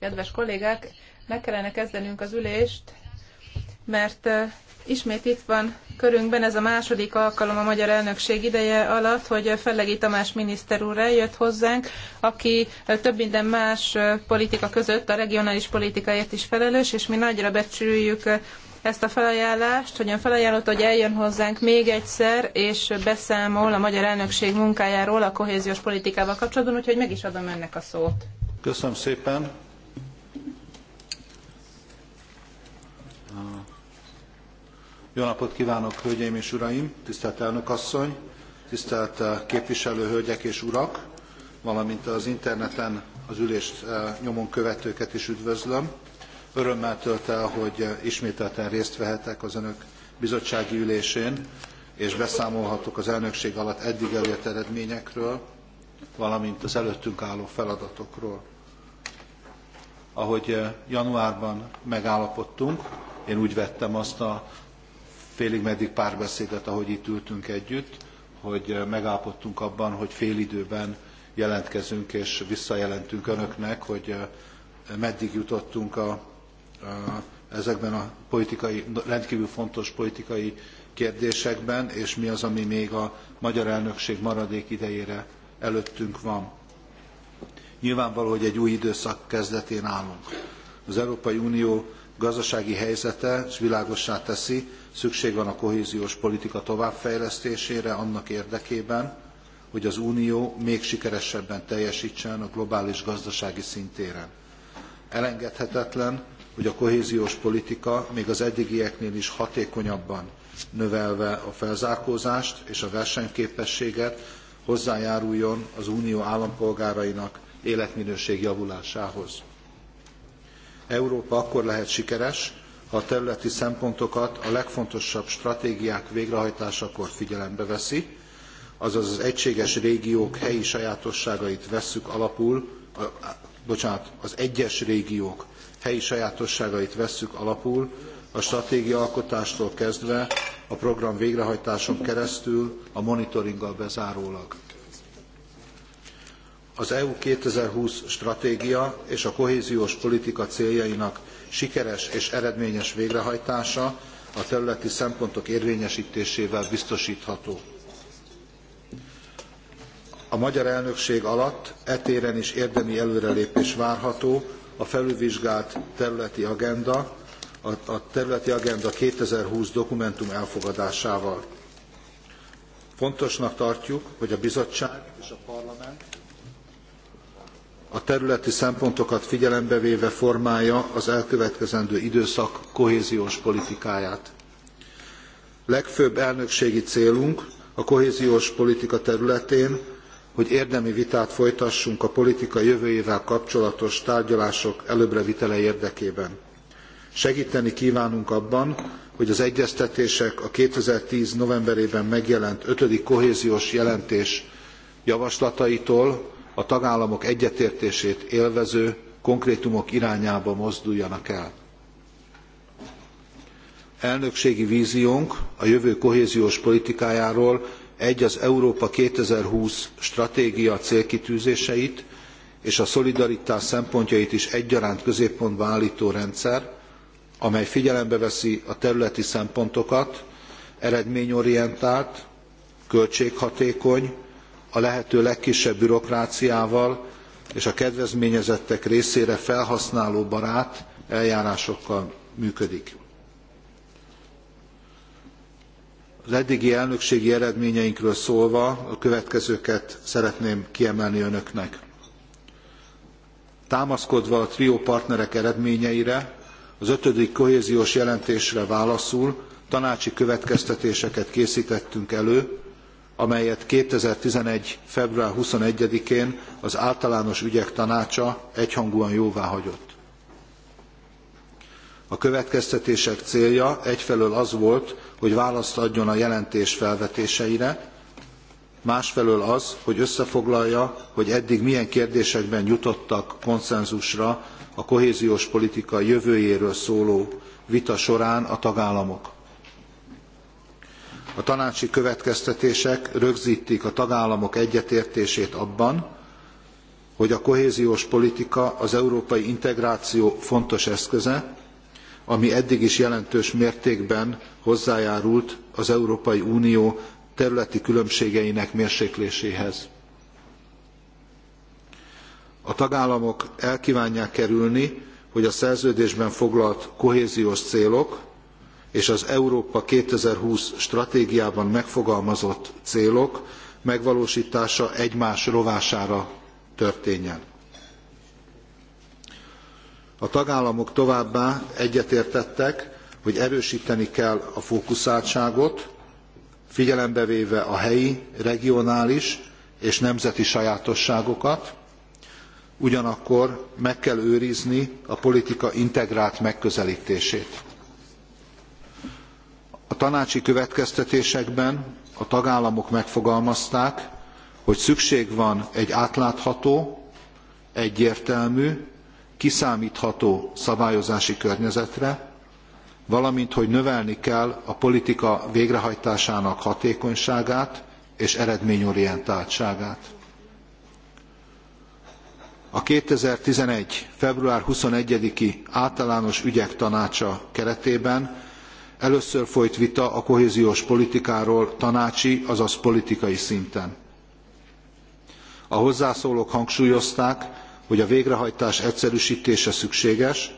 Kedves kollégák, meg kellene kezdenünk az ülést, mert ismét itt van körünkben ez a második alkalom a magyar elnökség ideje alatt, hogy Fellegi Tamás miniszter úr eljött hozzánk, aki több minden más politika között a regionális politikáért is felelős, és mi nagyra becsüljük ezt a felajánlást, hogy ön felajánlott, hogy eljön hozzánk még egyszer, és beszámol a magyar elnökség munkájáról a kohéziós politikával kapcsolatban, úgyhogy meg is adom ennek a szót. Köszönöm szépen. Jó napot kívánok, hölgyeim és uraim, tisztelt elnök asszony, tisztelt eh, képviselő hölgyek és urak, valamint az interneten az ülést eh, nyomon követőket is üdvözlöm örömmel tölt el, hogy ismételten részt vehetek az önök bizottsági ülésén, és beszámolhatok az elnökség alatt eddig elért eredményekről, valamint az előttünk álló feladatokról. Ahogy eh, januárban megállapodtunk, én úgy vettem azt a félig meddig párbeszédet, ahogy itt ültünk együtt, hogy eh, megállapodtunk abban, hogy félidőben jelentkezünk és visszajelentünk önöknek, hogy eh, meddig jutottunk a ezekben a politikai, rendkívül fontos politikai kérdésekben, és mi az, ami még a magyar elnökség maradék idejére előttünk van. Nyilvánvaló, hogy egy új időszak kezdetén állunk. Az Európai Unió gazdasági helyzete s világossá teszi, szükség van a kohéziós politika továbbfejlesztésére annak érdekében, hogy az Unió még sikeresebben teljesítsen a globális gazdasági szintéren. Elengedhetetlen, hogy a kohéziós politika még az eddigieknél is hatékonyabban növelve a felzárkózást és a versenyképességet hozzájáruljon az unió állampolgárainak életminőség javulásához. Európa akkor lehet sikeres, ha a területi szempontokat a legfontosabb stratégiák végrehajtásakor figyelembe veszi, azaz az egységes régiók helyi sajátosságait vesszük alapul, a, bocsánat, az egyes régiók helyi sajátosságait vesszük alapul, a stratégia alkotástól kezdve a program végrehajtáson keresztül a monitoringgal bezárólag. Az EU 2020 stratégia és a kohéziós politika céljainak sikeres és eredményes végrehajtása a területi szempontok érvényesítésével biztosítható. A magyar elnökség alatt e téren is érdemi előrelépés várható a felülvizsgált területi agenda, a területi agenda 2020 dokumentum elfogadásával. Fontosnak tartjuk, hogy a bizottság és a parlament a területi szempontokat figyelembe véve formálja az elkövetkezendő időszak kohéziós politikáját. Legfőbb elnökségi célunk a kohéziós politika területén hogy érdemi vitát folytassunk a politika jövőjével kapcsolatos tárgyalások előbbrevitele érdekében. Segíteni kívánunk abban, hogy az egyeztetések a 2010. novemberében megjelent 5. kohéziós jelentés javaslataitól a tagállamok egyetértését élvező konkrétumok irányába mozduljanak el. Elnökségi víziónk a jövő kohéziós politikájáról egy az Európa 2020 stratégia célkitűzéseit és a szolidaritás szempontjait is egyaránt középpontba állító rendszer, amely figyelembe veszi a területi szempontokat, eredményorientált, költséghatékony, a lehető legkisebb bürokráciával és a kedvezményezettek részére felhasználóbarát eljárásokkal működik. Az eddigi elnökségi eredményeinkről szólva a következőket szeretném kiemelni önöknek. Támaszkodva a trió partnerek eredményeire, az ötödik kohéziós jelentésre válaszul tanácsi következtetéseket készítettünk elő, amelyet 2011. február 21-én az általános ügyek tanácsa egyhangúan jóváhagyott. A következtetések célja egyfelől az volt, hogy választ adjon a jelentés felvetéseire, másfelől az, hogy összefoglalja, hogy eddig milyen kérdésekben jutottak konszenzusra a kohéziós politika jövőjéről szóló vita során a tagállamok. A tanácsi következtetések rögzítik a tagállamok egyetértését abban, hogy a kohéziós politika az európai integráció fontos eszköze, ami eddig is jelentős mértékben hozzájárult az Európai Unió területi különbségeinek mérsékléséhez. A tagállamok elkívánják kerülni, hogy a szerződésben foglalt kohéziós célok és az Európa 2020 stratégiában megfogalmazott célok megvalósítása egymás rovására történjen. A tagállamok továbbá egyetértettek, hogy erősíteni kell a fókuszáltságot, figyelembe véve a helyi, regionális és nemzeti sajátosságokat, ugyanakkor meg kell őrizni a politika integrált megközelítését. A tanácsi következtetésekben a tagállamok megfogalmazták, hogy szükség van egy átlátható, egyértelmű kiszámítható szabályozási környezetre, valamint hogy növelni kell a politika végrehajtásának hatékonyságát és eredményorientáltságát. A 2011. február 21-i általános ügyek tanácsa keretében először folyt vita a kohéziós politikáról tanácsi, azaz politikai szinten. A hozzászólók hangsúlyozták, hogy a végrehajtás egyszerűsítése szükséges,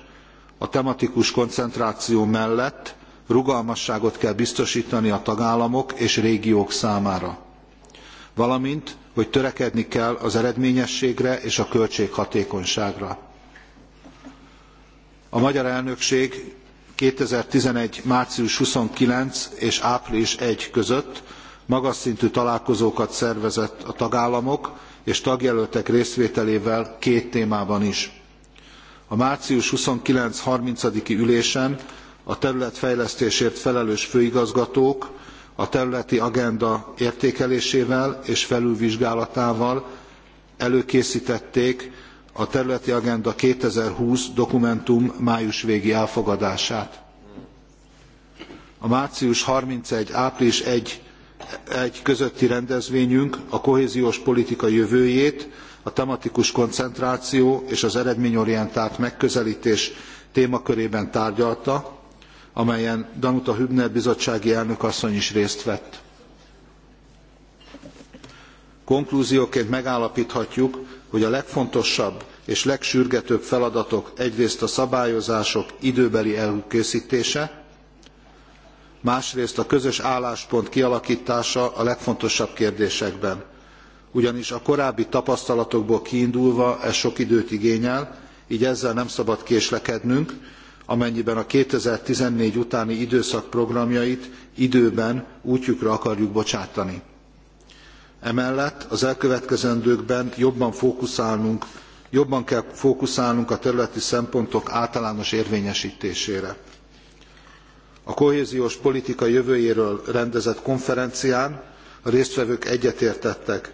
a tematikus koncentráció mellett rugalmasságot kell biztosítani a tagállamok és régiók számára, valamint, hogy törekedni kell az eredményességre és a költséghatékonyságra. A magyar elnökség 2011. március 29 és április 1 között magas szintű találkozókat szervezett a tagállamok és tagjelöltek részvételével két témában is. A március 29-30-i ülésen a területfejlesztésért felelős főigazgatók a területi agenda értékelésével és felülvizsgálatával előkészítették a területi agenda 2020 dokumentum május végi elfogadását. A március 31. április 1 egy közötti rendezvényünk a kohéziós politika jövőjét, a tematikus koncentráció és az eredményorientált megközelítés témakörében tárgyalta, amelyen Danuta Hübner bizottsági elnök asszony is részt vett. Konklúzióként megállapíthatjuk, hogy a legfontosabb és legsürgetőbb feladatok egyrészt a szabályozások időbeli előkészítése, másrészt a közös álláspont kialaktása a legfontosabb kérdésekben ugyanis a korábbi tapasztalatokból kiindulva ez sok időt igényel gy ezzel nem szabad késlekednünk amennyiben a two thousand and fourteen utáni időszak programjait időben útjukra akarjuk bocsátani. emellett az elkövetkezendőkben jobban fókuszálnunk jobban kell fókuszálnunk a területi szempontok általános érvényestésére a kohéziós politika jövőjéről rendezett konferencián a résztvevők egyetértettek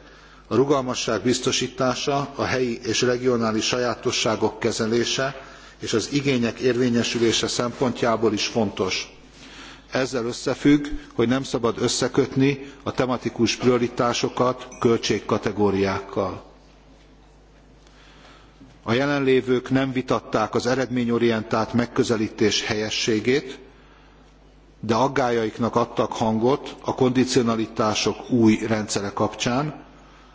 a rugalmasság biztostása a helyi és regionális sajátosságok kezelése és az igények érvényesülése szempontjából is fontos. ezzel összefügg hogy nem szabad összekötni a tematikus prioritásokat költségkategóriákkal. a jelenlévők nem vitatták az eredményorientált megközeltés helyességét de aggályaiknak adtak hangot a kondicionalitások új rendszere kapcsán,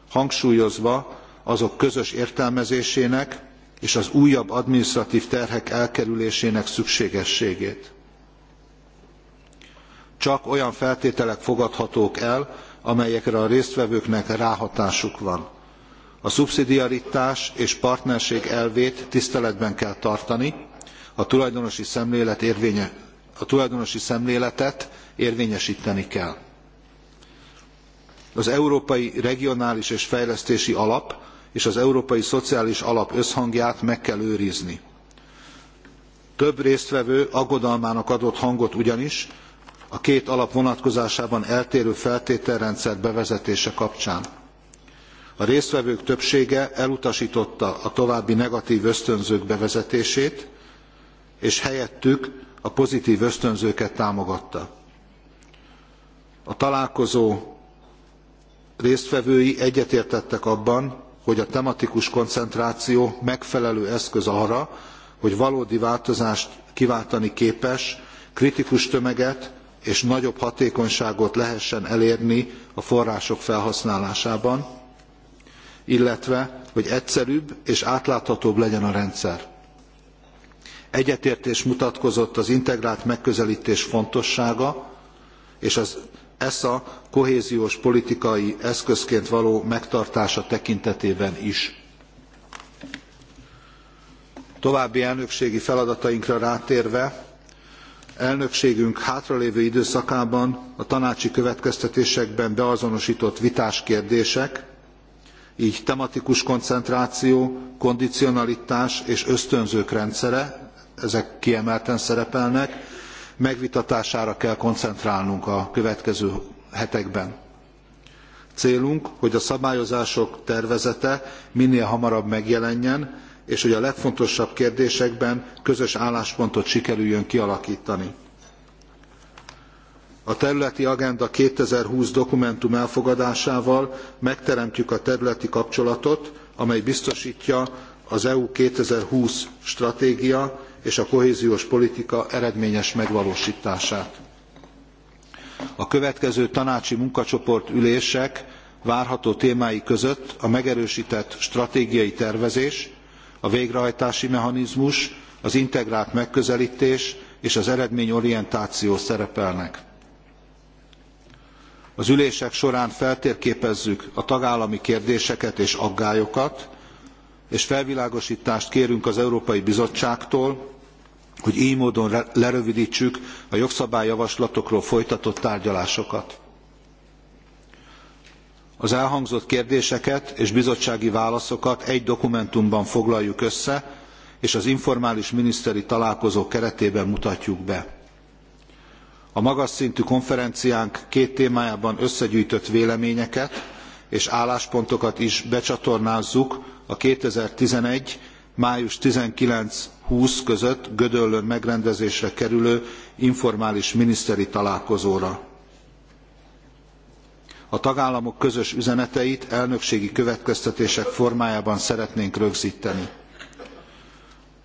hangsúlyozva azok közös értelmezésének és az újabb adminisztratív terhek elkerülésének szükségességét. Csak olyan feltételek fogadhatók el, amelyekre a résztvevőknek ráhatásuk van. A szubszidiaritás és partnerség elvét tiszteletben kell tartani, a tulajdonosi szemlélet érvénye, a tulajdonosi szemléletet érvényesíteni kell. Az Európai Regionális és Fejlesztési Alap és az Európai Szociális Alap összhangját meg kell őrizni. Több résztvevő aggodalmának adott hangot ugyanis a két alap vonatkozásában eltérő feltételrendszer bevezetése kapcsán. A résztvevők többsége elutasította a további negatív ösztönzők bevezetését, és helyettük a pozitív ösztönzőket támogatta. A találkozó résztvevői egyetértettek abban, hogy a tematikus koncentráció megfelelő eszköz arra, hogy valódi változást kiváltani képes, kritikus tömeget és nagyobb hatékonyságot lehessen elérni a források felhasználásában, illetve hogy egyszerűbb és átláthatóbb legyen a rendszer. Egyetértés mutatkozott az integrált megközelítés fontossága és az ESA kohéziós politikai eszközként való megtartása tekintetében is. További elnökségi feladatainkra rátérve, elnökségünk hátralévő időszakában a tanácsi következtetésekben beazonosított vitás kérdések, így tematikus koncentráció, kondicionalitás és ösztönzők rendszere, ezek kiemelten szerepelnek, megvitatására kell koncentrálnunk a következő hetekben. Célunk, hogy a szabályozások tervezete minél hamarabb megjelenjen, és hogy a legfontosabb kérdésekben közös álláspontot sikerüljön kialakítani. A területi agenda 2020 dokumentum elfogadásával megteremtjük a területi kapcsolatot, amely biztosítja az EU 2020 stratégia és a kohéziós politika eredményes megvalósítását. A következő tanácsi munkacsoport ülések várható témái között a megerősített stratégiai tervezés, a végrehajtási mechanizmus, az integrált megközelítés és az eredményorientáció szerepelnek. Az ülések során feltérképezzük a tagállami kérdéseket és aggályokat, és felvilágosítást kérünk az Európai Bizottságtól, hogy ily módon lerövidtsük a jogszabályjavaslatokról folytatott tárgyalásokat. Az elhangzott kérdéseket és bizottsági válaszokat egy dokumentumban foglaljuk össze, és az informális miniszteri találkozó keretében mutatjuk be. A magas szintű konferenciánk két témájában összegyűjtött véleményeket és álláspontokat is becsatornázzuk a 2011 május 19-20 között Gödöllőn megrendezésre kerülő informális miniszteri találkozóra. A tagállamok közös üzeneteit elnökségi következtetések formájában szeretnénk rögzíteni.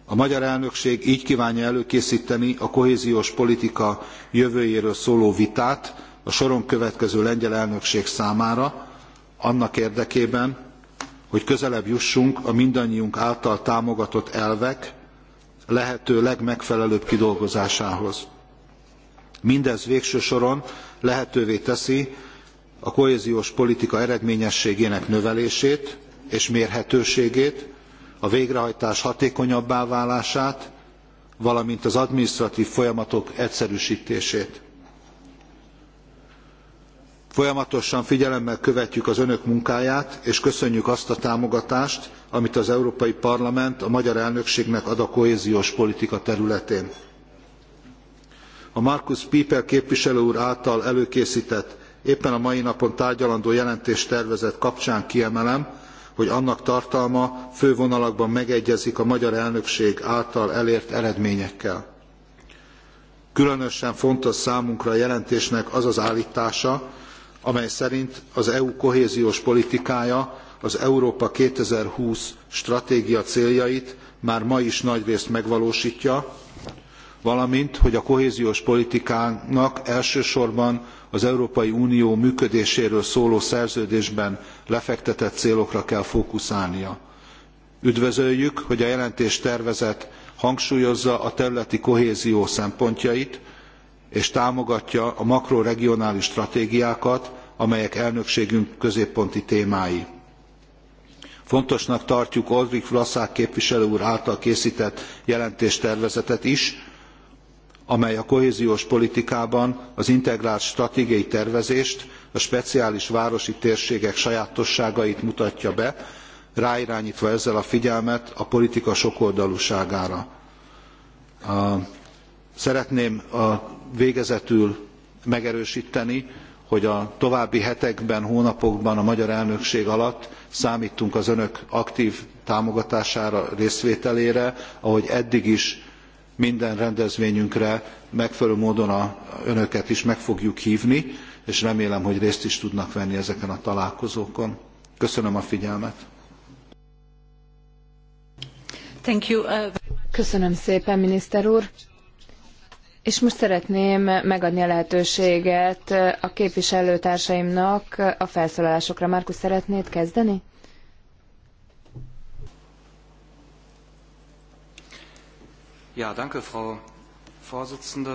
A magyar elnökség így kvánja előkészíteni a kohéziós politika jövőjéről szóló vitát a soron következő lengyel elnökség számára, annak érdekében, hogy közelebb jussunk a mindannyiunk által támogatott elvek lehető legmegfelelőbb kidolgozásához. Mindez végső soron lehetővé teszi a kohéziós politika eredményességének növelését és mérhetőségét, a végrehajtás hatékonyabbá válását, valamint az administratív folyamatok egyszerűsítését. Folyamatosan figyelemmel követjük az önök munkáját, és köszönjük azt a támogatást, amit az Európai Parlament a magyar elnökségnek ad a kohéziós politika területén. A Markus Pieper képviselő úr által előkészített, éppen a mai napon tárgyalandó jelentés tervezet kapcsán kiemelem, hogy annak tartalma fő vonalakban megegyezik a magyar elnökség által elért eredményekkel. Különösen fontos számunkra a jelentésnek az az állítása, amely szerint az EU kohéziós politikája az Európa 2020 stratégia céljait már ma is nagyrészt megvalósítja, valamint, hogy a kohéziós politikának elsősorban az Európai Unió működéséről szóló szerződésben lefektetett célokra kell fókuszálnia. Üdvözöljük, hogy a jelentés tervezet hangsúlyozza a területi kohézió szempontjait, és támogatja a makroregionális stratégiákat, amelyek elnökségünk középponti témái. Fontosnak tartjuk Oldrich Vlaszák képviselő úr által készített jelentéstervezetet is, amely a kohéziós politikában az integrált stratégiai tervezést, a speciális városi térségek sajátosságait mutatja be, ráirányítva ezzel a figyelmet a politika sokoldalúságára. A Szeretném a végezetül megerősteni hogy a további hetekben, hónapokban a magyar elnökség alatt számítunk az önök aktív támogatására, részvételére, ahogy eddig is minden rendezvényünkre megfelelő módon a önöket is meg fogjuk hívni, és remélem, hogy részt is tudnak venni ezeken a találkozókon. Köszönöm a figyelmet. Uh, Köszönöm szépen, miniszter úr. És most szeretném megadni a lehetőséget a képviselőtársaimnak a felszólalásokra. Márkus, szeretnéd kezdeni? Ja, danke, Frau Vorsitzende.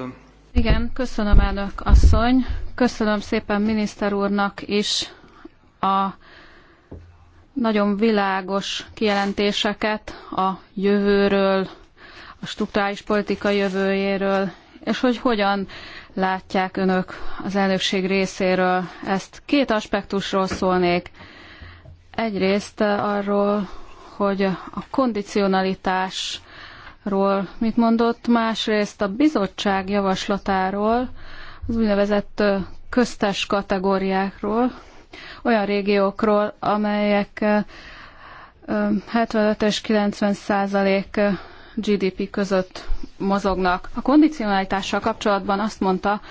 Igen, köszönöm elnök asszony. Köszönöm szépen miniszter úrnak is a nagyon világos kijelentéseket a jövőről, a strukturális politika jövőjéről és hogy hogyan látják önök az elnökség részéről ezt. Két aspektusról szólnék. Egyrészt arról, hogy a kondicionalitásról mit mondott, másrészt a bizottság javaslatáról, az úgynevezett köztes kategóriákról, olyan régiókról, amelyek 75 és 90 százalék GDP között mozognak. A kondicionalitással kapcsolatban azt mondta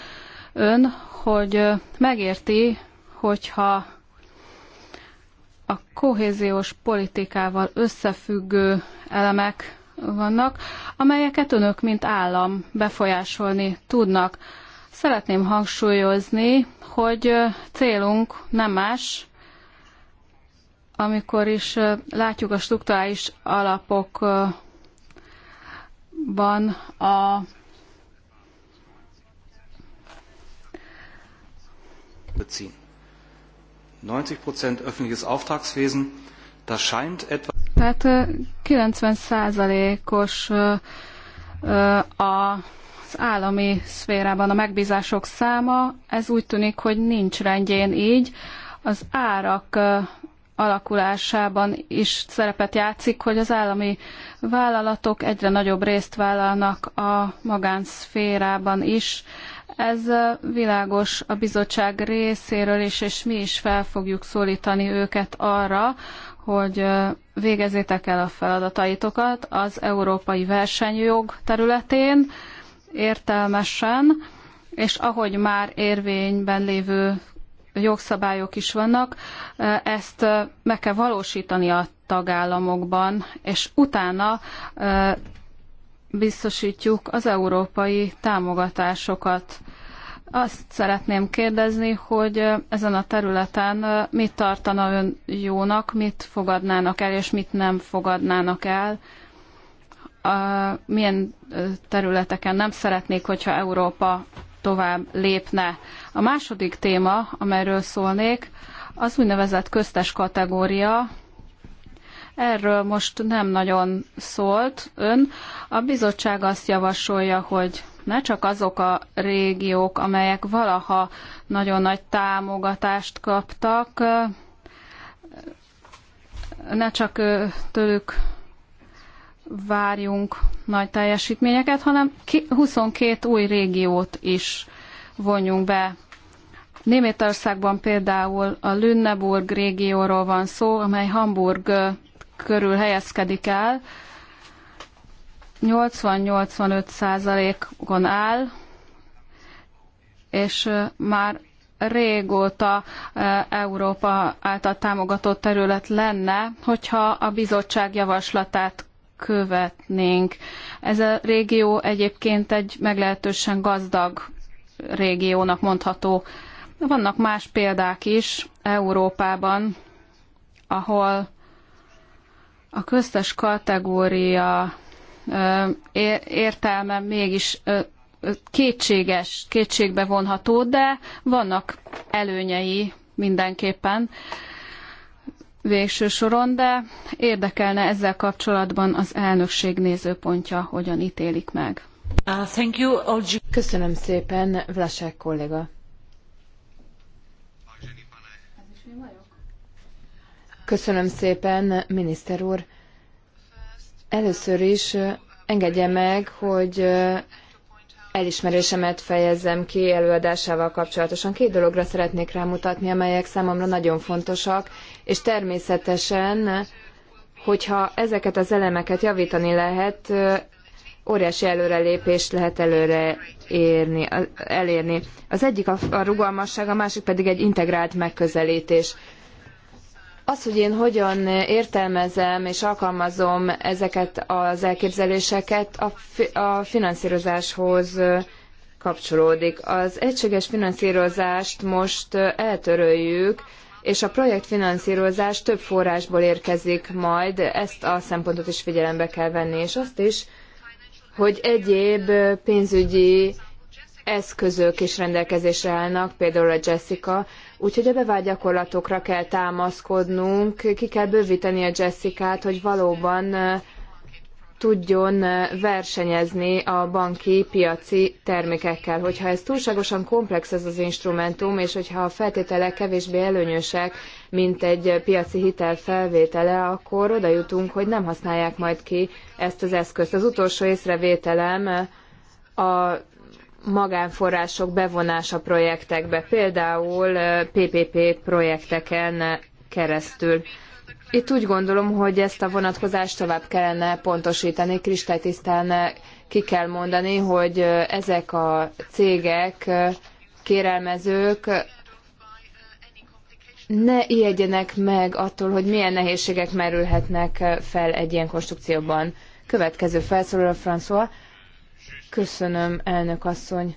ön, hogy megérti, hogyha a kohéziós politikával összefüggő elemek vannak, amelyeket önök, mint állam befolyásolni tudnak. Szeretném hangsúlyozni, hogy célunk nem más, amikor is látjuk a strukturális alapok ban a beziehen. 90 Prozent öffentliches Auftragswesen, das scheint etwas. Tehát 90 százalékos az állami szférában a megbízások száma, ez úgy tűnik, hogy nincs rendjén így. Az árak alakulásában is szerepet játszik, hogy az állami vállalatok egyre nagyobb részt vállalnak a magánszférában is. Ez világos a bizottság részéről is, és mi is fel fogjuk szólítani őket arra, hogy végezzétek el a feladataitokat az európai versenyjog területén értelmesen, és ahogy már érvényben lévő jogszabályok is vannak, ezt meg kell valósítani a tagállamokban, és utána biztosítjuk az európai támogatásokat. Azt szeretném kérdezni, hogy ezen a területen mit tartana ön jónak, mit fogadnának el, és mit nem fogadnának el, milyen területeken nem szeretnék, hogyha Európa tovább lépne. A második téma, amelyről szólnék, az úgynevezett köztes kategória, Erről most nem nagyon szólt ön. A bizottság azt javasolja, hogy ne csak azok a régiók, amelyek valaha nagyon nagy támogatást kaptak, ne csak tőlük várjunk nagy teljesítményeket, hanem 22 új régiót is vonjunk be. Németországban például a Lüneburg régióról van szó, amely Hamburg körül helyezkedik el. 80-85 százalékon áll, és már régóta Európa által támogatott terület lenne, hogyha a bizottság javaslatát követnénk. Ez a régió egyébként egy meglehetősen gazdag régiónak mondható. Vannak más példák is Európában, ahol a köztes kategória értelme mégis kétséges, kétségbe vonható, de vannak előnyei mindenképpen végső soron, de érdekelne ezzel kapcsolatban az elnökség nézőpontja, hogyan ítélik meg. Uh, Köszönöm szépen, Vlasek kollega. Köszönöm szépen, miniszter úr. Először is engedje meg, hogy elismerésemet fejezzem ki előadásával kapcsolatosan. Két dologra szeretnék rámutatni, amelyek számomra nagyon fontosak, és természetesen, hogyha ezeket az elemeket javítani lehet, óriási előrelépést lehet előre érni, elérni. Az egyik a, rugalmasság, a másik pedig egy integrált megközelítés. Az, hogy én hogyan értelmezem és alkalmazom ezeket az elképzeléseket, a, fi- a finanszírozáshoz kapcsolódik. Az egységes finanszírozást most eltöröljük, és a projektfinanszírozás több forrásból érkezik majd, ezt a szempontot is figyelembe kell venni, és azt is, hogy egyéb pénzügyi eszközök is rendelkezésre állnak, például a Jessica, úgyhogy a bevált gyakorlatokra kell támaszkodnunk, ki kell bővíteni a Jessicát, hogy valóban tudjon versenyezni a banki piaci termékekkel. Hogyha ez túlságosan komplex ez az instrumentum, és hogyha a feltételek kevésbé előnyösek, mint egy piaci hitel felvétele, akkor oda jutunk, hogy nem használják majd ki ezt az eszközt. Az utolsó észrevételem a magánforrások bevonása projektekbe, például PPP projekteken keresztül. Itt úgy gondolom, hogy ezt a vonatkozást tovább kellene pontosítani, kristálytisztán ki kell mondani, hogy ezek a cégek, kérelmezők ne ijedjenek meg attól, hogy milyen nehézségek merülhetnek fel egy ilyen konstrukcióban. Következő felszólaló François. Köszönöm, elnök asszony.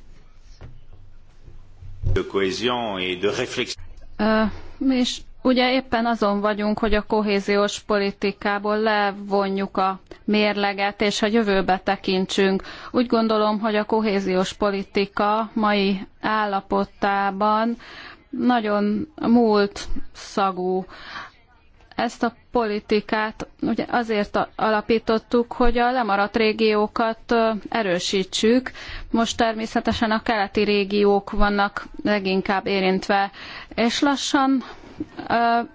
mi is ugye éppen azon vagyunk, hogy a kohéziós politikából levonjuk a mérleget, és a jövőbe tekintsünk. Úgy gondolom, hogy a kohéziós politika mai állapotában nagyon múlt szagú. Ezt a politikát ugye azért alapítottuk, hogy a lemaradt régiókat erősítsük. Most természetesen a keleti régiók vannak leginkább érintve, és lassan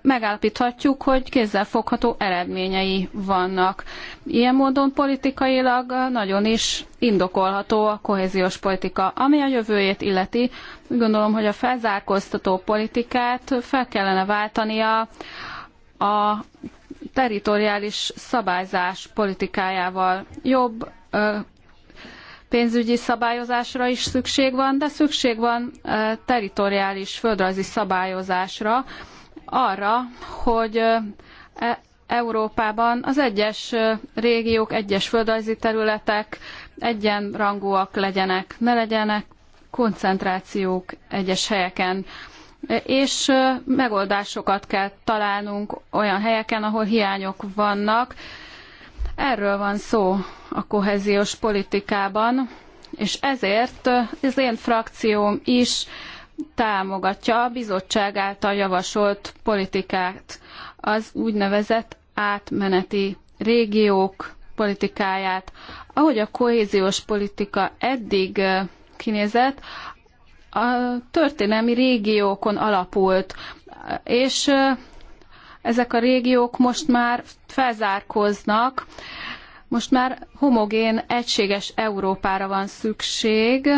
megállapíthatjuk, hogy kézzelfogható eredményei vannak. Ilyen módon politikailag nagyon is indokolható a kohéziós politika. Ami a jövőjét illeti, úgy gondolom, hogy a felzárkóztató politikát fel kellene váltania a teritoriális szabályzás politikájával. Jobb pénzügyi szabályozásra is szükség van, de szükség van teritoriális földrajzi szabályozásra, arra, hogy e, Európában az egyes régiók, egyes földrajzi területek egyenrangúak legyenek, ne legyenek koncentrációk egyes helyeken és megoldásokat kell találnunk olyan helyeken, ahol hiányok vannak. Erről van szó a kohéziós politikában, és ezért az én frakcióm is támogatja a bizottság által javasolt politikát, az úgynevezett átmeneti régiók politikáját. Ahogy a kohéziós politika eddig kinézett, a történelmi régiókon alapult, és ezek a régiók most már felzárkoznak, most már homogén, egységes Európára van szükség,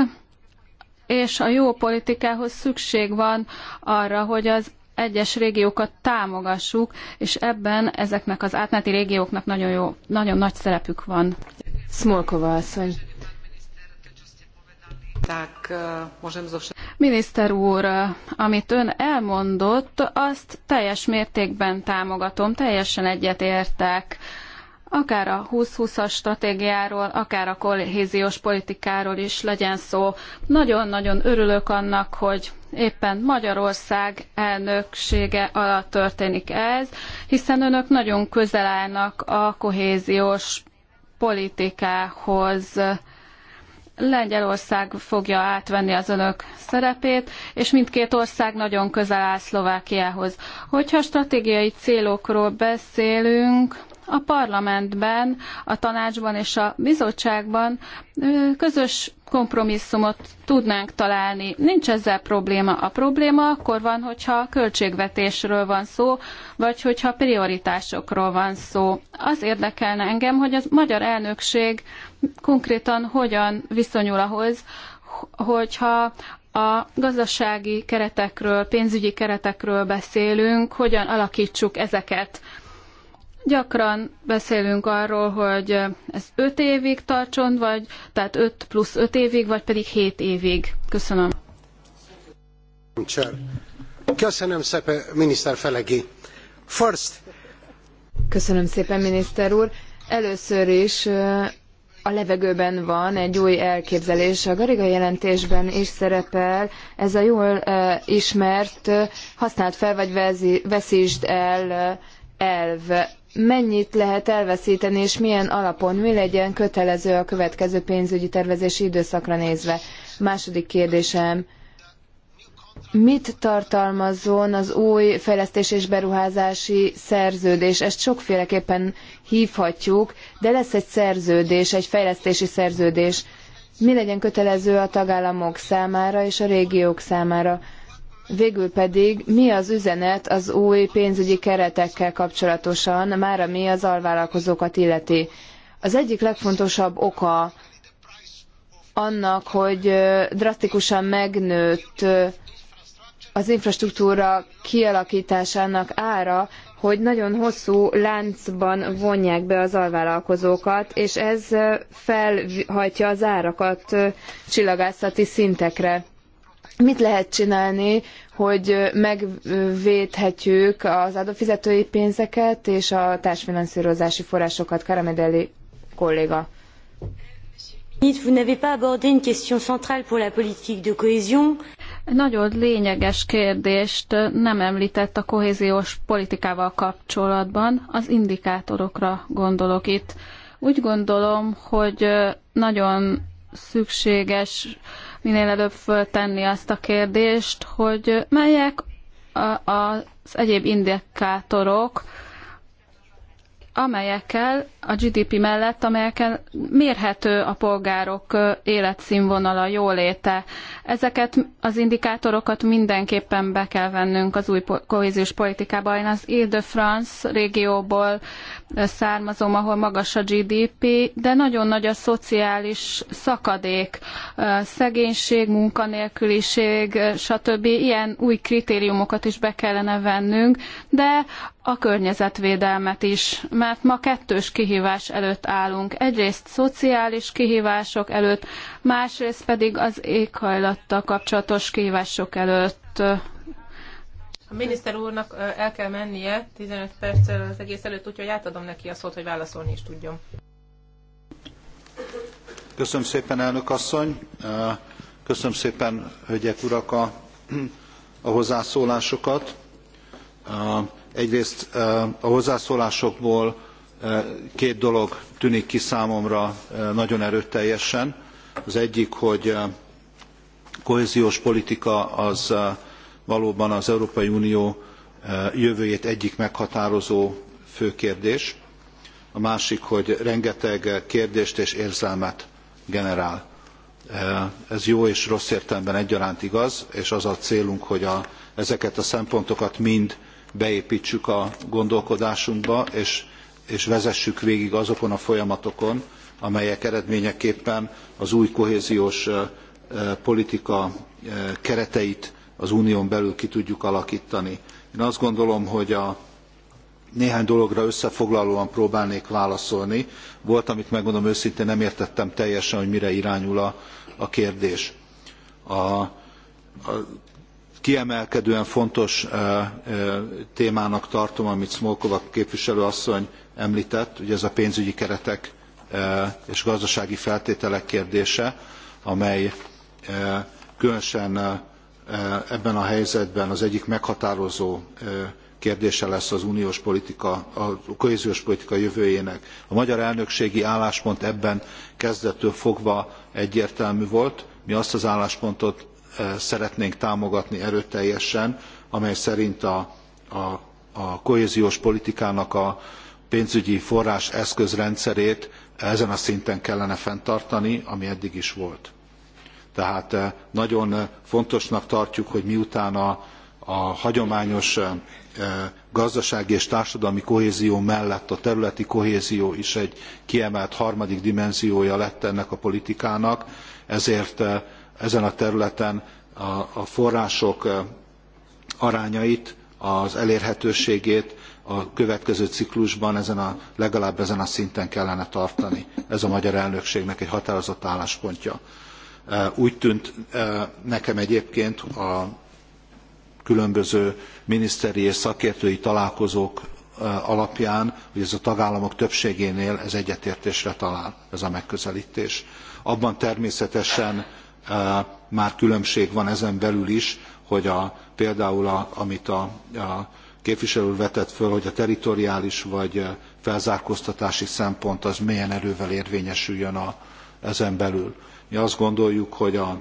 és a jó politikához szükség van arra, hogy az egyes régiókat támogassuk, és ebben ezeknek az átmeneti régióknak nagyon, jó, nagyon nagy szerepük van. Smolkova asszony. E, Miniszter úr, e, amit ön elmondott, azt teljes mértékben támogatom, teljesen egyetértek. Akár a 2020-as stratégiáról, akár a kohéziós politikáról is legyen szó. Nagyon-nagyon örülök annak, hogy éppen Magyarország elnöksége alatt történik ez, hiszen önök nagyon közel állnak a kohéziós politikához Lengyelország fogja átvenni az önök szerepét, és mindkét ország nagyon közel áll Szlovákiához. Hogyha stratégiai célokról beszélünk, a parlamentben, a tanácsban és a bizottságban közös kompromisszumot tudnánk találni. Nincs ezzel probléma. A probléma akkor van, hogyha költségvetésről van szó, vagy hogyha prioritásokról van szó. Az érdekelne engem, hogy a magyar elnökség konkrétan hogyan viszonyul ahhoz, hogyha a gazdasági keretekről, pénzügyi keretekről beszélünk, hogyan alakítsuk ezeket. Gyakran beszélünk arról, hogy ez 5 évig tartson, vagy tehát 5 plusz 5 évig, vagy pedig 7 évig. Köszönöm. Köszönöm szépen, miniszter Felegi. First. Köszönöm szépen, miniszter úr. Először is a levegőben van egy új elképzelés. A Gariga jelentésben is szerepel ez a jól e, ismert e, használt fel vagy veszítsd el e, elv. Mennyit lehet elveszíteni, és milyen alapon mi legyen kötelező a következő pénzügyi tervezési időszakra nézve? Második kérdésem mit tartalmazzon az új fejlesztés és beruházási szerződés. Ezt sokféleképpen hívhatjuk, de lesz egy szerződés, egy fejlesztési szerződés. Mi legyen kötelező a tagállamok számára és a régiók számára? Végül pedig mi az üzenet az új pénzügyi keretekkel kapcsolatosan, már ami az alvállalkozókat illeti? Az egyik legfontosabb oka annak, hogy drasztikusan megnőtt az infrastruktúra kialakításának ára, hogy nagyon hosszú láncban vonják be az alvállalkozókat, és ez felhajtja az árakat csillagászati szintekre. Mit lehet csinálni, hogy megvédhetjük az adófizetői pénzeket és a társfinanszírozási forrásokat, Karamedeli kolléga? Nagyon lényeges kérdést nem említett a kohéziós politikával kapcsolatban, az indikátorokra gondolok itt. Úgy gondolom, hogy nagyon szükséges minél előbb föltenni azt a kérdést, hogy melyek az egyéb indikátorok, amelyekkel a GDP mellett, amelyekkel mérhető a polgárok életszínvonala, jóléte. Ezeket az indikátorokat mindenképpen be kell vennünk az új kohéziós politikába. Én az Ile-de-France régióból származom, ahol magas a GDP, de nagyon nagy a szociális szakadék, szegénység, munkanélküliség, stb. Ilyen új kritériumokat is be kellene vennünk, de a környezetvédelmet is, mert ma kettős kihívás előtt állunk. Egyrészt szociális kihívások előtt, másrészt pedig az éghajlattal kapcsolatos kívások előtt. A miniszter úrnak el kell mennie 15 perccel az egész előtt, úgyhogy átadom neki a szót, hogy válaszolni is tudjon. Köszönöm szépen, elnök asszony. Köszönöm szépen, hölgyek, urak, a, a hozzászólásokat. Egyrészt a hozzászólásokból két dolog tűnik ki számomra nagyon erőteljesen. Az egyik, hogy eh, kohéziós politika az eh, valóban az Európai Unió eh, jövőjét egyik meghatározó fő kérdés. A másik, hogy rengeteg kérdést és érzelmet generál. Ez jó és rossz értelemben egyaránt igaz, és az a célunk, hogy a, ezeket a szempontokat mind beépítsük a gondolkodásunkba, és, és vezessük végig azokon a folyamatokon, amelyek eredményeképpen az új kohéziós politika kereteit az unión belül ki tudjuk alakítani. Én azt gondolom, hogy a néhány dologra összefoglalóan próbálnék válaszolni. Volt, amit megmondom őszintén, nem értettem teljesen, hogy mire irányul a, a kérdés. A, a kiemelkedően fontos e, e, témának tartom, amit Smolkova képviselő asszony említett, ugye ez a pénzügyi keretek és gazdasági feltételek kérdése, amely különösen ebben a helyzetben az egyik meghatározó kérdése lesz az uniós politika, a kohéziós politika jövőjének. A magyar elnökségi álláspont ebben kezdettől fogva egyértelmű volt. Mi azt az álláspontot szeretnénk támogatni erőteljesen, amely szerint a, a, a kohéziós politikának a pénzügyi forrás eszközrendszerét ezen a szinten kellene fenntartani, ami eddig is volt. Tehát eh, nagyon eh, fontosnak tartjuk, hogy miután a, a hagyományos eh, gazdasági és társadalmi kohézió mellett a területi kohézió is egy kiemelt harmadik dimenziója lett ennek a politikának, ezért ezen a területen a, a források arányait, az elérhetőségét a következő ciklusban ezen a, legalább ezen a szinten kellene tartani. Ez a magyar elnökségnek egy határozott álláspontja. E, úgy tűnt e, nekem egyébként a különböző miniszteri és szakértői találkozók e, alapján, hogy ez a tagállamok többségénél ez egyetértésre talál, ez a megközelítés. Abban természetesen már különbség van ezen belül is, hogy a, például a, amit a, a képviselő vetett föl, hogy a teritoriális vagy eh, felzárkóztatási szempont az milyen erővel érvényesüljön a, ezen belül. Mi azt gondoljuk, hogy, a,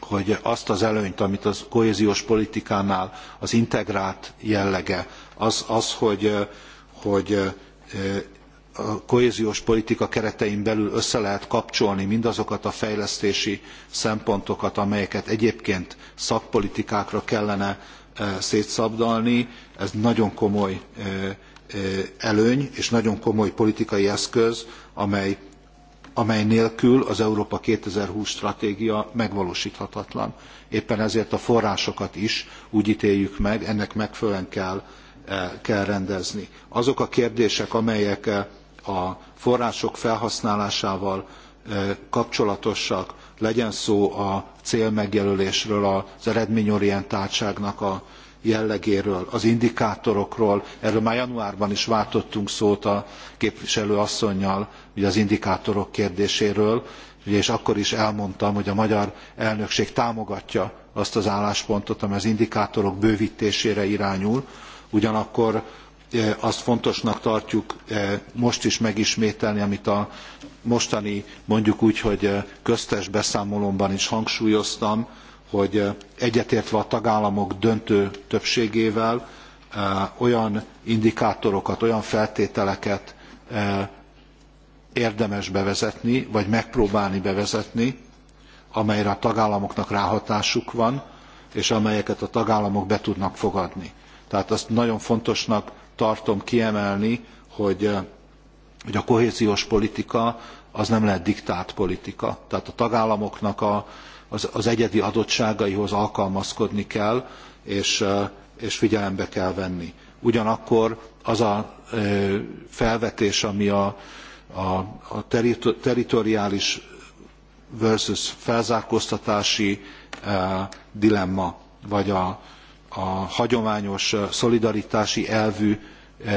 hogy azt az előnyt, amit a kohéziós politikánál az integrált jellege, az, az hogy, eh, hogy eh, a kohéziós politika keretein belül össze lehet kapcsolni mindazokat a fejlesztési szempontokat, amelyeket egyébként szakpolitikákra kellene szétszabdalni, ez nagyon komoly előny és nagyon komoly politikai eszköz, amely, amely nélkül az Európa 2020 stratégia megvalósíthatatlan. Éppen ezért a forrásokat is úgy ítéljük meg, ennek megfelelően kell, kell rendezni. Azok a kérdések, amelyek a források felhasználásával kapcsolatosak, legyen szó a célmegjelölésről, az eredményorientáltságnak a jellegéről, az indikátorokról. Erről már januárban is váltottunk szót a képviselő asszonynal, ugye az indikátorok kérdéséről, és akkor is elmondtam, hogy a magyar elnökség támogatja azt az álláspontot, amely az indikátorok bővítésére irányul, ugyanakkor E, azt fontosnak tartjuk e, most is megismételni, amit a mostani, mondjuk úgy, hogy e, köztes beszámolomban is hangsúlyoztam, hogy egyetértve a tagállamok döntő többségével olyan indikátorokat, olyan feltételeket érdemes bevezetni, vagy megpróbálni bevezetni, amelyre a tagállamoknak ráhatásuk van, és amelyeket a tagállamok be tudnak fogadni. Tehát azt nagyon fontosnak tartom kiemelni, hogy, eh, hogy a kohéziós politika az nem lehet diktátpolitika. Tehát a tagállamoknak a, az, az egyedi adottságaihoz alkalmazkodni kell, és, eh, és figyelembe kell venni. Ugyanakkor az a eh, felvetés, ami a, a, a teritoriális versus felzárkóztatási dilemma, vagy a, a hagyományos szolidaritási elvű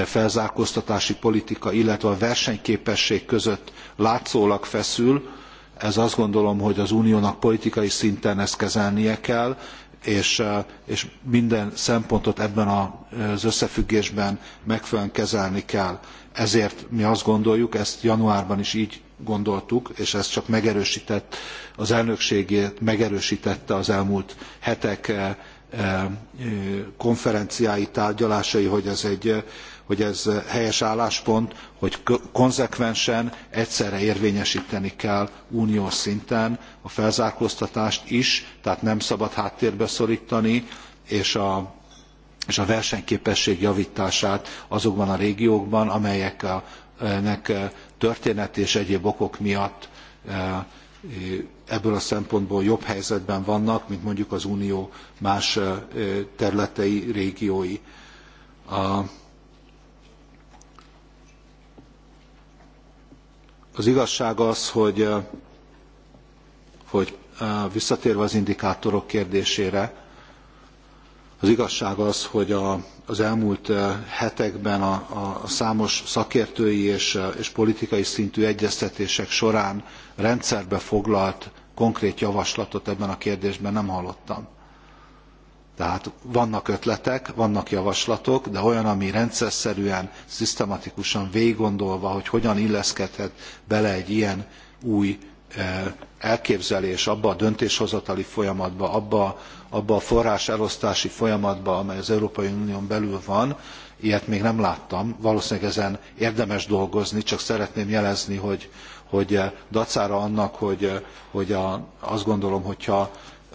felzárkóztatási politika, illetve a versenyképesség között látszólag feszül. Ez azt gondolom, hogy az uniónak politikai szinten ezt kezelnie kell, és, és minden szempontot ebben az összefüggésben megfelelően kezelni kell. Ezért mi azt gondoljuk, ezt januárban is így gondoltuk, és ez csak megerősített, az elnökségét megerősítette az elmúlt hetek E, e, konferenciái, tárgyalásai, hogy ez, egy, e, hogy ez helyes álláspont, hogy konzekvensen egyszerre érvényesíteni kell uniós szinten a felzárkóztatást is, tehát nem szabad háttérbe szorítani, és a, és a versenyképesség javítását azokban a régiókban, amelyeknek történeti és egyéb okok miatt ebből a szempontból jobb helyzetben vannak, mint mondjuk az Unió más területei, régiói. az igazság az, hogy, hogy visszatérve az indikátorok kérdésére, az igazság az, hogy a, az elmúlt hetekben a, a számos szakértői és, és politikai szintű egyeztetések során rendszerbe foglalt konkrét javaslatot ebben a kérdésben nem hallottam. Tehát vannak ötletek, vannak javaslatok, de olyan, ami rendszerszerűen, szisztematikusan végiggondolva, hogy hogyan illeszkedhet bele egy ilyen új elképzelés abba a döntéshozatali folyamatba, abba abba a forráselosztási folyamatba, amely az Európai Unión belül van, ilyet még nem láttam, valószínűleg ezen érdemes dolgozni, csak szeretném jelezni, hogy, hogy eh, dacára annak, hogy, eh, hogy a, azt gondolom, hogyha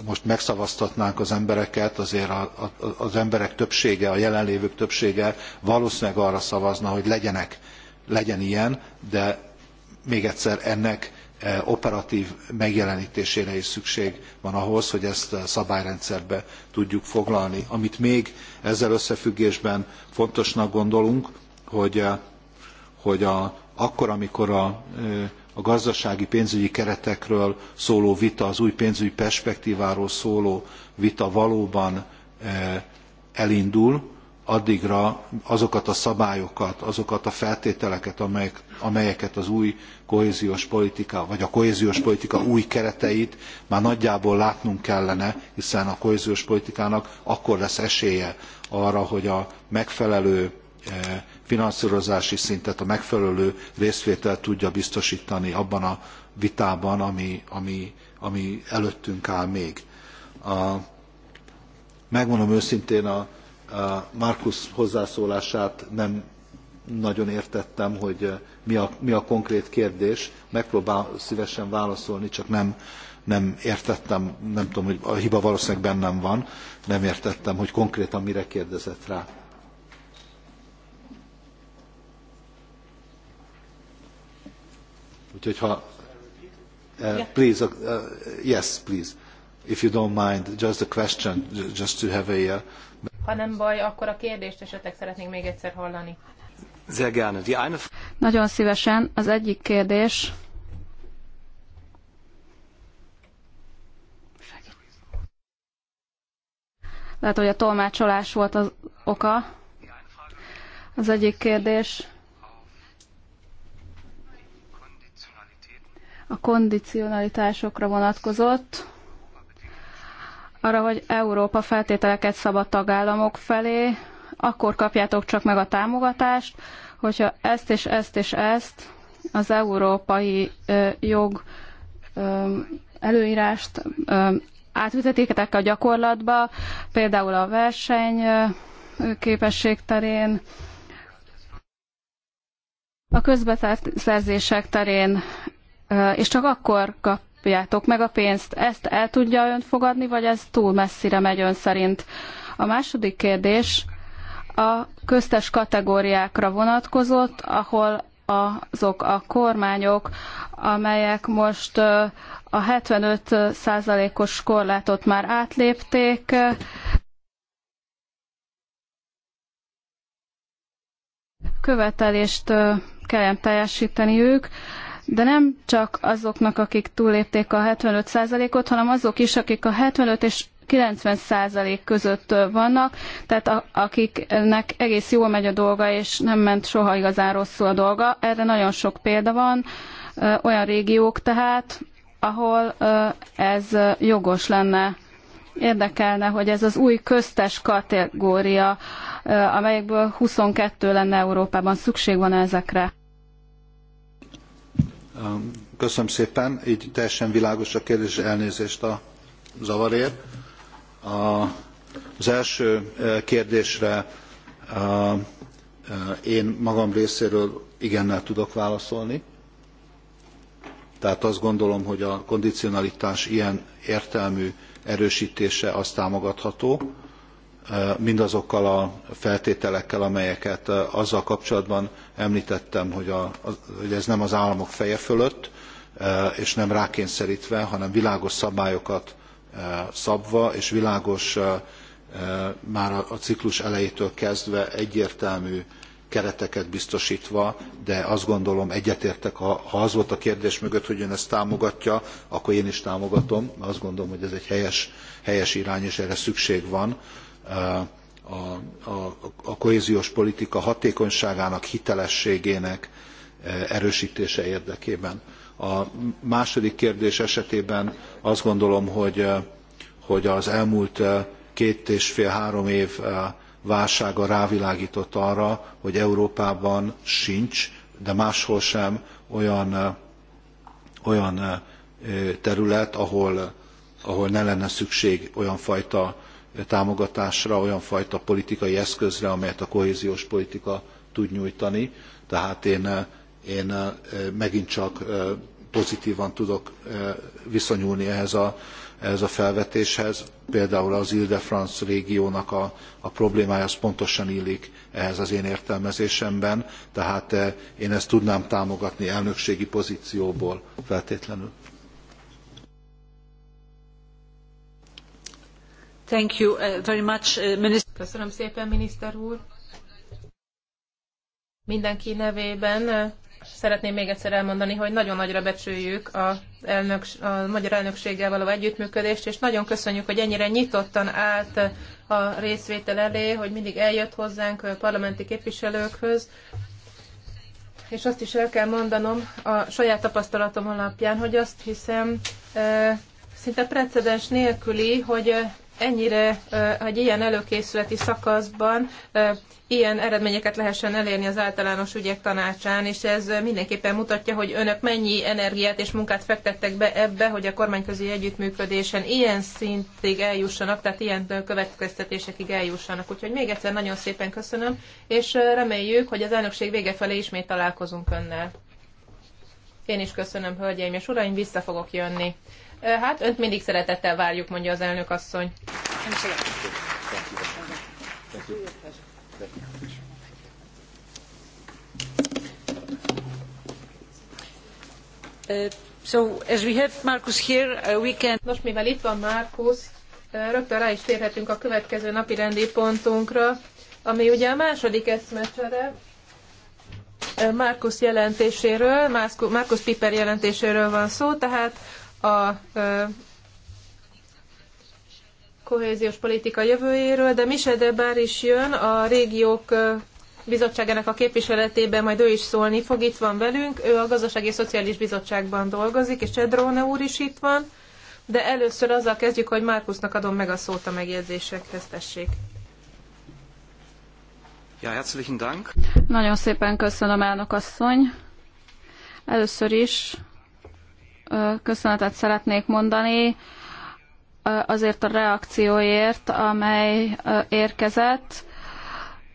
most megszavaztatnánk az embereket, azért a, a, az emberek többsége, a jelenlévők többsége valószínűleg arra szavazna, hogy legyenek, legyen ilyen, de még egyszer ennek operatív megjelenítésére is szükség van ahhoz, hogy ezt a szabályrendszerbe tudjuk foglalni. Amit még ezzel összefüggésben fontosnak gondolunk, hogy, hogy a, akkor, amikor a, a gazdasági pénzügyi keretekről szóló vita, az új pénzügyi perspektíváról szóló vita valóban elindul, addigra azokat a szabályokat, azokat a feltételeket, amelyek, amelyeket az új kohéziós politika, vagy a kohéziós politika új kereteit már nagyjából látnunk kellene, hiszen a kohéziós politikának akkor lesz esélye arra, hogy a megfelelő eh, finanszírozási szintet, a megfelelő részvételt tudja biztosítani abban a vitában, ami, ami, ami előttünk áll még. A, megmondom őszintén, a, Markus hozzászólását nem nagyon értettem, hogy eh, mi a, mi a konkrét kérdés. Megpróbál szívesen válaszolni, csak nem, nem értettem, nem tudom, hogy a hiba valószínűleg bennem van, nem értettem, hogy konkrétan mire kérdezett rá. Úgyhogy ha... Uh, please, uh, yes, please. If you don't mind, just a question, just to have a... Uh, ha nem baj, akkor a kérdést esetleg szeretnénk még egyszer hallani. Sehr gerne. Die eine... Nagyon szívesen. Az egyik kérdés, lehet, hogy a tolmácsolás volt az oka. Az egyik kérdés. A kondicionalitásokra vonatkozott arra, hogy Európa feltételeket szab a tagállamok felé, akkor kapjátok csak meg a támogatást, hogyha ezt és ezt és ezt az európai jog előírást átvizetéketek a gyakorlatba, például a verseny képesség terén, a közbeszerzések terén, és csak akkor kap kapjátok meg a pénzt. Ezt el tudja ön fogadni, vagy ez túl messzire megy ön szerint? A második kérdés a köztes kategóriákra vonatkozott, ahol azok a kormányok, amelyek most a 75 százalékos korlátot már átlépték, követelést kelljen teljesíteni ők de nem csak azoknak, akik túlépték a 75%-ot, hanem azok is, akik a 75 és 90% között vannak, tehát a, akiknek egész jól megy a dolga, és nem ment soha igazán rosszul a dolga. Erre nagyon sok példa van, olyan régiók tehát, ahol ez jogos lenne. Érdekelne, hogy ez az új köztes kategória, amelyekből 22 lenne Európában, szükség van ezekre. Köszönöm szépen, így teljesen világos a kérdés, elnézést a zavarért. Az első kérdésre én magam részéről igennel tudok válaszolni. Tehát azt gondolom, hogy a kondicionalitás ilyen értelmű erősítése az támogatható mindazokkal a feltételekkel, amelyeket azzal kapcsolatban említettem, hogy, a, hogy ez nem az államok feje fölött, és nem rákényszerítve, hanem világos szabályokat szabva, és világos már a ciklus elejétől kezdve egyértelmű kereteket biztosítva, de azt gondolom egyetértek, ha, az volt a kérdés mögött, hogy ön ezt támogatja, akkor én is támogatom. Azt gondolom, hogy ez egy helyes, helyes irány, és erre szükség van a, a, a kohéziós politika hatékonyságának, hitelességének e, erősítése érdekében. A második kérdés esetében azt gondolom, hogy, e, hogy az elmúlt e, két és fél-három év válsága rávilágított arra, hogy Európában sincs, de máshol sem olyan, olyan terület, ahol, ahol ne lenne szükség olyan fajta támogatásra, olyan fajta politikai eszközre, amelyet a kohéziós politika tud nyújtani. Tehát én, én megint csak pozitívan tudok viszonyulni ehhez a, ehhez a felvetéshez. Például az Ile-de-France régiónak a, a problémája az pontosan illik ehhez az én értelmezésemben, tehát én ezt tudnám támogatni elnökségi pozícióból feltétlenül. Uh, uh, Köszönöm szépen, miniszter úr. Mindenki nevében uh, szeretném még egyszer elmondani, hogy nagyon nagyra becsüljük a, elnök, a magyar elnökséggel való együttműködést, és nagyon köszönjük, hogy ennyire nyitottan állt a részvétel elé, hogy mindig eljött hozzánk parlamenti képviselőkhöz. És azt is el kell mondanom a saját tapasztalatom alapján, hogy azt hiszem szinte precedens nélküli, hogy ennyire egy ilyen előkészületi szakaszban ilyen eredményeket lehessen elérni az általános ügyek tanácsán, és ez mindenképpen mutatja, hogy önök mennyi energiát és munkát fektettek be ebbe, hogy a kormányközi együttműködésen ilyen szintig eljussanak, tehát ilyen következtetésekig eljussanak. Úgyhogy még egyszer nagyon szépen köszönöm, és reméljük, hogy az elnökség vége felé ismét találkozunk önnel. Én is köszönöm, hölgyeim és uraim, vissza fogok jönni. Hát önt mindig szeretettel várjuk, mondja az elnök asszony. So, as we have Marcus here, uh, we can... Nos, mivel itt van Markus, rögtön rá is térhetünk a következő napi rendi pontunkra, ami ugye a második eszmecsere, Markus jelentéséről, Markus Piper jelentéséről van szó, tehát a kohéziós politika jövőjéről, de Michel Debár is jön, a régiók bizottságának a képviseletében majd ő is szólni fog, itt van velünk, ő a Gazdasági és Szociális Bizottságban dolgozik, és Csedróne úr is itt van, de először azzal kezdjük, hogy Márkusznak adom meg a szót a megjegyzésekhez, tessék. Ja, herzlichen Dank. Nagyon szépen köszönöm, elnök asszony. Először is köszönetet szeretnék mondani azért a reakcióért, amely érkezett.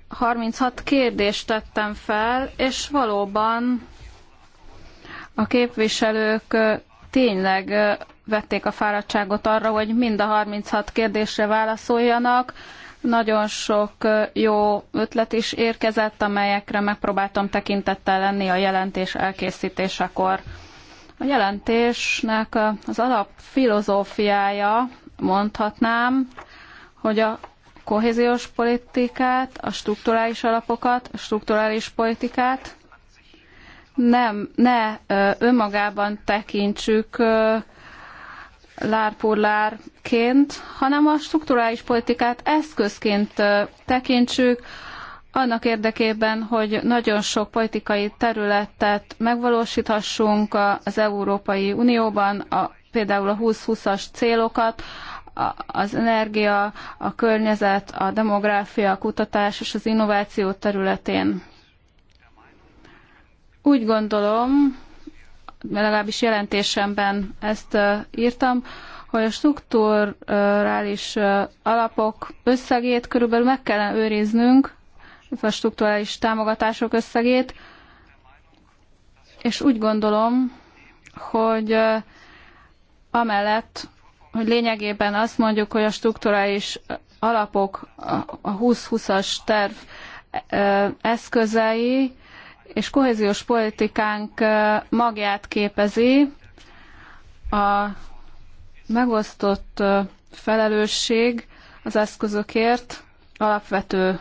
36 kérdést tettem fel, és valóban a képviselők tényleg vették a fáradtságot arra, hogy mind a 36 kérdésre válaszoljanak. Nagyon sok jó ötlet is érkezett, amelyekre megpróbáltam tekintettel lenni a jelentés elkészítésekor. A jelentésnek az alapfilozófiája, mondhatnám, hogy a kohéziós politikát, a strukturális alapokat, a strukturális politikát nem, ne önmagában tekintsük lárpurlárként, hanem a strukturális politikát eszközként tekintsük, annak érdekében, hogy nagyon sok politikai területet megvalósíthassunk az Európai Unióban, a, például a 20 as célokat, a, az energia, a környezet, a demográfia, a kutatás és az innováció területén. Úgy gondolom, legalábbis jelentésemben ezt írtam, hogy a strukturális alapok összegét körülbelül meg kellene őriznünk, infrastruktúrális támogatások összegét, és úgy gondolom, hogy amellett, hogy lényegében azt mondjuk, hogy a strukturális alapok a 20-20-as terv eszközei és kohéziós politikánk magját képezi, a megosztott felelősség az eszközökért alapvető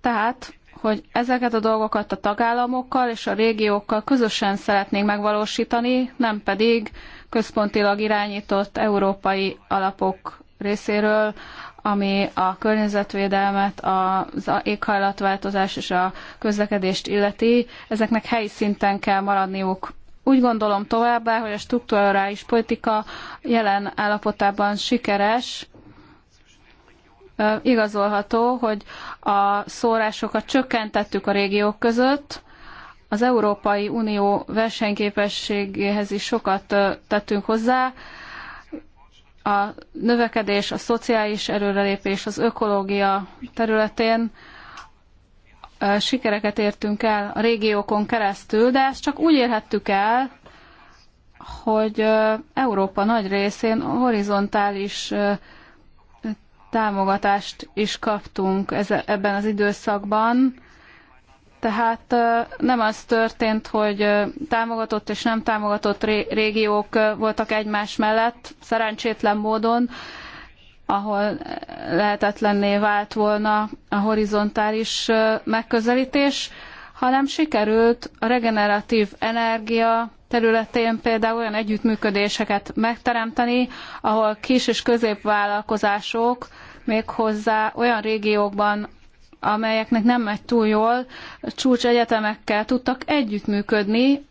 tehát, hogy ezeket a dolgokat a tagállamokkal és a régiókkal közösen szeretnénk megvalósítani, nem pedig központilag irányított európai alapok részéről, ami a környezetvédelmet, az éghajlatváltozás és a közlekedést illeti, ezeknek helyi szinten kell maradniuk. Úgy gondolom továbbá, hogy a strukturális politika jelen állapotában sikeres, igazolható, hogy a szórásokat csökkentettük a régiók között, az Európai Unió versenyképességéhez is sokat tettünk hozzá, a növekedés, a szociális előrelépés, az ökológia területén sikereket értünk el a régiókon keresztül, de ezt csak úgy érhettük el, hogy Európa nagy részén horizontális támogatást is kaptunk ebben az időszakban. Tehát nem az történt, hogy támogatott és nem támogatott régiók voltak egymás mellett, szerencsétlen módon, ahol lehetetlenné vált volna a horizontális megközelítés hanem sikerült a regeneratív energia területén például olyan együttműködéseket megteremteni, ahol kis és középvállalkozások méghozzá olyan régiókban, amelyeknek nem megy túl jól, csúcs egyetemekkel tudtak együttműködni,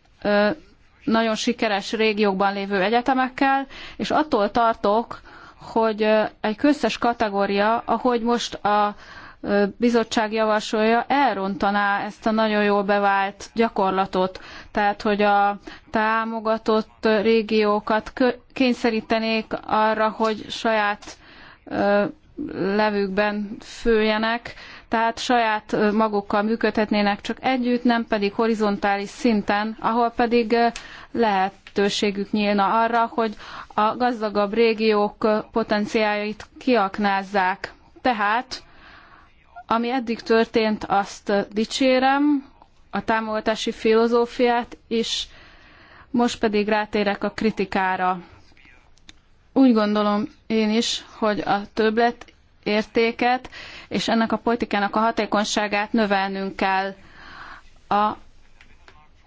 nagyon sikeres régiókban lévő egyetemekkel, és attól tartok, hogy egy köztes kategória, ahogy most a bizottság javasolja, elrontaná ezt a nagyon jól bevált gyakorlatot. Tehát, hogy a támogatott régiókat kényszerítenék arra, hogy saját levükben főjenek, tehát saját magukkal működhetnének csak együtt, nem pedig horizontális szinten, ahol pedig lehetőségük nyílna arra, hogy a gazdagabb régiók potenciáljait kiaknázzák. Tehát ami eddig történt, azt dicsérem, a támogatási filozófiát is, most pedig rátérek a kritikára. Úgy gondolom én is, hogy a többlet értéket és ennek a politikának a hatékonyságát növelnünk kell. A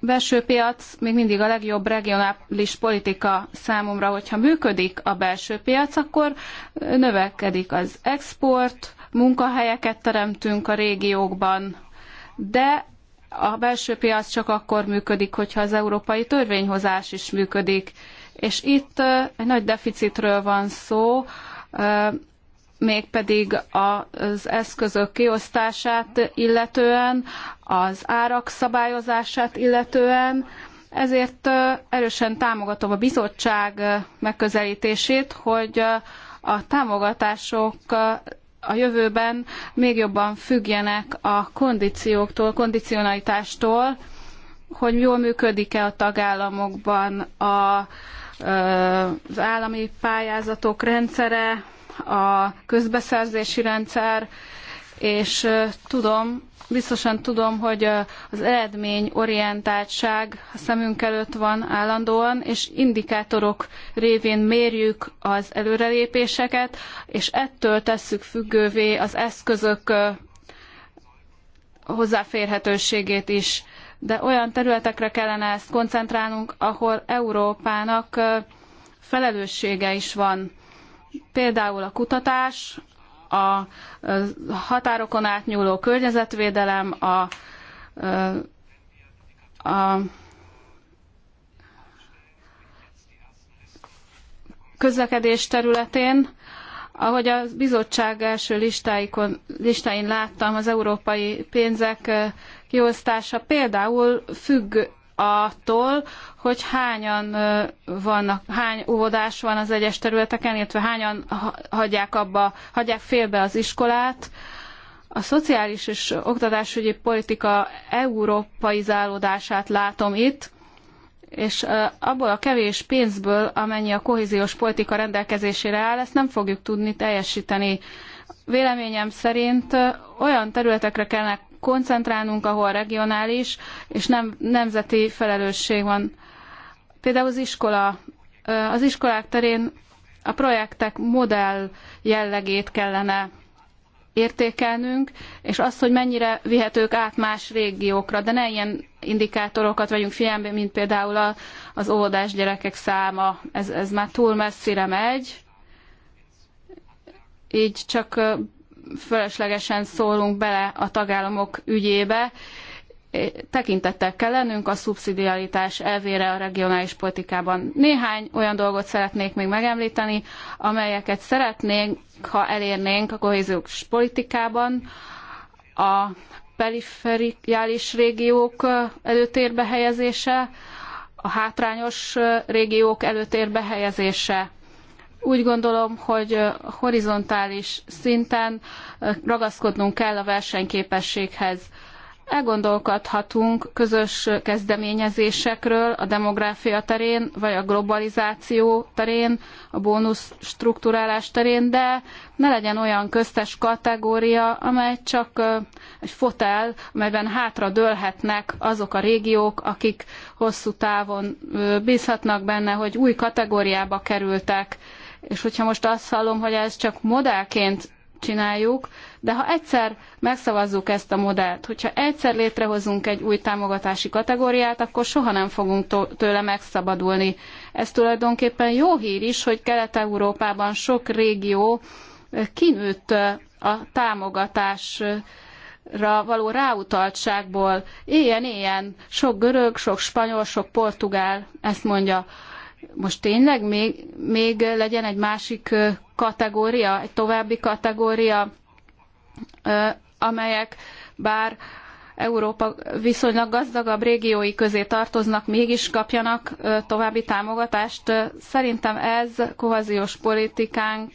belső piac még mindig a legjobb regionális politika számomra, hogyha működik a belső piac, akkor növekedik az export, munkahelyeket teremtünk a régiókban, de a belső piac csak akkor működik, hogyha az európai törvényhozás is működik. És itt egy nagy deficitről van szó, mégpedig az eszközök kiosztását illetően, az árak szabályozását illetően, ezért erősen támogatom a bizottság megközelítését, hogy a támogatások a jövőben még jobban függjenek a kondícióktól, kondicionalitástól, hogy jól működik-e a tagállamokban a, az állami pályázatok rendszere, a közbeszerzési rendszer, és tudom, Biztosan tudom, hogy az eredményorientáltság a szemünk előtt van állandóan, és indikátorok révén mérjük az előrelépéseket, és ettől tesszük függővé az eszközök hozzáférhetőségét is. De olyan területekre kellene ezt koncentrálnunk, ahol Európának felelőssége is van. Például a kutatás, a határokon átnyúló környezetvédelem, a, a közlekedés területén, ahogy a bizottság első listáikon, listáin láttam, az európai pénzek kiosztása például függ attól, hogy hányan vannak, hány óvodás van az egyes területeken, illetve hányan hagyják abba, hagyják félbe az iskolát. A szociális és oktatásügyi politika európai zálódását látom itt, és abból a kevés pénzből, amennyi a kohéziós politika rendelkezésére áll, ezt nem fogjuk tudni teljesíteni. Véleményem szerint olyan területekre kellene koncentrálnunk, ahol regionális és nem, nemzeti felelősség van. Például az iskola, az iskolák terén a projektek modell jellegét kellene értékelnünk, és azt, hogy mennyire vihetők át más régiókra, de ne ilyen indikátorokat vegyünk figyelembe, mint például a, az óvodás gyerekek száma, ez, ez már túl messzire megy, így csak fölöslegesen szólunk bele a tagállamok ügyébe. Tekintettel kell lennünk a szubszidiaritás elvére a regionális politikában. Néhány olyan dolgot szeretnék még megemlíteni, amelyeket szeretnénk, ha elérnénk a kohéziós politikában, a perifériális régiók előtérbe helyezése, a hátrányos régiók előtérbe helyezése úgy gondolom, hogy horizontális szinten ragaszkodnunk kell a versenyképességhez. Elgondolkodhatunk közös kezdeményezésekről a demográfia terén, vagy a globalizáció terén, a bónusz strukturálás terén, de ne legyen olyan köztes kategória, amely csak egy fotel, amelyben hátra dőlhetnek azok a régiók, akik hosszú távon bízhatnak benne, hogy új kategóriába kerültek és hogyha most azt hallom, hogy ezt csak modellként csináljuk, de ha egyszer megszavazzuk ezt a modellt, hogyha egyszer létrehozunk egy új támogatási kategóriát, akkor soha nem fogunk tőle megszabadulni. Ez tulajdonképpen jó hír is, hogy Kelet-Európában sok régió eh, kinőtt eh, a támogatás való ráutaltságból. Éljen, éljen, sok görög, sok spanyol, sok portugál, ezt mondja most tényleg még, még legyen egy másik kategória, egy további kategória, amelyek bár Európa viszonylag gazdagabb régiói közé tartoznak, mégis kapjanak további támogatást. Szerintem ez kohaziós politikánk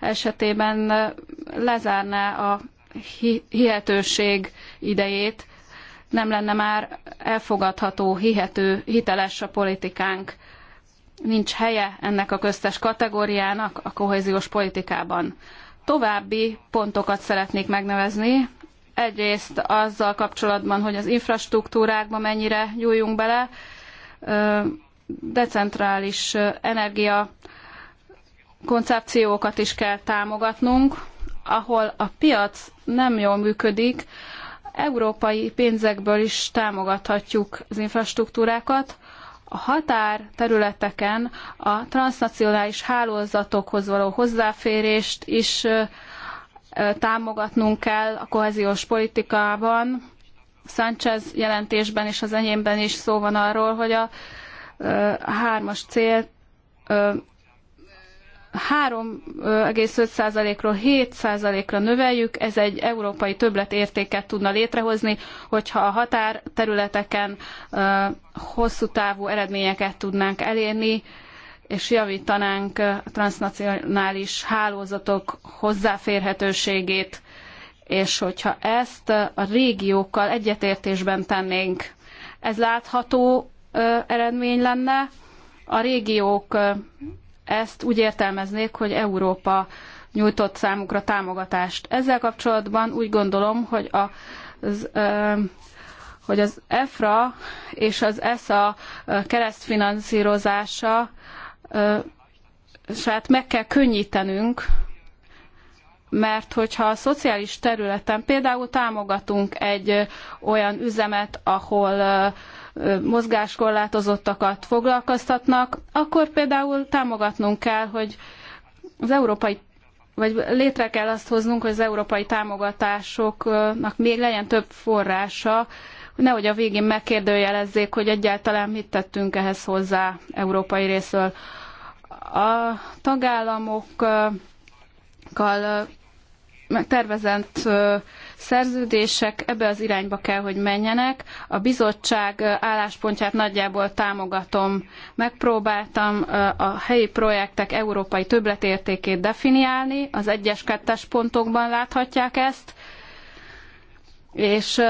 esetében lezárná a hihetőség idejét, nem lenne már elfogadható, hihető, hiteles a politikánk nincs helye ennek a köztes kategóriának a kohéziós politikában. További pontokat szeretnék megnevezni. Egyrészt azzal kapcsolatban, hogy az infrastruktúrákba mennyire nyúljunk bele, decentrális energia koncepciókat is kell támogatnunk, ahol a piac nem jól működik, európai pénzekből is támogathatjuk az infrastruktúrákat, a határ területeken a transnacionális hálózatokhoz való hozzáférést is támogatnunk kell a kohéziós politikában. Sánchez jelentésben és az enyémben is szó van arról, hogy a hármas cél 3,5%-ról 7%-ra növeljük, ez egy európai többletértéket tudna létrehozni, hogyha a határterületeken hosszú távú eredményeket tudnánk elérni, és javítanánk a transnacionális hálózatok hozzáférhetőségét, és hogyha ezt a régiókkal egyetértésben tennénk, ez látható eredmény lenne. A régiók ezt úgy értelmeznék, hogy Európa nyújtott számukra támogatást. Ezzel kapcsolatban úgy gondolom, hogy a, az, hogy az EFRA és az ESA keresztfinanszírozása saját meg kell könnyítenünk, mert hogyha a szociális területen például támogatunk egy olyan üzemet, ahol mozgáskorlátozottakat foglalkoztatnak, akkor például támogatnunk kell, hogy az európai vagy létre kell azt hoznunk, hogy az európai támogatásoknak még legyen több forrása, hogy nehogy a végén megkérdőjelezzék, hogy egyáltalán mit tettünk ehhez hozzá európai részről. A tagállamokkal tervezett szerződések ebbe az irányba kell, hogy menjenek. A bizottság álláspontját nagyjából támogatom. Megpróbáltam a helyi projektek európai többletértékét definiálni, az egyes kettes pontokban láthatják ezt, és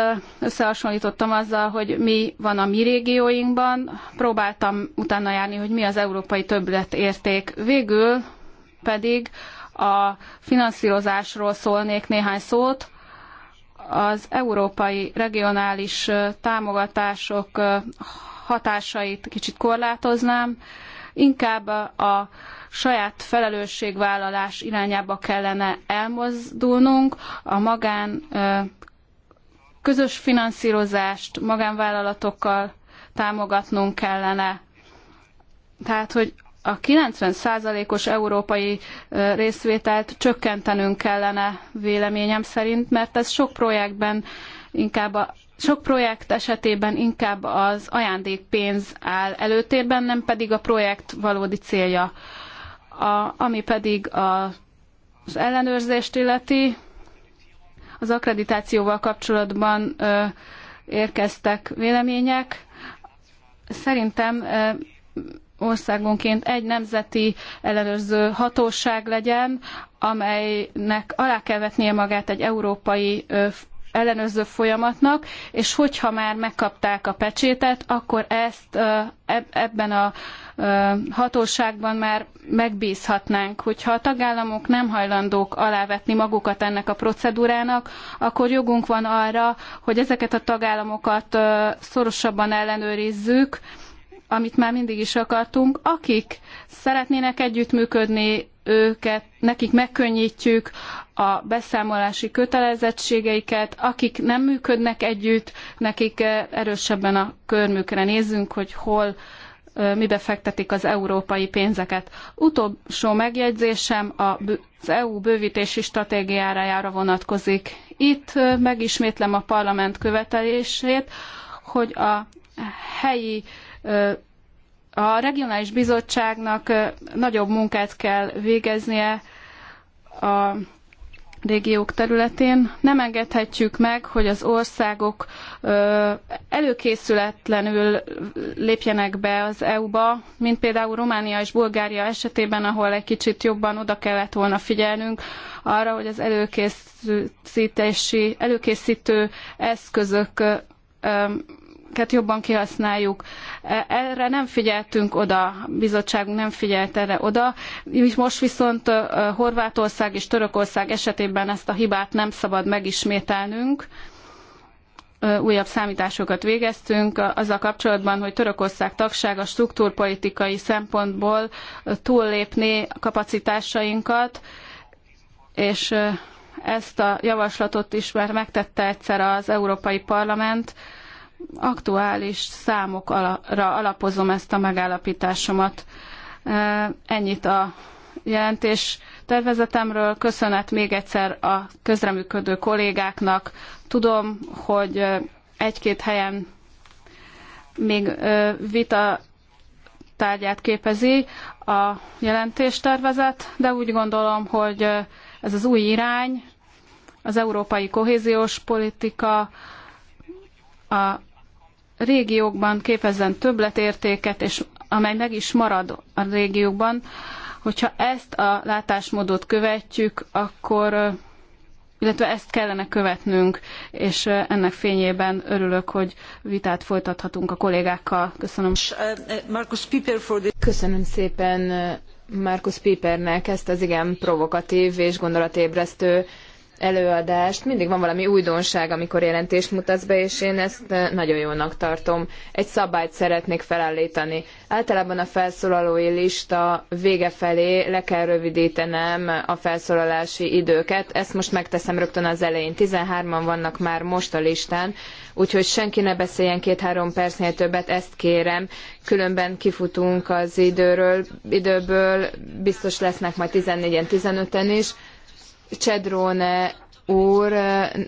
összehasonlítottam azzal, hogy mi van a mi régióinkban, próbáltam utána járni, hogy mi az európai többletérték. Végül pedig a finanszírozásról szólnék néhány szót az európai regionális támogatások hatásait kicsit korlátoznám, inkább a saját felelősségvállalás irányába kellene elmozdulnunk, a magán közös finanszírozást magánvállalatokkal támogatnunk kellene. Tehát, hogy a 90%-os európai részvételt csökkentenünk kellene véleményem szerint, mert ez sok projektben inkább a sok projekt esetében inkább az ajándékpénz áll előtérben, nem pedig a projekt valódi célja. A, ami pedig a, az ellenőrzést illeti, az akkreditációval kapcsolatban ö, érkeztek vélemények. Szerintem ö, országonként egy nemzeti ellenőrző hatóság legyen, amelynek alá kell vetnie magát egy európai ellenőrző folyamatnak, és hogyha már megkapták a pecsétet, akkor ezt ebben a hatóságban már megbízhatnánk. Hogyha a tagállamok nem hajlandók alávetni magukat ennek a procedúrának, akkor jogunk van arra, hogy ezeket a tagállamokat szorosabban ellenőrizzük, amit már mindig is akartunk. Akik szeretnének együttműködni, őket, nekik megkönnyítjük a beszámolási kötelezettségeiket, akik nem működnek együtt, nekik eh, erősebben a körmükre nézzünk, hogy hol eh, mibe fektetik az európai pénzeket. Utolsó megjegyzésem az EU bővítési stratégiájára vonatkozik. Itt eh, megismétlem a parlament követelését, hogy a helyi a regionális bizottságnak nagyobb munkát kell végeznie a régiók területén. Nem engedhetjük meg, hogy az országok előkészületlenül lépjenek be az EU-ba, mint például Románia és Bulgária esetében, ahol egy kicsit jobban oda kellett volna figyelnünk arra, hogy az előkészítési, előkészítő eszközök ezeket jobban kihasználjuk. E, erre nem figyeltünk oda, bizottságunk nem figyelt erre oda. Most viszont Horvátország és Törökország esetében ezt a hibát nem szabad megismételnünk újabb számításokat végeztünk azzal kapcsolatban, hogy Törökország tagsága struktúrpolitikai szempontból túllépné kapacitásainkat, és ezt a javaslatot is már megtette egyszer az Európai Parlament, aktuális számokra alapozom ezt a megállapításomat. Ennyit a jelentés tervezetemről. Köszönet még egyszer a közreműködő kollégáknak. Tudom, hogy egy-két helyen még vita tárgyát képezi a jelentéstervezet, de úgy gondolom, hogy ez az új irány, az európai kohéziós politika, a régiókban képezzen többletértéket, és amely meg is marad a régiókban, hogyha ezt a látásmódot követjük, akkor illetve ezt kellene követnünk, és ennek fényében örülök, hogy vitát folytathatunk a kollégákkal. Köszönöm. Köszönöm szépen Markus Pipernek ezt az igen provokatív és gondolatébresztő előadást. Mindig van valami újdonság, amikor jelentést mutatsz be, és én ezt eh, nagyon jónak tartom. Egy szabályt szeretnék felállítani. Általában a felszólalói lista vége felé le kell rövidítenem a felszólalási időket. Ezt most megteszem rögtön az elején. 13-an vannak már most a listán, úgyhogy senki ne beszéljen két-három percnél többet, ezt kérem. Különben kifutunk az időről, időből, biztos lesznek majd 14-en, 15-en is Csedróne úr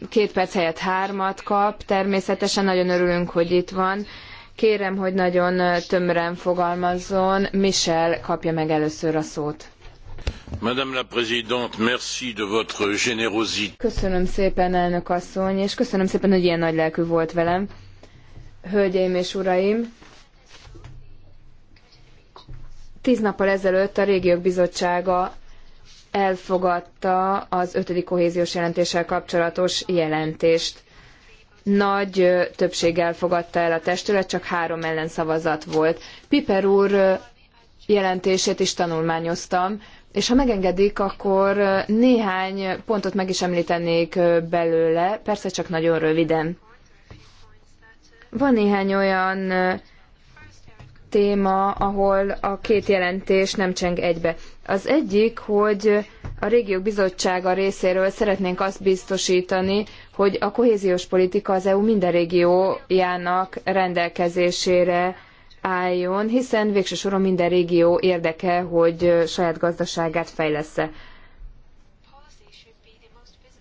két perc helyett hármat kap, természetesen nagyon örülünk, hogy itt van. Kérem, hogy nagyon tömören fogalmazzon. Michel kapja meg először a szót. Madame la Présidente, merci de votre générosité. Köszönöm szépen, elnök asszony, és köszönöm szépen, hogy ilyen nagylelkű volt velem. Hölgyeim és uraim, tíz nappal ezelőtt a Régiók Bizottsága elfogadta az ötödik kohéziós jelentéssel kapcsolatos jelentést. Nagy többséggel fogadta el a testület, csak három ellenszavazat volt. Piper úr jelentését is tanulmányoztam, és ha megengedik, akkor néhány pontot meg is említenék belőle, persze csak nagyon röviden. Van néhány olyan téma, ahol a két jelentés nem cseng egybe. Az egyik, hogy a régiók bizottsága részéről szeretnénk azt biztosítani, hogy a kohéziós politika az EU minden régiójának rendelkezésére álljon, hiszen végső soron minden régió érdeke, hogy saját gazdaságát fejlesz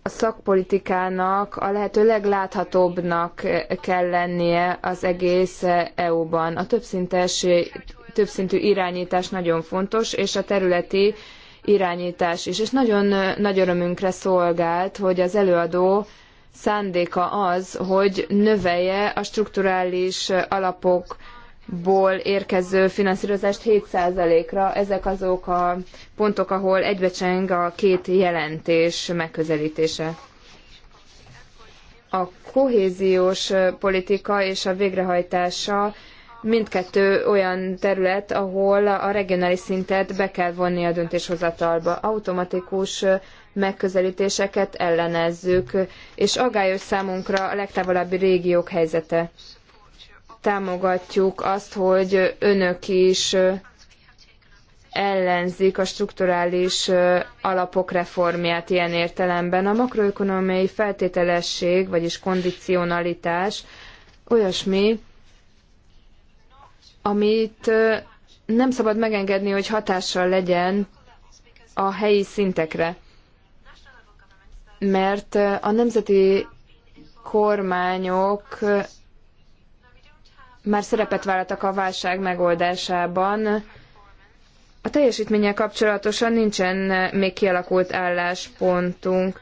A szakpolitikának a lehető legláthatóbbnak kell lennie az egész EU-ban. A többszintes többszintű irányítás nagyon fontos, és a területi irányítás is. És nagyon nagy örömünkre szolgált, hogy az előadó szándéka az, hogy növelje a strukturális alapokból érkező finanszírozást 7%-ra. Ezek azok a pontok, ahol egybecseng a két jelentés megközelítése. A kohéziós politika és a végrehajtása mindkettő olyan terület, ahol a regionális szintet be kell vonni a döntéshozatalba. Automatikus megközelítéseket ellenezzük, és agályos számunkra a legtávolabbi régiók helyzete. Támogatjuk azt, hogy önök is ellenzik a strukturális alapok reformját ilyen értelemben. A makroökonomiai feltételesség, vagyis kondicionalitás olyasmi, amit nem szabad megengedni, hogy hatással legyen a helyi szintekre. Mert a nemzeti kormányok már szerepet vállaltak a válság megoldásában. A teljesítménnyel kapcsolatosan nincsen még kialakult álláspontunk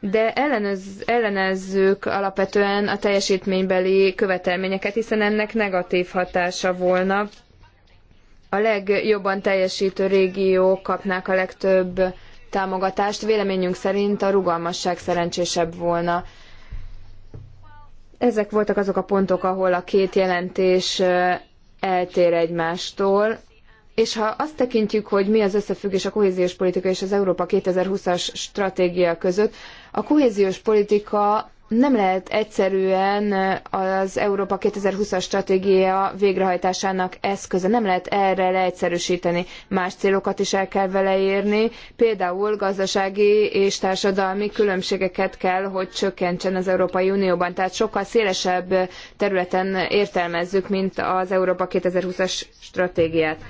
de ellenöz, ellenezzük alapvetően a teljesítménybeli követelményeket, hiszen ennek negatív hatása volna. A legjobban teljesítő régiók kapnák a legtöbb támogatást, véleményünk szerint a rugalmasság szerencsésebb volna. Ezek voltak azok a pontok, ahol a két jelentés eltér egymástól. És ha azt tekintjük, hogy mi az összefüggés a kohéziós politika és az Európa 2020-as stratégia között, a kohéziós politika nem lehet egyszerűen az Európa 2020-as stratégia végrehajtásának eszköze, nem lehet erre leegyszerűsíteni. Más célokat is el kell vele érni, például gazdasági és társadalmi különbségeket kell, hogy csökkentsen az Európai Unióban. Tehát sokkal szélesebb területen értelmezzük, mint az Európa 2020-as stratégiát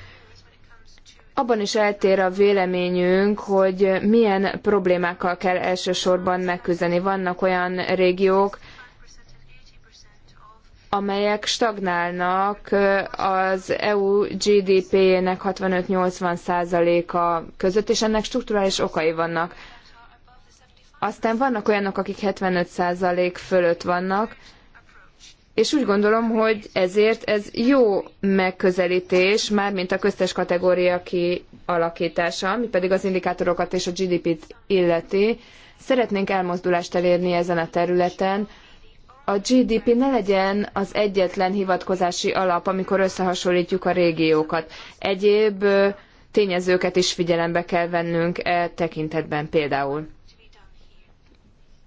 abban is eltér a véleményünk, hogy milyen problémákkal kell elsősorban megküzdeni. Vannak olyan régiók, amelyek stagnálnak, az EU GDP-nek 80 százaléka között, és ennek strukturális okai vannak. Aztán vannak olyanok, akik 75% fölött vannak, és úgy gondolom, hogy ezért ez jó megközelítés, mármint a köztes kategória kialakítása, ami pedig az indikátorokat és a GDP-t illeti. Szeretnénk elmozdulást elérni ezen a területen. A GDP ne legyen az egyetlen hivatkozási alap, amikor összehasonlítjuk a régiókat. Egyéb tényezőket is figyelembe kell vennünk e tekintetben például.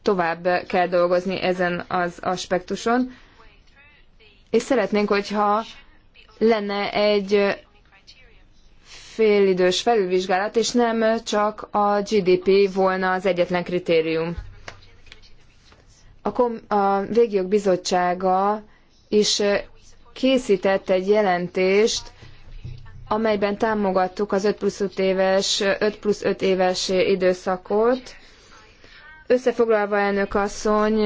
Tovább kell dolgozni ezen az aspektuson és szeretnénk, hogyha lenne egy félidős felülvizsgálat, és nem csak a GDP volna az egyetlen kritérium. A, Kom- a Végjog Bizottsága is készített egy jelentést, amelyben támogattuk az 5 plusz 5 éves, 5 plusz 5 éves időszakot. Összefoglalva, elnök asszony,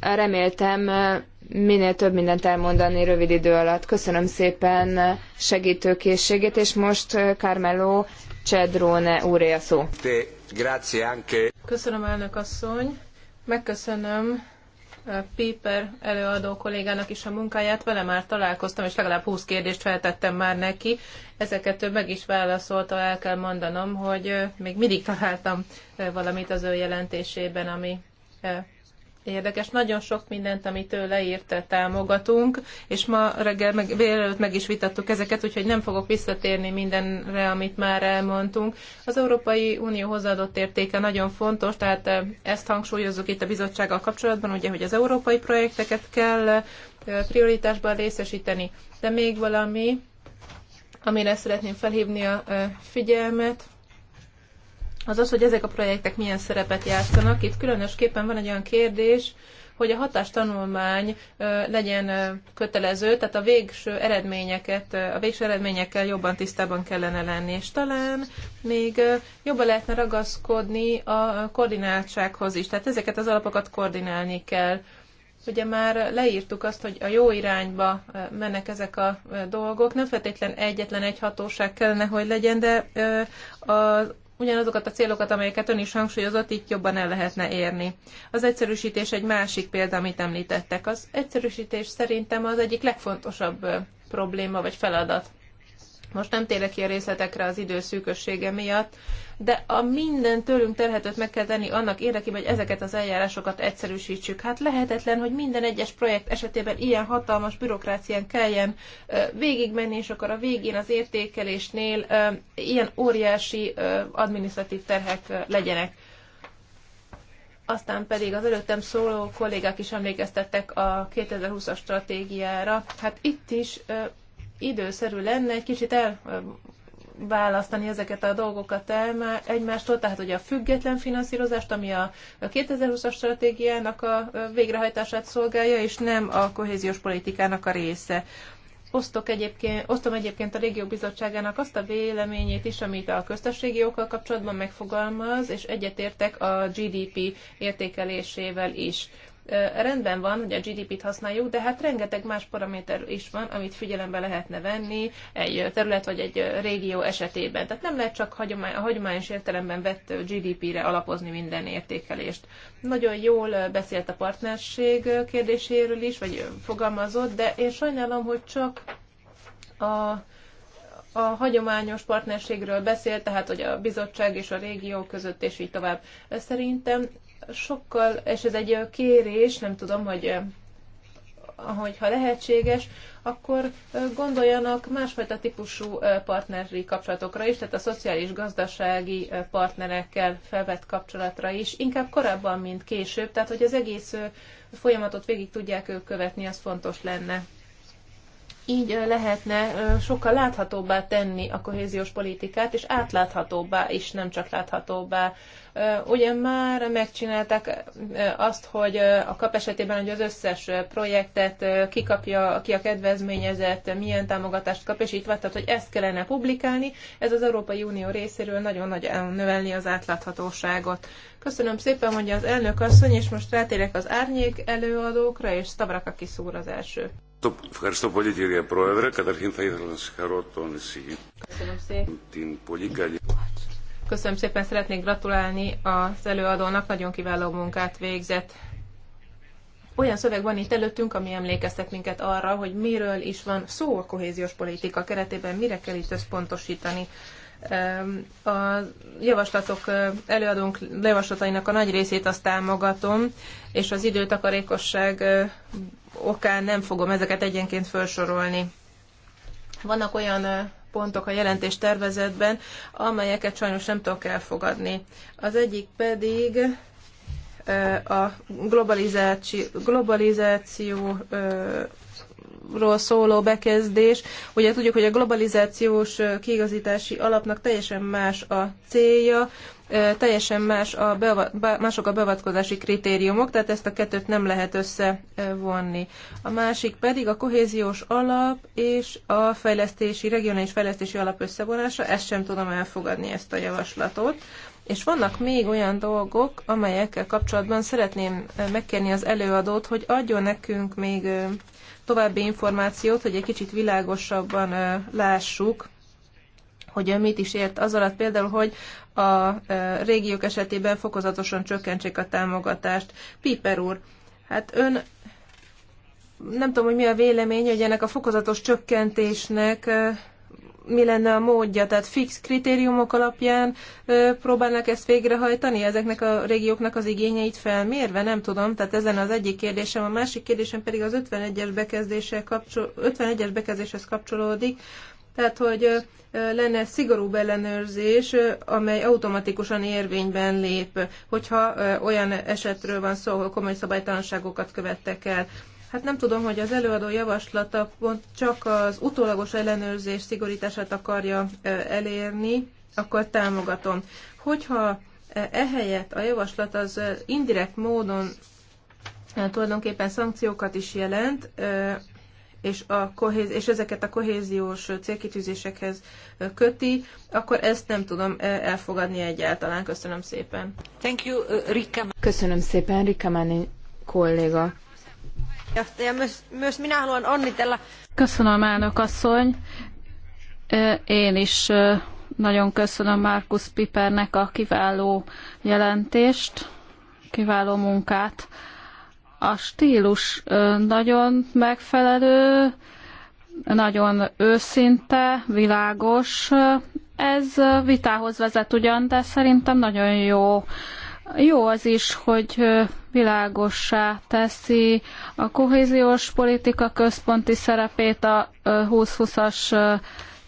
reméltem minél több mindent elmondani rövid idő alatt. Köszönöm szépen segítőkészségét, és most eh, Carmelo Cedrone úré a szó. Köszönöm, elnök asszony. Megköszönöm eh, Piper előadó kollégának is a munkáját. Vele már találkoztam, és legalább 20 kérdést feltettem már neki. Ezeket ő meg is válaszolta, el kell mondanom, hogy eh, még mindig találtam valamit az ő jelentésében, ami érdekes. Nagyon sok mindent, amit ő leírta, támogatunk, és ma reggel meg, előtt meg is vitattuk ezeket, úgyhogy nem fogok visszatérni mindenre, amit már elmondtunk. Az Európai Unió hozzáadott értéke nagyon fontos, tehát eh, ezt hangsúlyozzuk itt a bizottsággal kapcsolatban, ugye, hogy az európai projekteket kell eh, prioritásban részesíteni. De még valami, amire szeretném felhívni a eh, figyelmet, az az, hogy ezek a projektek milyen szerepet játszanak. Itt különösképpen van egy olyan kérdés, hogy a hatástanulmány legyen kötelező, tehát a végső eredményeket, a végső eredményekkel jobban tisztában kellene lenni, és talán még jobban lehetne ragaszkodni a koordináltsághoz is, tehát ezeket az alapokat koordinálni kell. Ugye már leírtuk azt, hogy a jó irányba mennek ezek a dolgok. Nem feltétlen egyetlen egy hatóság kellene, hogy legyen, de az ugyanazokat a célokat, amelyeket ön is hangsúlyozott, itt jobban el lehetne érni. Az egyszerűsítés egy másik példa, amit említettek. Az egyszerűsítés szerintem az egyik legfontosabb probléma vagy feladat. Most nem térek ki a részletekre az idő szűkössége miatt, de a minden tőlünk terhetőt meg kell tenni annak érdekében, hogy ezeket az eljárásokat egyszerűsítsük. Hát lehetetlen, hogy minden egyes projekt esetében ilyen hatalmas bürokrácián kelljen végigmenni, és akkor a végén az értékelésnél ilyen óriási administratív terhek legyenek. Aztán pedig az előttem szóló kollégák is emlékeztettek a 2020-as stratégiára. Hát itt is időszerű lenne egy kicsit elválasztani ezeket a dolgokat egymástól, tehát ugye a független finanszírozást, ami a 2020-as stratégiának a végrehajtását szolgálja, és nem a kohéziós politikának a része. Osztok egyébként, osztom egyébként a Régió Bizottságának azt a véleményét is, amit a köztességi régiókkal kapcsolatban megfogalmaz, és egyetértek a GDP értékelésével is rendben van, hogy a GDP-t használjuk, de hát rengeteg más paraméter is van, amit figyelembe lehetne venni egy terület vagy egy régió esetében. Tehát nem lehet csak hagyomány, a hagyományos értelemben vett GDP-re alapozni minden értékelést. Nagyon jól beszélt a partnerség kérdéséről is, vagy fogalmazott, de én sajnálom, hogy csak a a hagyományos partnerségről beszélt, tehát hogy a bizottság és a régió között, és így tovább. Szerintem sokkal, és ez egy kérés, nem tudom, hogy ha lehetséges, akkor gondoljanak másfajta típusú partneri kapcsolatokra is, tehát a szociális-gazdasági partnerekkel felvett kapcsolatra is, inkább korábban, mint később, tehát hogy az egész folyamatot végig tudják ők követni, az fontos lenne. Így lehetne sokkal láthatóbbá tenni a kohéziós politikát, és átláthatóbbá is, nem csak láthatóbbá Ugye már megcsinálták azt, hogy a kap esetében hogy az összes projektet kikapja, ki a kedvezményezett, milyen támogatást kap, és így van, tehát hogy ezt kellene publikálni. Ez az Európai Unió részéről nagyon nagy növelni az átláthatóságot. Köszönöm szépen, mondja az elnök asszony, és most rátérek az árnyék előadókra, és Stavraka kiszúr az első. Ευχαριστώ πολύ κύριε Πρόεδρε. Καταρχήν θα ήθελα να συγχαρώ τον εισηγητή. Την πολύ καλή Köszönöm szépen, szeretnék gratulálni az előadónak, nagyon kiváló munkát végzett. Olyan szöveg van itt előttünk, ami emlékeztet minket arra, hogy miről is van szó a kohéziós politika keretében, mire kell itt összpontosítani. Ehm, a javaslatok előadónk javaslatainak a nagy részét azt támogatom, és az időtakarékosság okán nem fogom ezeket egyenként felsorolni. Vannak olyan pontok a jelentés tervezetben, amelyeket sajnos nem tudok elfogadni. Az egyik pedig a globalizáció, globalizációról szóló bekezdés. Ugye tudjuk, hogy a globalizációs kiigazítási alapnak teljesen más a célja, teljesen más a mások a beavatkozási kritériumok, tehát ezt a kettőt nem lehet összevonni. A másik pedig a kohéziós alap és a fejlesztési, regionális fejlesztési alap összevonása, ezt sem tudom elfogadni ezt a javaslatot. És vannak még olyan dolgok, amelyekkel kapcsolatban szeretném megkérni az előadót, hogy adjon nekünk még további információt, hogy egy kicsit világosabban lássuk, hogy ő mit is ért az alatt például, hogy a régiók esetében fokozatosan csökkentsék a támogatást. Piper úr, hát ön nem tudom, hogy mi a vélemény, hogy ennek a fokozatos csökkentésnek mi lenne a módja, tehát fix kritériumok alapján ö, próbálnak ezt végrehajtani, ezeknek a régióknak az igényeit felmérve, nem tudom, tehát ezen az egyik kérdésem, a másik kérdésem pedig az 51-es, kapcsol, 51-es bekezdéshez kapcsolódik, tehát hogy lenne szigorúbb ellenőrzés, amely automatikusan érvényben lép, hogyha olyan esetről van szó, hogy komoly szabálytalanságokat követtek el. Hát nem tudom, hogy az előadó javaslata pont csak az utólagos ellenőrzés szigorítását akarja elérni, akkor támogatom. Hogyha ehelyett a javaslat az indirekt módon tulajdonképpen szankciókat is jelent, és, a kohéz, és ezeket a kohéziós célkitűzésekhez köti, akkor ezt nem tudom elfogadni egyáltalán. Köszönöm szépen. Thank you, Rika. Köszönöm szépen, Rika Mani kolléga. Köszönöm, elnök asszony. Én is nagyon köszönöm Markus Pipernek a kiváló jelentést, kiváló munkát. A stílus nagyon megfelelő, nagyon őszinte, világos. Ez vitához vezet ugyan, de szerintem nagyon jó. Jó az is, hogy világossá teszi a kohéziós politika központi szerepét a 2020-as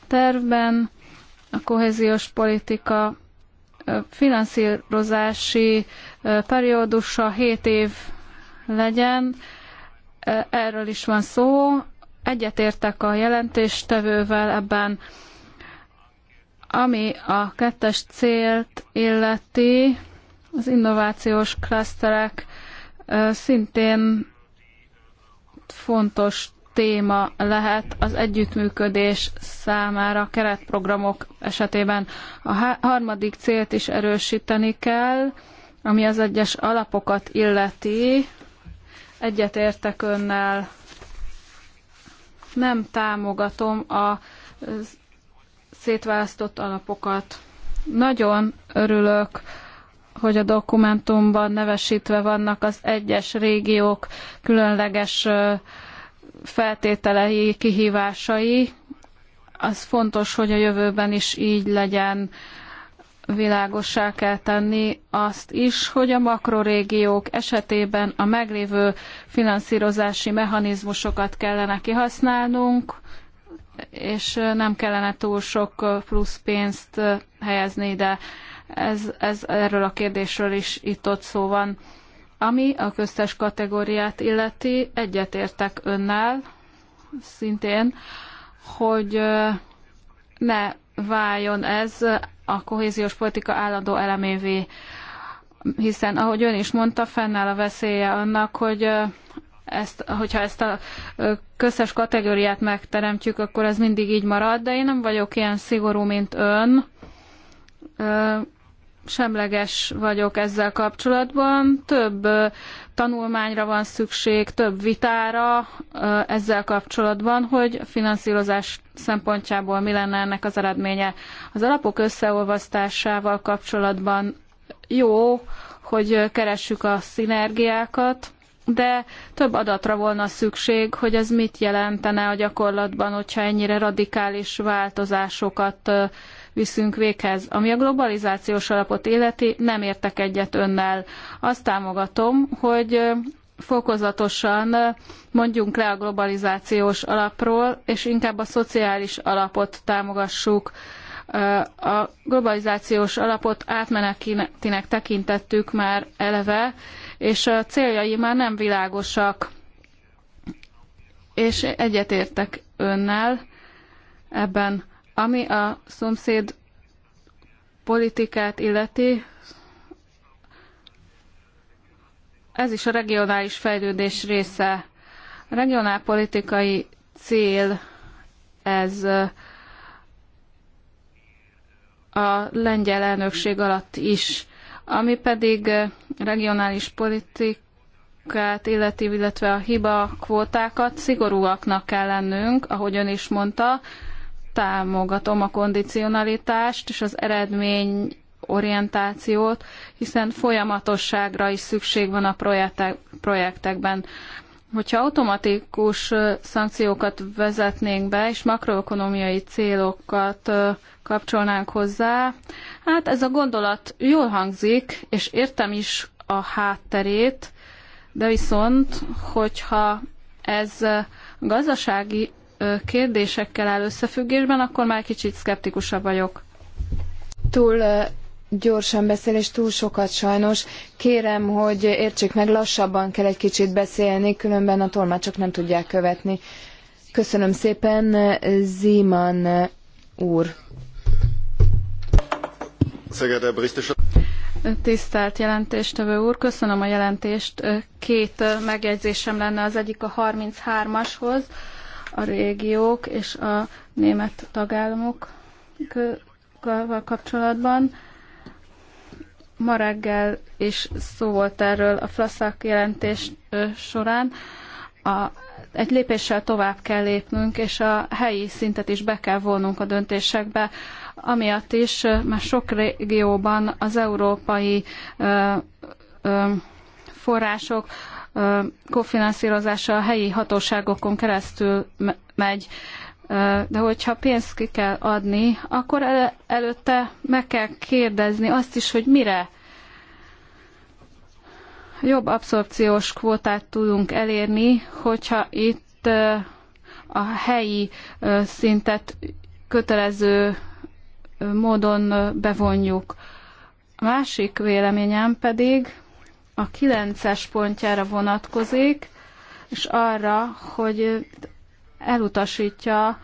tervben, a kohéziós politika finanszírozási periódusa 7 év legyen. Erről is van szó. Egyetértek a jelentéstevővel ebben, ami a kettes célt illeti, az innovációs klaszterek szintén fontos téma lehet az együttműködés számára keretprogramok esetében. A harmadik célt is erősíteni kell, ami az egyes alapokat illeti, Egyetértek önnel. Nem támogatom a szétválasztott alapokat. Nagyon örülök, hogy a dokumentumban nevesítve vannak az egyes régiók különleges feltételei, kihívásai. Az fontos, hogy a jövőben is így legyen világossá kell tenni azt is, hogy a makrorégiók esetében a meglévő finanszírozási mechanizmusokat kellene kihasználnunk, és nem kellene túl sok plusz pénzt helyezni ide. Ez, ez erről a kérdésről is itt-ott szó van. Ami a köztes kategóriát illeti, egyetértek önnel szintén, hogy ne váljon ez a kohéziós politika állandó elemévé, hiszen ahogy ön is mondta, fennáll a veszélye annak, hogy ezt, hogyha ezt a közös kategóriát megteremtjük, akkor ez mindig így marad, de én nem vagyok ilyen szigorú, mint ön semleges vagyok ezzel kapcsolatban. Több tanulmányra van szükség, több vitára ezzel kapcsolatban, hogy finanszírozás szempontjából mi lenne ennek az eredménye. Az alapok összeolvasztásával kapcsolatban jó, hogy keressük a szinergiákat, de több adatra volna szükség, hogy ez mit jelentene a gyakorlatban, hogyha ennyire radikális változásokat viszünk véghez. Ami a globalizációs alapot illeti, nem értek egyet önnel. Azt támogatom, hogy fokozatosan mondjunk le a globalizációs alapról, és inkább a szociális alapot támogassuk. A globalizációs alapot átmenetinek tekintettük már eleve, és a céljai már nem világosak. És egyetértek önnel ebben ami a szomszéd politikát illeti, ez is a regionális fejlődés része. A regionálpolitikai cél ez a lengyel elnökség alatt is, ami pedig regionális politikát illeti, illetve a hiba kvótákat szigorúaknak kell lennünk, ahogy ön is mondta, támogatom a kondicionalitást és az eredmény orientációt, hiszen folyamatosságra is szükség van a projektekben. Hogyha automatikus szankciókat vezetnénk be, és makroökonómiai célokat kapcsolnánk hozzá, hát ez a gondolat jól hangzik, és értem is a hátterét, de viszont, hogyha ez gazdasági kérdésekkel áll összefüggésben, akkor már kicsit szkeptikusabb vagyok. Túl gyorsan beszél, és túl sokat sajnos. Kérem, hogy értsék meg, lassabban kell egy kicsit beszélni, különben a tolmácsok nem tudják követni. Köszönöm szépen, Ziman úr. Tisztelt jelentéstevő úr, köszönöm a jelentést. Két megjegyzésem lenne, az egyik a 33-ashoz a régiók és a német tagállamokkal kapcsolatban. Ma reggel is szó volt erről a FLASZAK jelentés során. A, egy lépéssel tovább kell lépnünk, és a helyi szintet is be kell vonnunk a döntésekbe, amiatt is már sok régióban az európai ö, ö, források kofinanszírozása a helyi hatóságokon keresztül megy. De hogyha pénzt ki kell adni, akkor előtte meg kell kérdezni azt is, hogy mire jobb abszorpciós kvótát tudunk elérni, hogyha itt a helyi szintet kötelező módon bevonjuk. A másik véleményem pedig, a 9-es pontjára vonatkozik, és arra, hogy elutasítja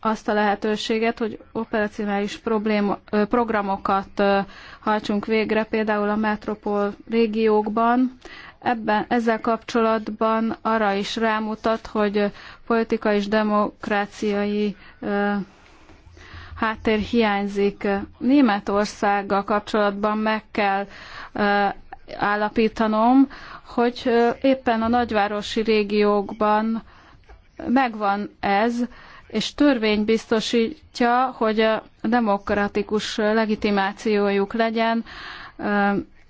azt a lehetőséget, hogy operacionális problém, programokat hajtsunk végre, például a metropol régiókban. Ebben, ezzel kapcsolatban arra is rámutat, hogy politika és demokráciai háttér hiányzik. Németországgal kapcsolatban meg kell állapítanom, hogy éppen a nagyvárosi régiókban megvan ez, és törvény biztosítja, hogy a demokratikus legitimációjuk legyen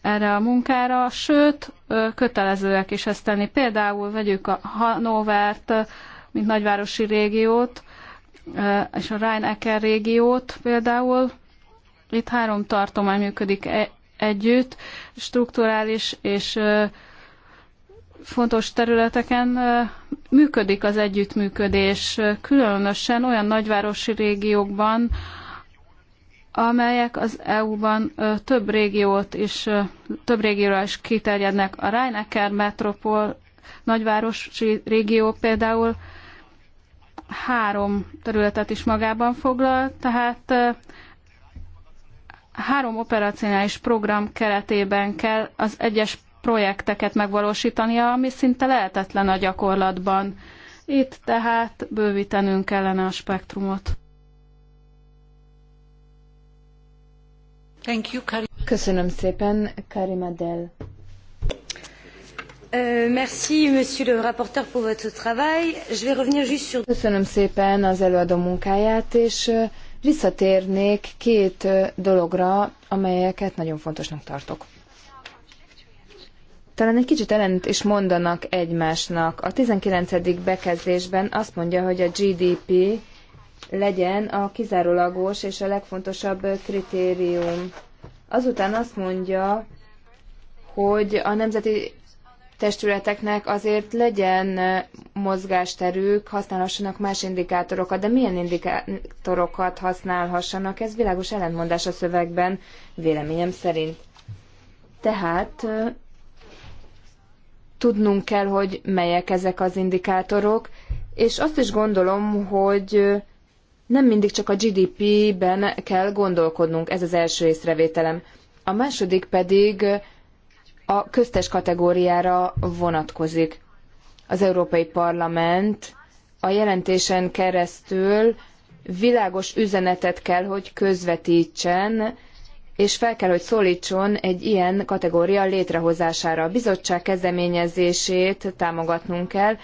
erre a munkára, sőt, kötelezőek is ezt tenni. Például vegyük a Hanovert, mint nagyvárosi régiót, és a Rhein-Ecker régiót például. Itt három tartomány működik e- együtt, strukturális és fontos területeken működik az együttműködés, különösen olyan nagyvárosi régiókban, amelyek az EU-ban több régiót is, több régióra is kiterjednek. A rhein metropol nagyvárosi régió például három területet is magában foglal, tehát három operacionális program keretében kell az egyes projekteket megvalósítania, ami szinte lehetetlen a gyakorlatban. Itt tehát bővítenünk kellene a spektrumot. Thank you, Köszönöm szépen, Karim Adel. Euh, merci, monsieur le rapporteur, pour votre travail. Je vais revenir juste sur... Köszönöm szépen az előadó munkáját, és euh, Visszatérnék két dologra, amelyeket nagyon fontosnak tartok. Talán egy kicsit ellent is mondanak egymásnak. A 19. bekezdésben azt mondja, hogy a GDP legyen a kizárólagos és a legfontosabb kritérium. Azután azt mondja, hogy a nemzeti testületeknek azért legyen mozgásterük, használhassanak más indikátorokat, de milyen indikátorokat használhassanak, ez világos ellentmondás a szövegben, véleményem szerint. Tehát tudnunk kell, hogy melyek ezek az indikátorok, és azt is gondolom, hogy nem mindig csak a GDP-ben kell gondolkodnunk, ez az első észrevételem. A második pedig a köztes kategóriára vonatkozik. Az Európai Parlament a jelentésen keresztül világos üzenetet kell, hogy közvetítsen, és fel kell, hogy szólítson egy ilyen kategória létrehozására. A bizottság kezdeményezését támogatnunk kell.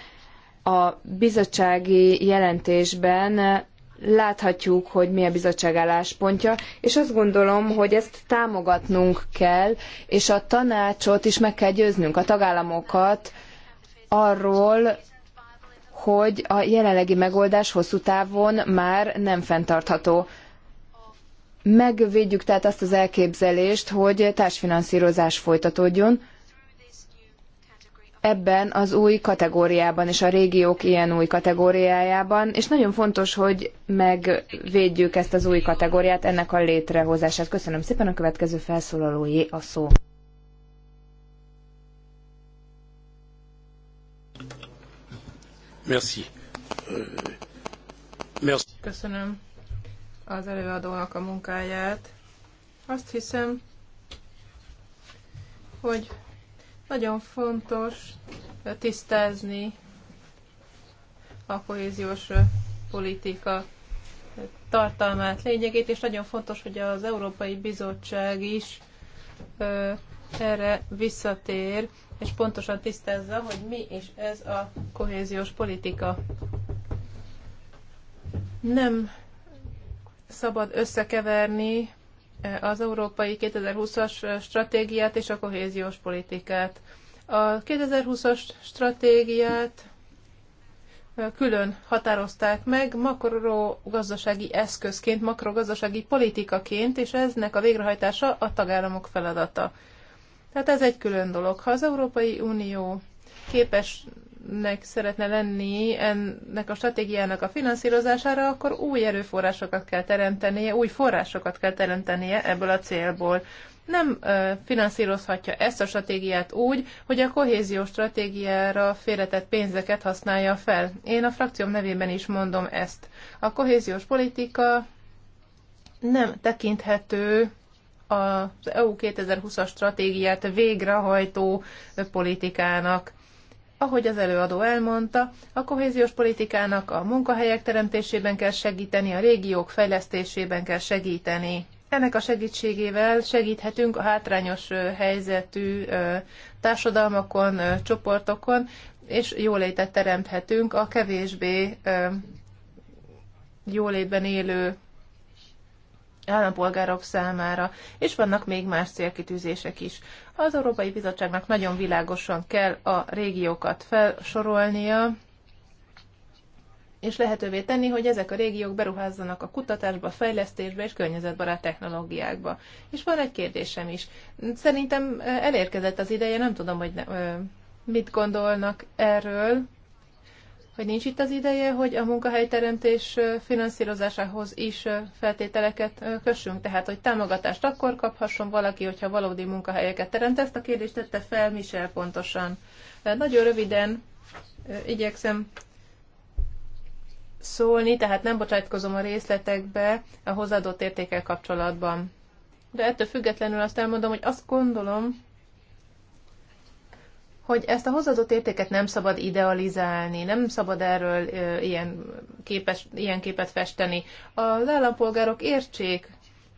A bizottsági jelentésben láthatjuk, hogy mi a bizottság álláspontja, és azt gondolom, hogy ezt támogatnunk kell, és a tanácsot is meg kell győznünk, a tagállamokat arról, hogy a jelenlegi megoldás hosszú távon már nem fenntartható. Megvédjük tehát azt az elképzelést, hogy társfinanszírozás folytatódjon, ebben az új kategóriában és a régiók ilyen új kategóriájában, és nagyon fontos, hogy megvédjük ezt az új kategóriát, ennek a létrehozását. Köszönöm szépen, a következő felszólalójé a szó. Merci. Euh, merci. Köszönöm az előadónak a munkáját. Azt hiszem, hogy nagyon fontos tisztázni a kohéziós politika tartalmát, lényegét, és nagyon fontos, hogy az Európai Bizottság is erre visszatér, és pontosan tisztázza, hogy mi is ez a kohéziós politika. Nem szabad összekeverni az Európai 2020-as stratégiát és a kohéziós politikát. A 2020-as stratégiát külön határozták meg makrogazdasági eszközként, makrogazdasági politikaként, és eznek a végrehajtása a tagállamok feladata. Tehát ez egy külön dolog. Ha az Európai Unió képes nek szeretne lenni ennek a stratégiának a finanszírozására, akkor új erőforrásokat kell teremtenie, új forrásokat kell teremtenie ebből a célból. Nem ö, finanszírozhatja ezt a stratégiát úgy, hogy a kohéziós stratégiára félretett pénzeket használja fel. Én a frakcióm nevében is mondom ezt. A kohéziós politika nem tekinthető az EU 2020-as stratégiát végrehajtó politikának ahogy az előadó elmondta, a kohéziós politikának a munkahelyek teremtésében kell segíteni, a régiók fejlesztésében kell segíteni. Ennek a segítségével segíthetünk a hátrányos helyzetű társadalmakon, csoportokon, és jólétet teremthetünk a kevésbé jólétben élő állampolgárok számára, és vannak még más célkitűzések is. Az Európai Bizottságnak nagyon világosan kell a régiókat felsorolnia, és lehetővé tenni, hogy ezek a régiók beruházzanak a kutatásba, fejlesztésbe és környezetbarát technológiákba. És van egy kérdésem is. Szerintem eh, elérkezett az ideje, nem tudom, hogy ne, eh, mit gondolnak erről hogy nincs itt az ideje, hogy a munkahelyteremtés finanszírozásához is feltételeket kössünk, tehát hogy támogatást akkor kaphasson valaki, hogyha valódi munkahelyeket teremt. Ezt a kérdést tette fel Michel pontosan. Nagyon röviden igyekszem szólni, tehát nem bocsátkozom a részletekbe a hozzáadott értékel kapcsolatban. De ettől függetlenül azt elmondom, hogy azt gondolom, hogy ezt a hozzáadott értéket nem szabad idealizálni, nem szabad erről ilyen, képes, ilyen képet festeni. Az állampolgárok értsék,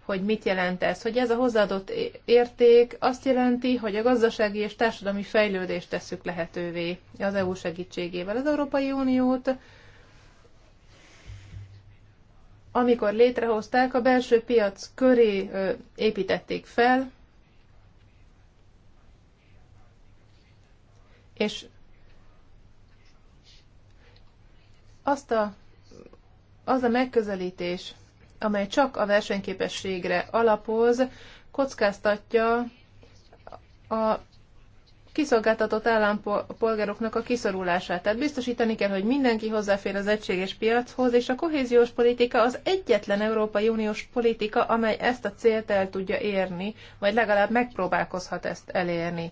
hogy mit jelent ez, hogy ez a hozzáadott érték azt jelenti, hogy a gazdasági és társadalmi fejlődést tesszük lehetővé az EU segítségével. Az Európai Uniót amikor létrehozták, a belső piac köré építették fel, És azt a, az a megközelítés, amely csak a versenyképességre alapoz, kockáztatja a kiszolgáltatott állampolgároknak a kiszorulását. Tehát biztosítani kell, hogy mindenki hozzáfér az egységes piachoz, és a kohéziós politika az egyetlen Európai Uniós politika, amely ezt a célt el tudja érni, vagy legalább megpróbálkozhat ezt elérni.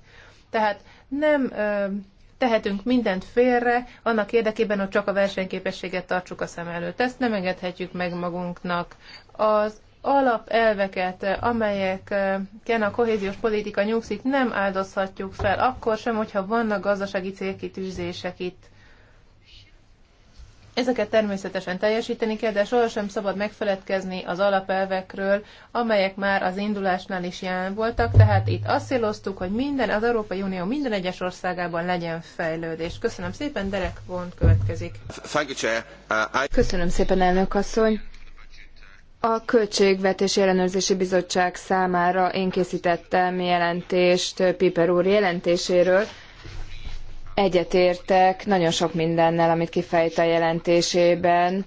Tehát nem ö, tehetünk mindent félre, annak érdekében, hogy csak a versenyképességet tartsuk a szem előtt. Ezt nem engedhetjük meg magunknak. Az alapelveket, amelyeken a kohéziós politika nyugszik, nem áldozhatjuk fel, akkor sem, hogyha vannak gazdasági célkitűzések itt. Ezeket természetesen teljesíteni kell, de sohasem szabad megfeledkezni az alapelvekről, amelyek már az indulásnál is jelen voltak, tehát itt azt széloztuk, hogy minden az Európai Unió minden egyes országában legyen fejlődés. Köszönöm szépen, Derek Bond következik. Uh, Köszönöm szépen, elnök asszony. A Költségvetési Ellenőrzési Bizottság számára én készítettem jelentést Piper úr jelentéséről, Egyetértek nagyon sok mindennel, amit kifejt a jelentésében,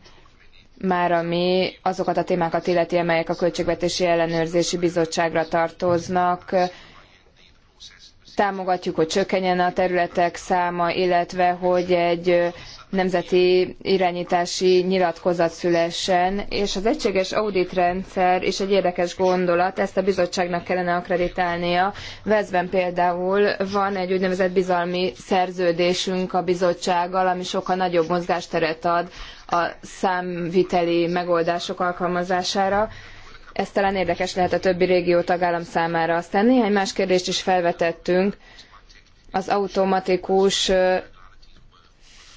már ami azokat a témákat illeti, amelyek a Költségvetési Ellenőrzési Bizottságra tartoznak. Támogatjuk, hogy csökkenjen a területek száma, illetve hogy egy nemzeti irányítási nyilatkozat szülessen, és az egységes auditrendszer is egy érdekes gondolat, ezt a bizottságnak kellene akreditálnia. Veszben például van egy úgynevezett bizalmi szerződésünk a bizottsággal, ami sokkal nagyobb mozgásteret ad a számviteli megoldások alkalmazására. Ez talán érdekes lehet a többi régió tagállam számára. Aztán néhány más kérdést is felvetettünk. Az automatikus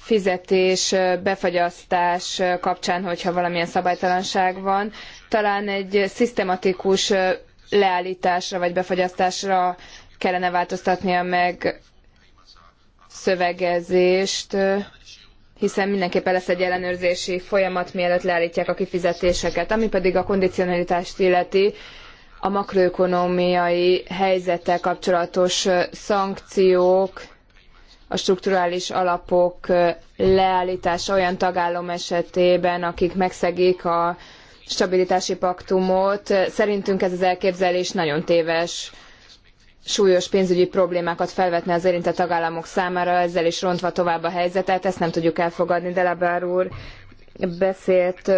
fizetés, befagyasztás kapcsán, hogyha valamilyen szabálytalanság van, talán egy szisztematikus leállításra vagy befagyasztásra kellene változtatnia meg szövegezést, hiszen mindenképpen lesz egy ellenőrzési folyamat, mielőtt leállítják a kifizetéseket. Ami pedig a kondicionalitást illeti, a makroökonómiai helyzettel kapcsolatos szankciók, a strukturális alapok leállítása olyan tagállam esetében, akik megszegik a stabilitási paktumot. Szerintünk ez az elképzelés nagyon téves súlyos pénzügyi problémákat felvetne az érintett tagállamok számára, ezzel is rontva tovább a helyzetet, ezt nem tudjuk elfogadni. Delabár úr beszélt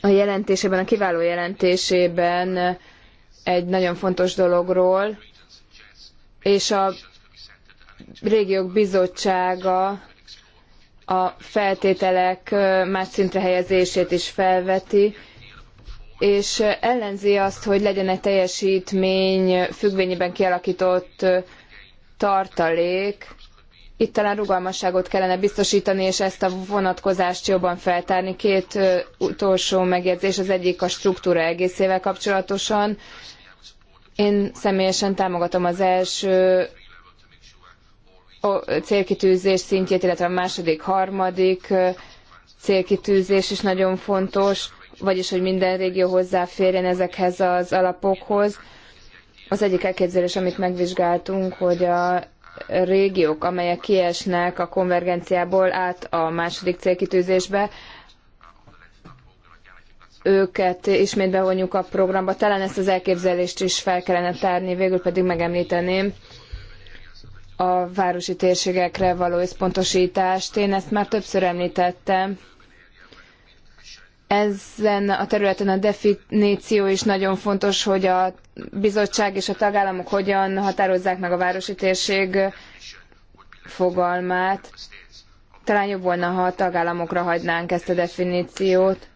a jelentésében, a kiváló jelentésében egy nagyon fontos dologról, és a régiók bizottsága a feltételek más szintre helyezését is felveti, és ellenzi azt, hogy legyen egy teljesítmény függvényében kialakított tartalék. Itt talán rugalmasságot kellene biztosítani, és ezt a vonatkozást jobban feltárni. Két utolsó megjegyzés, az egyik a struktúra egészével kapcsolatosan. Én személyesen támogatom az első célkitűzés szintjét, illetve a második, harmadik célkitűzés is nagyon fontos, vagyis hogy minden régió hozzáférjen ezekhez az alapokhoz. Az egyik elképzelés, amit megvizsgáltunk, hogy a régiók, amelyek kiesnek a konvergenciából át a második célkitűzésbe, őket ismét bevonjuk a programba. Talán ezt az elképzelést is fel kellene tárni, végül pedig megemlíteném, a városi térségekre való összpontosítást. Én ezt már többször említettem. Ezen a területen a definíció is nagyon fontos, hogy a bizottság és a tagállamok hogyan határozzák meg a városi térség fogalmát. Talán jobb volna, ha a tagállamokra hagynánk ezt a definíciót.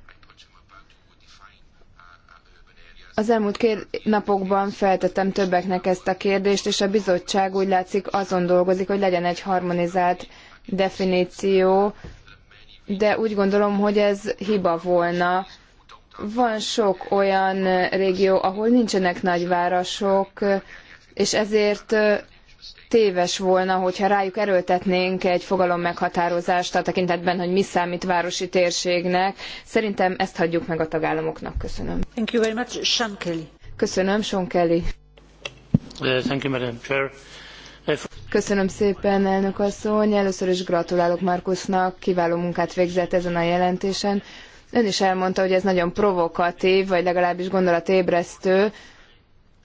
Az elmúlt két napokban feltettem többeknek ezt a kérdést, és a bizottság úgy látszik azon dolgozik, hogy legyen egy harmonizált definíció, de úgy gondolom, hogy ez hiba volna. Van sok olyan régió, ahol nincsenek nagyvárosok, és ezért téves volna, hogyha rájuk erőltetnénk egy fogalom meghatározást a tekintetben, hogy mi számít városi térségnek. Szerintem ezt hagyjuk meg a tagállamoknak. Köszönöm. Thank you very much, Sean Kelly. Köszönöm, Sean Kelly. Uh, thank you, Madam Chair. Uh, Köszönöm szépen, elnök asszony. Először is gratulálok Markusnak, kiváló munkát végzett ezen a jelentésen. Ön is elmondta, hogy ez nagyon provokatív, vagy legalábbis gondolatébresztő,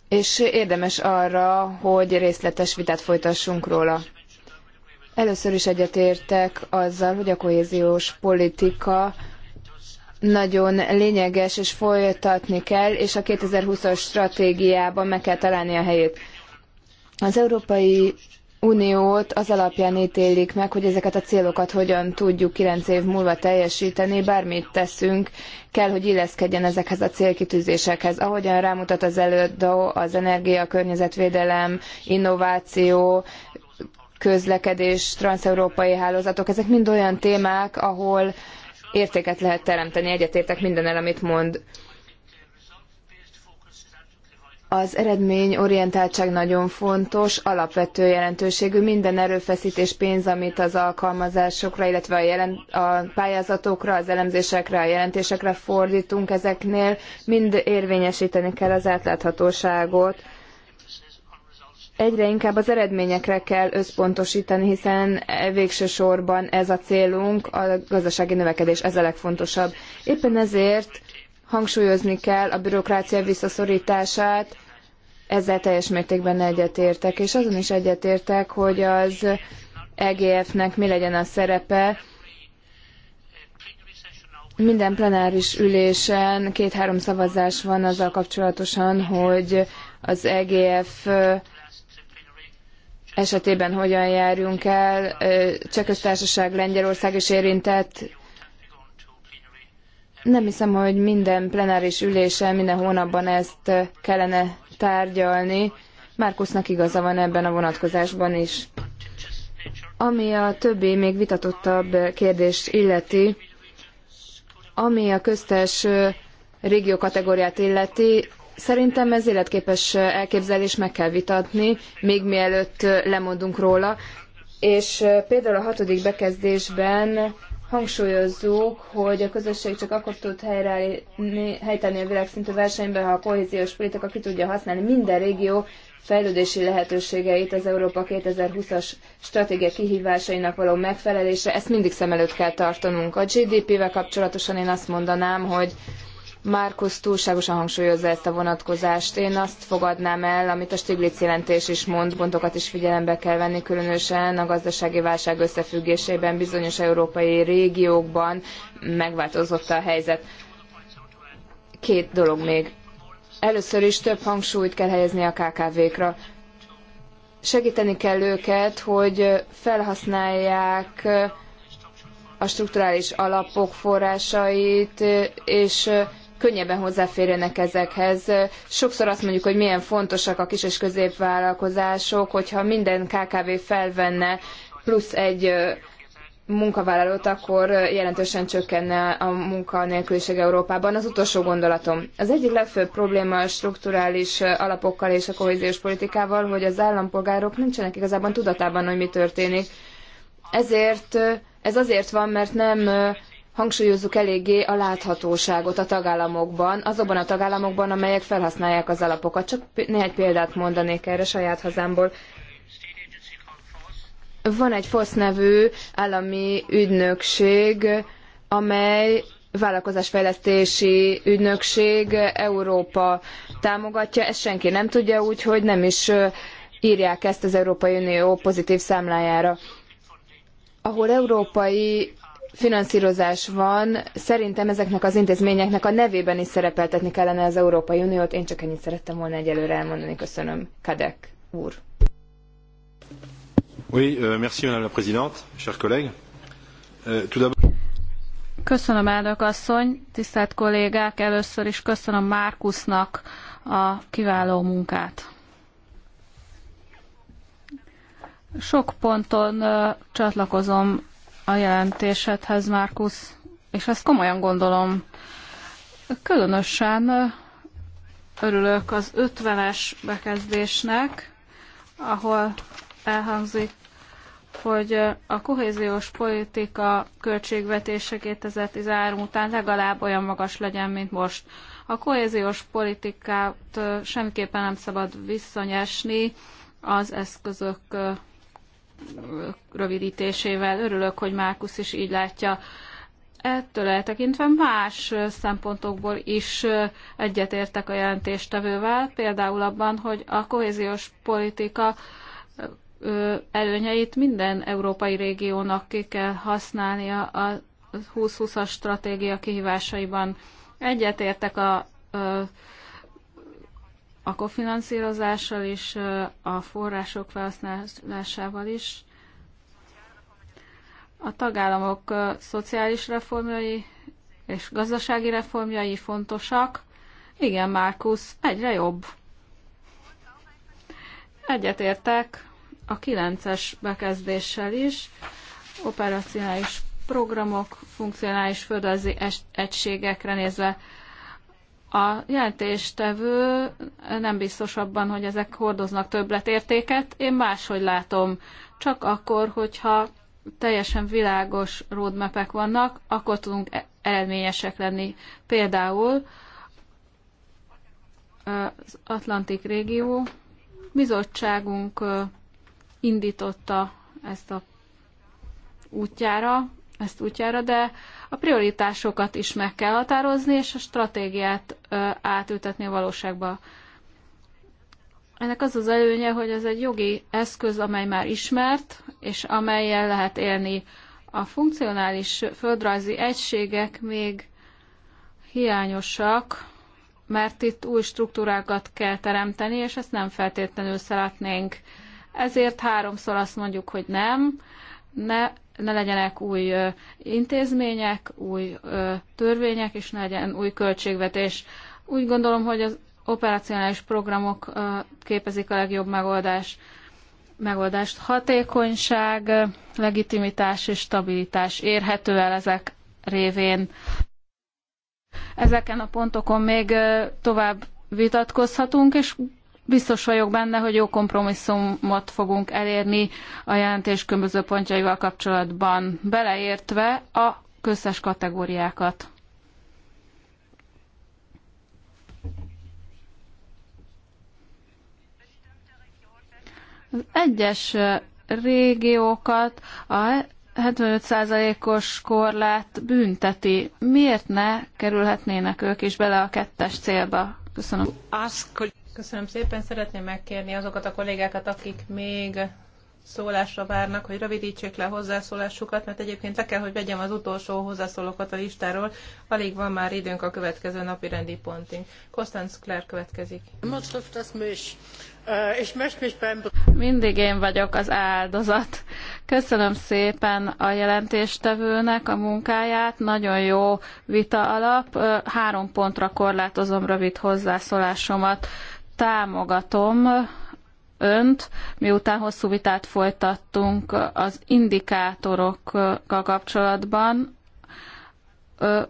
és érdemes arra, hogy részletes vitát folytassunk róla. Először is egyetértek azzal, hogy a kohéziós politika nagyon lényeges, és folytatni kell, és a 2020-as stratégiában meg kell találni a helyét. Az Európai Uniót az alapján ítélik meg, hogy ezeket a célokat hogyan tudjuk 9 év múlva teljesíteni, bármit teszünk, kell, hogy illeszkedjen ezekhez a célkitűzésekhez. Ahogyan rámutat az előadó, az energia, környezetvédelem, innováció, közlekedés, transeurópai hálózatok, ezek mind olyan témák, ahol értéket lehet teremteni, egyetértek mindennel, amit mond. Az eredményorientáltság nagyon fontos, alapvető jelentőségű. Minden erőfeszítés pénz, amit az alkalmazásokra, illetve a, a pályázatokra, az elemzésekre, a jelentésekre fordítunk ezeknél, mind érvényesíteni kell az átláthatóságot. Egyre inkább az eredményekre kell összpontosítani, hiszen végső sorban ez a célunk, a gazdasági növekedés, ez a legfontosabb. Éppen ezért hangsúlyozni kell a bürokrácia visszaszorítását, ezzel teljes mértékben egyetértek, és azon is egyetértek, hogy az EGF-nek mi legyen a szerepe. Minden plenáris ülésen két-három szavazás van azzal kapcsolatosan, hogy az EGF esetében hogyan járjunk el. Cseh köztársaság Lengyelország is érintett, nem hiszem, hogy minden plenáris ülésen, minden hónapban ezt kellene tárgyalni. Márkusznak igaza van ebben a vonatkozásban is. Ami a többi, még vitatottabb kérdést illeti, ami a köztes régió kategóriát illeti, szerintem ez életképes elképzelés, meg kell vitatni, még mielőtt lemondunk róla. És például a hatodik bekezdésben hangsúlyozzuk, hogy a közösség csak akkor tud helytenni a világszintű versenyben, ha a kohéziós politika ki tudja használni minden régió fejlődési lehetőségeit az Európa 2020-as stratégia kihívásainak való megfelelésre. Ezt mindig szem előtt kell tartanunk. A GDP-vel kapcsolatosan én azt mondanám, hogy Márkusz túlságosan hangsúlyozza ezt a vonatkozást. Én azt fogadnám el, amit a Stiglitz jelentés is mond, pontokat is figyelembe kell venni, különösen a gazdasági válság összefüggésében bizonyos európai régiókban megváltozott a helyzet. Két dolog még. Először is több hangsúlyt kell helyezni a KKV-kra. Segíteni kell őket, hogy felhasználják a strukturális alapok forrásait, és könnyebben hozzáférjenek ezekhez. Sokszor azt mondjuk, hogy milyen fontosak a kis és középvállalkozások, hogyha minden KKV felvenne plusz egy munkavállalót, akkor jelentősen csökkenne a munkanélküliség Európában. Az utolsó gondolatom. Az egyik legfőbb probléma a strukturális alapokkal és a kohéziós politikával, hogy az állampolgárok nincsenek igazából tudatában, hogy mi történik. Ezért ez azért van, mert nem hangsúlyozzuk eléggé a láthatóságot a tagállamokban, azokban a tagállamokban, amelyek felhasználják az alapokat. Csak néhány példát mondanék erre saját hazámból. Van egy FOSZ nevű állami ügynökség, amely vállalkozásfejlesztési ügynökség Európa támogatja. Ezt senki nem tudja, úgyhogy nem is írják ezt az Európai Unió pozitív számlájára. Ahol európai finanszírozás van, szerintem ezeknek az intézményeknek a nevében is szerepeltetni kellene az Európai Uniót. Én csak ennyit szerettem volna egyelőre elmondani. Köszönöm. Kadek úr. Oui, euh, merci madame la présidente, chers collègues. Euh, köszönöm, elnök asszony, tisztelt kollégák, először is köszönöm Márkusznak a kiváló munkát. Sok ponton csatlakozom a jelentésedhez, Márkusz, és ezt komolyan gondolom. Különösen örülök az 50-es bekezdésnek, ahol elhangzik, hogy a kohéziós politika költségvetése 2013 után legalább olyan magas legyen, mint most. A kohéziós politikát semmiképpen nem szabad visszanyesni az eszközök rövidítésével. Örülök, hogy Márkusz is így látja. Ettől eltekintve más szempontokból is egyetértek a jelentéstevővel, például abban, hogy a kohéziós politika előnyeit minden európai régiónak ki kell használnia a 2020-as stratégia kihívásaiban. Egyetértek a, a a kofinanszírozással és a források felhasználásával is. A tagállamok szociális reformjai és gazdasági reformjai fontosak. Igen, Márkusz, egyre jobb. Egyetértek a 9-es bekezdéssel is, operacionális programok, funkcionális földrajzi egységekre nézve a jelentéstevő nem biztos abban, hogy ezek hordoznak többletértéket. Én máshogy látom. Csak akkor, hogyha teljesen világos roadmapek vannak, akkor tudunk e- eredményesek lenni. Például az Atlantik régió bizottságunk indította ezt a útjára, ezt útjára, de a prioritásokat is meg kell határozni, és a stratégiát átültetni a valóságba. Ennek az az előnye, hogy ez egy jogi eszköz, amely már ismert, és amelyel lehet élni. A funkcionális földrajzi egységek még hiányosak, mert itt új struktúrákat kell teremteni, és ezt nem feltétlenül szeretnénk. Ezért háromszor azt mondjuk, hogy nem, ne ne legyenek új intézmények, új törvények, és ne legyen új költségvetés. Úgy gondolom, hogy az operacionális programok képezik a legjobb megoldás, megoldást. Hatékonyság, legitimitás és stabilitás érhető el ezek révén. Ezeken a pontokon még tovább vitatkozhatunk, és Biztos vagyok benne, hogy jó kompromisszumot fogunk elérni a jelentés különböző pontjaival kapcsolatban, beleértve a közös kategóriákat. Az egyes régiókat a 75%-os korlát bünteti. Miért ne kerülhetnének ők is bele a kettes célba? Köszönöm. Köszönöm szépen. Szeretném megkérni azokat a kollégákat, akik még szólásra várnak, hogy rövidítsék le hozzászólásukat, mert egyébként le kell, hogy vegyem az utolsó hozzászólókat a listáról. Alig van már időnk a következő napi rendi pontig. Konstanz Kler következik. Mindig én vagyok az áldozat. Köszönöm szépen a jelentéstevőnek a munkáját, nagyon jó vita alap. Három pontra korlátozom rövid hozzászólásomat támogatom önt, miután hosszú vitát folytattunk az indikátorokkal kapcsolatban.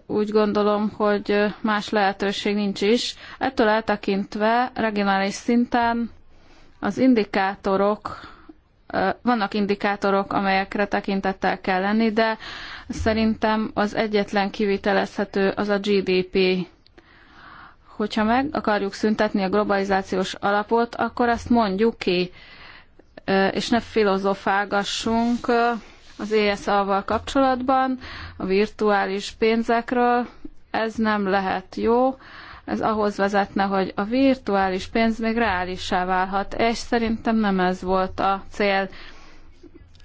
Úgy gondolom, hogy más lehetőség nincs is. Ettől eltekintve regionális szinten az indikátorok vannak indikátorok, amelyekre tekintettel kell lenni, de szerintem az egyetlen kivitelezhető az a GDP hogyha meg akarjuk szüntetni a globalizációs alapot, akkor azt mondjuk ki, és ne filozofálgassunk az ESA-val kapcsolatban, a virtuális pénzekről. Ez nem lehet jó. Ez ahhoz vezetne, hogy a virtuális pénz még reálissá válhat, és szerintem nem ez volt a cél.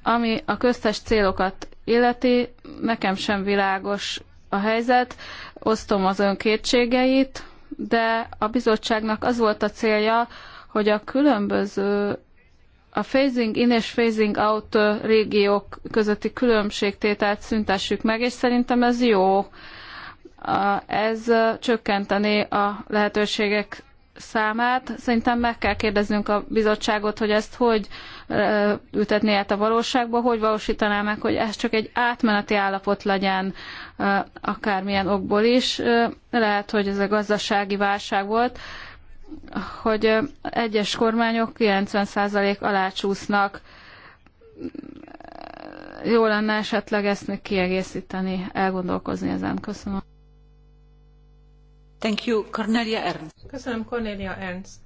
Ami a köztes célokat illeti, nekem sem világos a helyzet, osztom az ön kétségeit, de a bizottságnak az volt a célja, hogy a különböző a phasing in és phasing out régiók közötti különbségtételt szüntessük meg, és szerintem ez jó. Ez csökkenteni a lehetőségek számát. Szerintem meg kell kérdeznünk a bizottságot, hogy ezt hogy ültetni át a valóságba, hogy valósítaná meg, hogy ez csak egy átmeneti állapot legyen akármilyen okból is. Lehet, hogy ez a gazdasági válság volt, hogy egyes kormányok 90% alá csúsznak. Jó lenne esetleg ezt még kiegészíteni, elgondolkozni ezen. Köszönöm. Thank you, Cornelia Ernst. Köszönöm, Cornelia Ernst.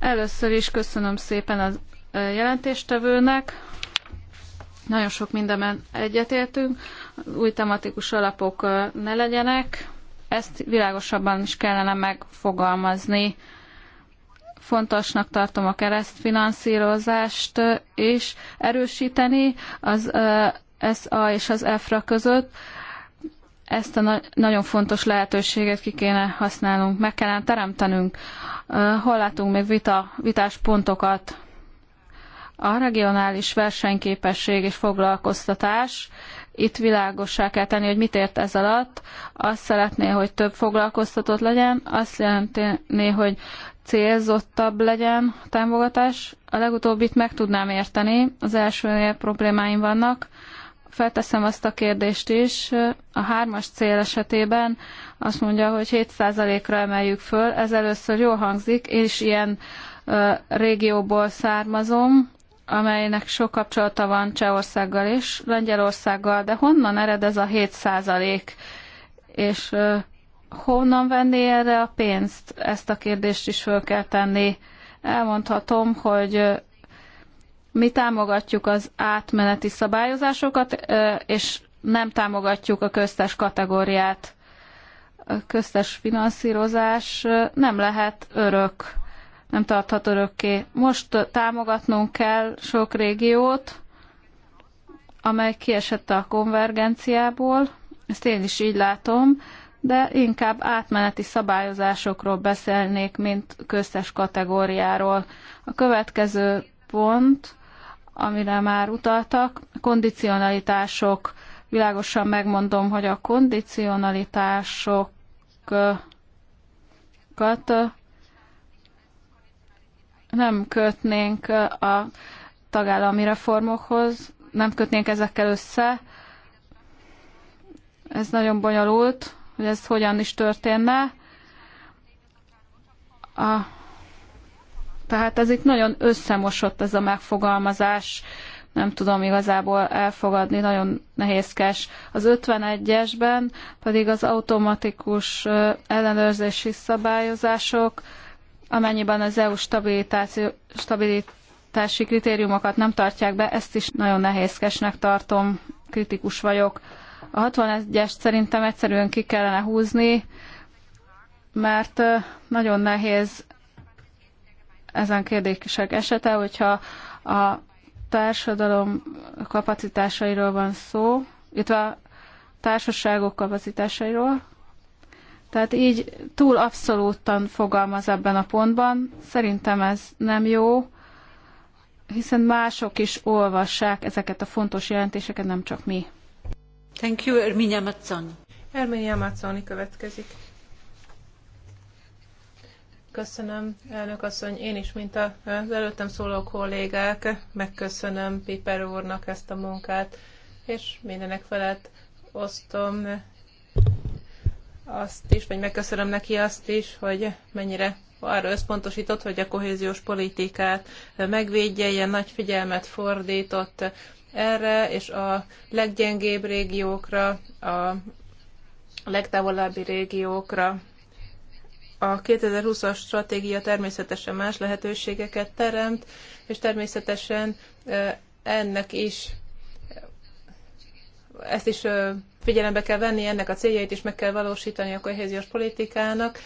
Először is köszönöm szépen a jelentéstevőnek. Nagyon sok mindenben egyetértünk. Új tematikus alapok ne legyenek. Ezt világosabban is kellene megfogalmazni. Fontosnak tartom a keresztfinanszírozást is erősíteni az SA és az EFRA között ezt a na nagyon fontos lehetőséget ki kéne használnunk, meg kellene teremtenünk. Hol látunk még vita, vitás pontokat? A regionális versenyképesség és foglalkoztatás itt világossá kell tenni, hogy mit ért ez alatt. Azt szeretné, hogy több foglalkoztatott legyen, azt jelenti, hogy célzottabb legyen a támogatás. A legutóbbit meg tudnám érteni, az első problémáim vannak. Felteszem azt a kérdést is. A hármas cél esetében azt mondja, hogy 7%-ra emeljük föl. Ez először jól hangzik, én is ilyen régióból származom, amelynek sok kapcsolata van Csehországgal és Lengyelországgal, de honnan ered ez a 7 százalék, és honnan venné erre a pénzt? Ezt a kérdést is föl kell tenni. Elmondhatom, hogy mi támogatjuk az átmeneti szabályozásokat, és nem támogatjuk a köztes kategóriát. A köztes finanszírozás nem lehet örök, nem tarthat örökké. Most támogatnunk kell sok régiót, amely kiesett a konvergenciából, ezt én is így látom, de inkább átmeneti szabályozásokról beszélnék, mint köztes kategóriáról. A következő pont amire már utaltak. Kondicionalitások, világosan megmondom, hogy a kondicionalitásokat nem kötnénk a tagállami reformokhoz, nem kötnénk ezekkel össze. Ez nagyon bonyolult, hogy ez hogyan is történne. A tehát ez itt nagyon összemosott ez a megfogalmazás, nem tudom igazából elfogadni, nagyon nehézkes. Az 51-esben pedig az automatikus ellenőrzési szabályozások, amennyiben az EU stabilitási kritériumokat nem tartják be, ezt is nagyon nehézkesnek tartom, kritikus vagyok. A 61-est szerintem egyszerűen ki kellene húzni, mert nagyon nehéz ezen kérdések esete, hogyha a társadalom kapacitásairól van szó, illetve a társaságok kapacitásairól, tehát így túl abszolútan fogalmaz ebben a pontban. Szerintem ez nem jó, hiszen mások is olvassák ezeket a fontos jelentéseket, nem csak mi. Thank you, Erminia Mazzoni. Erminia Mazzoni következik. Köszönöm, elnök asszony. Én is, mint az előttem szóló kollégák, megköszönöm Piper úrnak ezt a munkát, és mindenek felett osztom azt is, vagy megköszönöm neki azt is, hogy mennyire arra összpontosított, hogy a kohéziós politikát megvédje, ilyen nagy figyelmet fordított erre, és a leggyengébb régiókra, a legtávolabbi régiókra a 2020-as stratégia természetesen más lehetőségeket teremt, és természetesen ennek is ezt is figyelembe kell venni, ennek a céljait is meg kell valósítani a kohéziós politikának.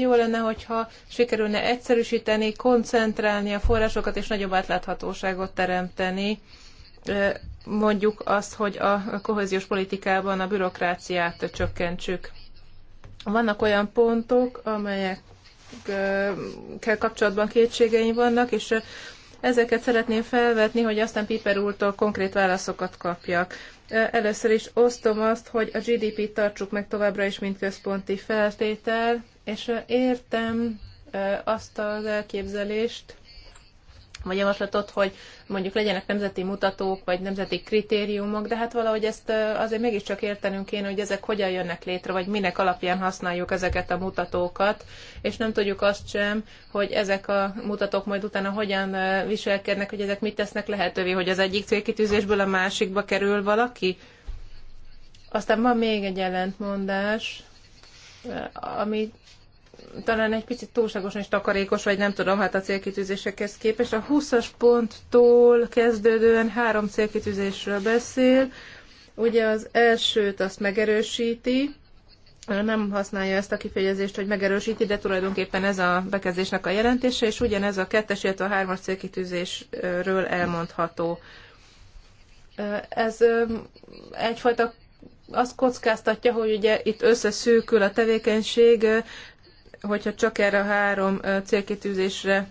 Jó lenne, hogyha sikerülne egyszerűsíteni, koncentrálni a forrásokat és nagyobb átláthatóságot teremteni. Mondjuk azt, hogy a kohéziós politikában a bürokráciát csökkentsük. Vannak olyan pontok, amelyekkel kapcsolatban kétségeim vannak, és ezeket szeretném felvetni, hogy aztán Piper úrtól konkrét válaszokat kapjak. Először is osztom azt, hogy a GDP-t tartsuk meg továbbra is, mint központi feltétel, és értem azt az elképzelést, vagy javaslatot, hogy mondjuk legyenek nemzeti mutatók, vagy nemzeti kritériumok, de hát valahogy ezt azért mégiscsak értenünk kéne, hogy ezek hogyan jönnek létre, vagy minek alapján használjuk ezeket a mutatókat, és nem tudjuk azt sem, hogy ezek a mutatók majd utána hogyan viselkednek, hogy ezek mit tesznek lehetővé, hogy az egyik célkitűzésből a másikba kerül valaki. Aztán van még egy ellentmondás, ami talán egy picit túlságosan is takarékos, vagy nem tudom, hát a célkitűzésekhez képest. A 20-as ponttól kezdődően három célkitűzésről beszél. Ugye az elsőt azt megerősíti, nem használja ezt a kifejezést, hogy megerősíti, de tulajdonképpen ez a bekezdésnek a jelentése, és ugyanez a kettes, illetve a hármas célkitűzésről elmondható. Ez egyfajta azt kockáztatja, hogy ugye itt összeszűkül a tevékenység, hogyha csak erre a három célkitűzésre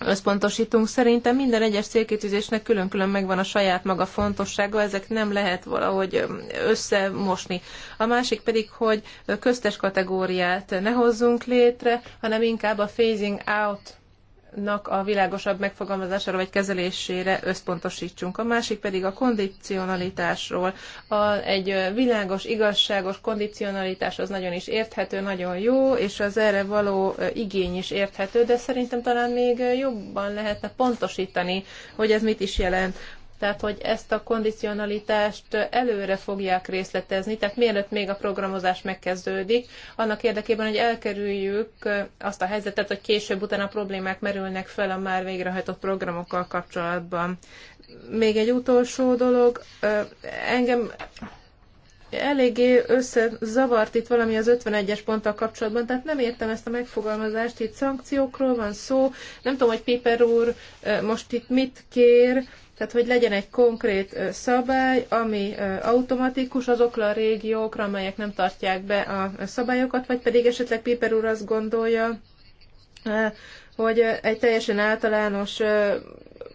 összpontosítunk. Szerintem minden egyes célkitűzésnek külön-külön megvan a saját maga fontossága, ezek nem lehet valahogy összemosni. A másik pedig, hogy köztes kategóriát ne hozzunk létre, hanem inkább a phasing out nak a világosabb megfogalmazására vagy kezelésére összpontosítsunk. A másik pedig a kondicionalitásról. A, egy világos, igazságos kondicionalitás az nagyon is érthető, nagyon jó, és az erre való igény is érthető, de szerintem talán még jobban lehetne pontosítani, hogy ez mit is jelent tehát hogy ezt a kondicionalitást előre fogják részletezni, tehát mielőtt még a programozás megkezdődik, annak érdekében, hogy elkerüljük azt a helyzetet, hogy később utána problémák merülnek fel a már végrehajtott programokkal kapcsolatban. Még egy utolsó dolog, engem eléggé összezavart itt valami az 51-es ponttal kapcsolatban, tehát nem értem ezt a megfogalmazást, itt szankciókról van szó, nem tudom, hogy Piper úr most itt mit kér, tehát, hogy legyen egy konkrét szabály, ami automatikus azokra a régiókra, amelyek nem tartják be a szabályokat, vagy pedig esetleg Piper úr azt gondolja, hogy egy teljesen általános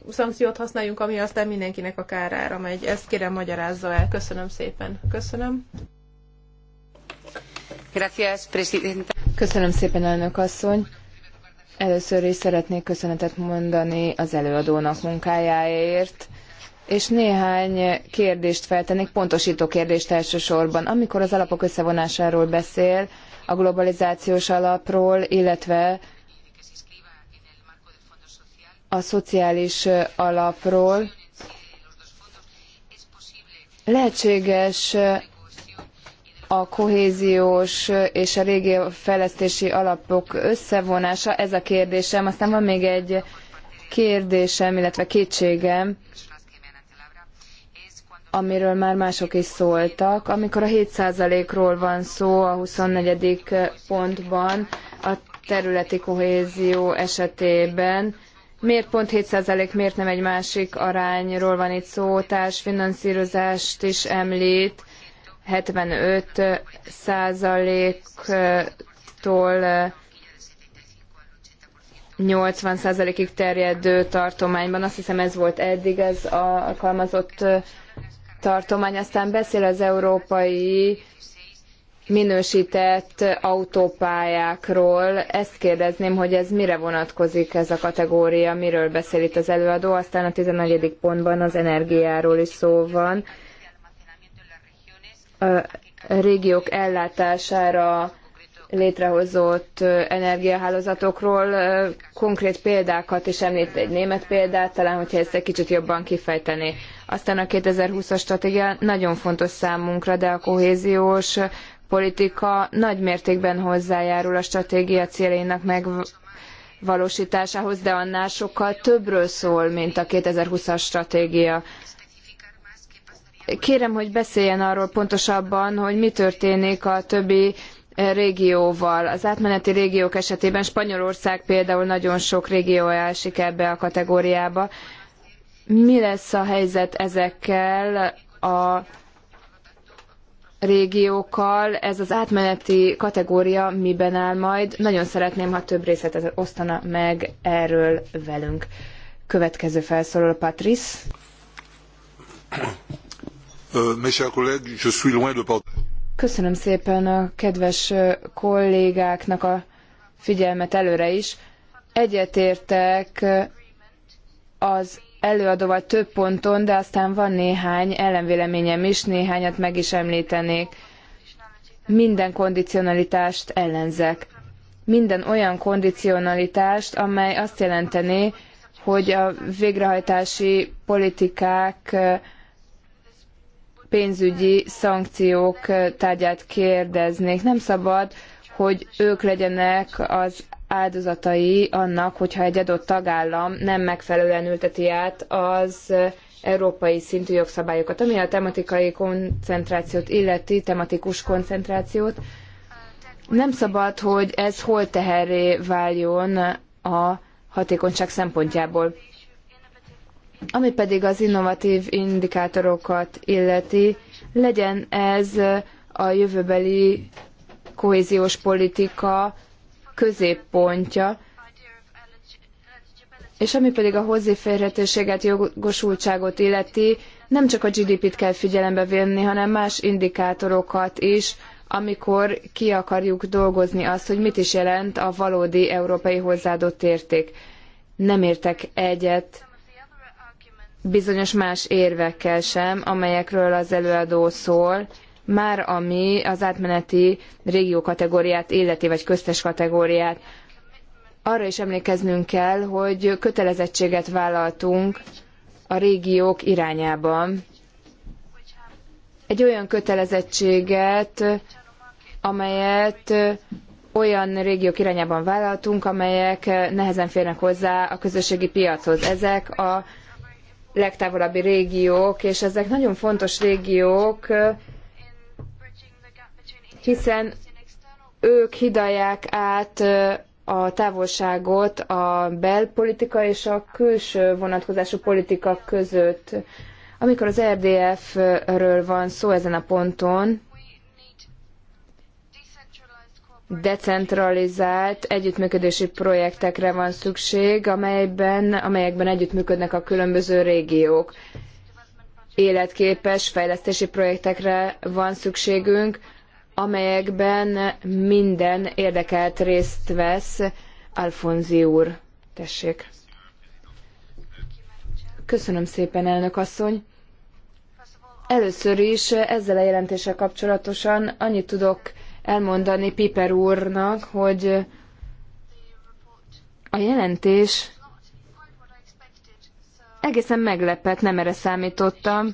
szankciót használjunk, ami aztán mindenkinek a kárára megy. Ezt kérem magyarázza el. Köszönöm szépen. Köszönöm. Gracias, Köszönöm szépen, elnök asszony. Először is szeretnék köszönetet mondani az előadónak munkájáért, és néhány kérdést feltennék, pontosító kérdést elsősorban. Amikor az alapok összevonásáról beszél, a globalizációs alapról, illetve a szociális alapról, lehetséges a kohéziós és a régiófejlesztési alapok összevonása, ez a kérdésem. Aztán van még egy kérdésem, illetve kétségem, amiről már mások is szóltak. Amikor a 7%-ról van szó a 24. pontban, a területi kohézió esetében, Miért pont 7%, miért nem egy másik arányról van itt szó, társfinanszírozást is említ, 75 százaléktól 80 százalékig terjedő tartományban. Azt hiszem ez volt eddig ez a alkalmazott tartomány. Aztán beszél az európai minősített autópályákról. Ezt kérdezném, hogy ez mire vonatkozik ez a kategória, miről beszél itt az előadó. Aztán a 14. pontban az energiáról is szó van régiók ellátására létrehozott energiahálózatokról konkrét példákat is említ egy német példát, talán hogyha ezt egy kicsit jobban kifejtené. Aztán a 2020-as stratégia nagyon fontos számunkra, de a kohéziós politika nagy mértékben hozzájárul a stratégia céljainak megvalósításához, de annál sokkal többről szól, mint a 2020-as stratégia. Kérem, hogy beszéljen arról pontosabban, hogy mi történik a többi eh, régióval. Az átmeneti régiók esetében Spanyolország például nagyon sok régió esik ebbe a kategóriába. Mi lesz a helyzet ezekkel a régiókkal? Ez az átmeneti kategória miben áll majd? Nagyon szeretném, ha több részletet osztana meg erről velünk. Következő felszóló Patrice. Euh, Köszönöm szépen a kedves kollégáknak a figyelmet előre is. Egyetértek az előadóval több ponton, de aztán van néhány ellenvéleményem is, néhányat meg is említenék. Minden kondicionalitást ellenzek. Minden olyan kondicionalitást, amely azt jelenteni, hogy a végrehajtási politikák pénzügyi szankciók tárgyát kérdeznék. Nem szabad, hogy ők legyenek az áldozatai annak, hogyha egy adott tagállam nem megfelelően ülteti át az európai szintű jogszabályokat, ami a tematikai koncentrációt illeti, tematikus koncentrációt. Nem szabad, hogy ez hol teherré váljon a hatékonyság szempontjából. Ami pedig az innovatív indikátorokat illeti, legyen ez a jövőbeli kohéziós politika középpontja, és ami pedig a hozzáférhetőséget, jogosultságot illeti, nem csak a GDP-t kell figyelembe venni, hanem más indikátorokat is, amikor ki akarjuk dolgozni azt, hogy mit is jelent a valódi európai hozzáadott érték. Nem értek egyet bizonyos más érvekkel sem, amelyekről az előadó szól, már ami az átmeneti régió kategóriát illeti, vagy köztes kategóriát. Arra is emlékeznünk kell, hogy kötelezettséget vállaltunk a régiók irányában. Egy olyan kötelezettséget, amelyet olyan régiók irányában vállaltunk, amelyek nehezen férnek hozzá a közösségi piachoz. Ezek a legtávolabbi régiók, és ezek nagyon fontos régiók, hiszen ők hidalják át a távolságot a belpolitika és a külső vonatkozású politika között. Amikor az RDF-ről van szó ezen a ponton, decentralizált együttműködési projektekre van szükség, amelyben, amelyekben együttműködnek a különböző régiók. Életképes fejlesztési projektekre van szükségünk, amelyekben minden érdekelt részt vesz. Alfonzi úr, tessék. Köszönöm szépen, elnök asszony. Először is ezzel a jelentéssel kapcsolatosan annyit tudok elmondani Piper úrnak, hogy a jelentés egészen meglepett, nem erre számítottam.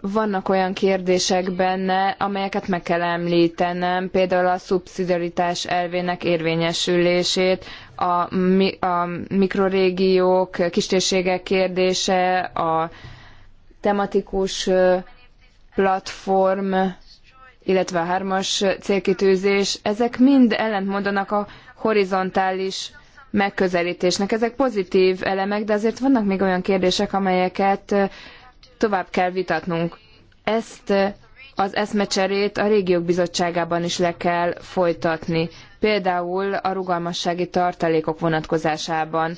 Vannak olyan kérdések benne, amelyeket meg kell említenem, például a szubszidiaritás elvének érvényesülését, a, mi, a mikrorégiók, kistérségek kérdése, a tematikus platform illetve a hármas célkitűzés, ezek mind ellentmondanak a horizontális megközelítésnek. Ezek pozitív elemek, de azért vannak még olyan kérdések, amelyeket tovább kell vitatnunk. Ezt az eszmecserét a régiók bizottságában is le kell folytatni. Például a rugalmassági tartalékok vonatkozásában.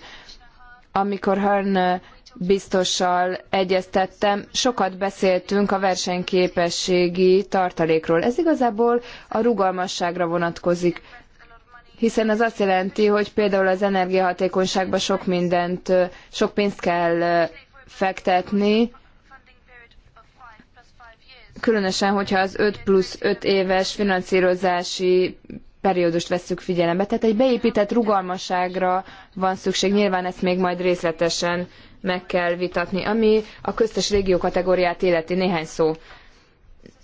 Amikor Hörn biztossal egyeztettem, sokat beszéltünk a versenyképességi tartalékról. Ez igazából a rugalmasságra vonatkozik, hiszen ez azt jelenti, hogy például az energiahatékonyságba sok mindent, sok pénzt kell fektetni, különösen, hogyha az 5 plusz 5 éves finanszírozási periódust vesszük figyelembe. Tehát egy beépített rugalmasságra van szükség. Nyilván ezt még majd részletesen meg kell vitatni. Ami a köztes régió kategóriát illeti néhány szó.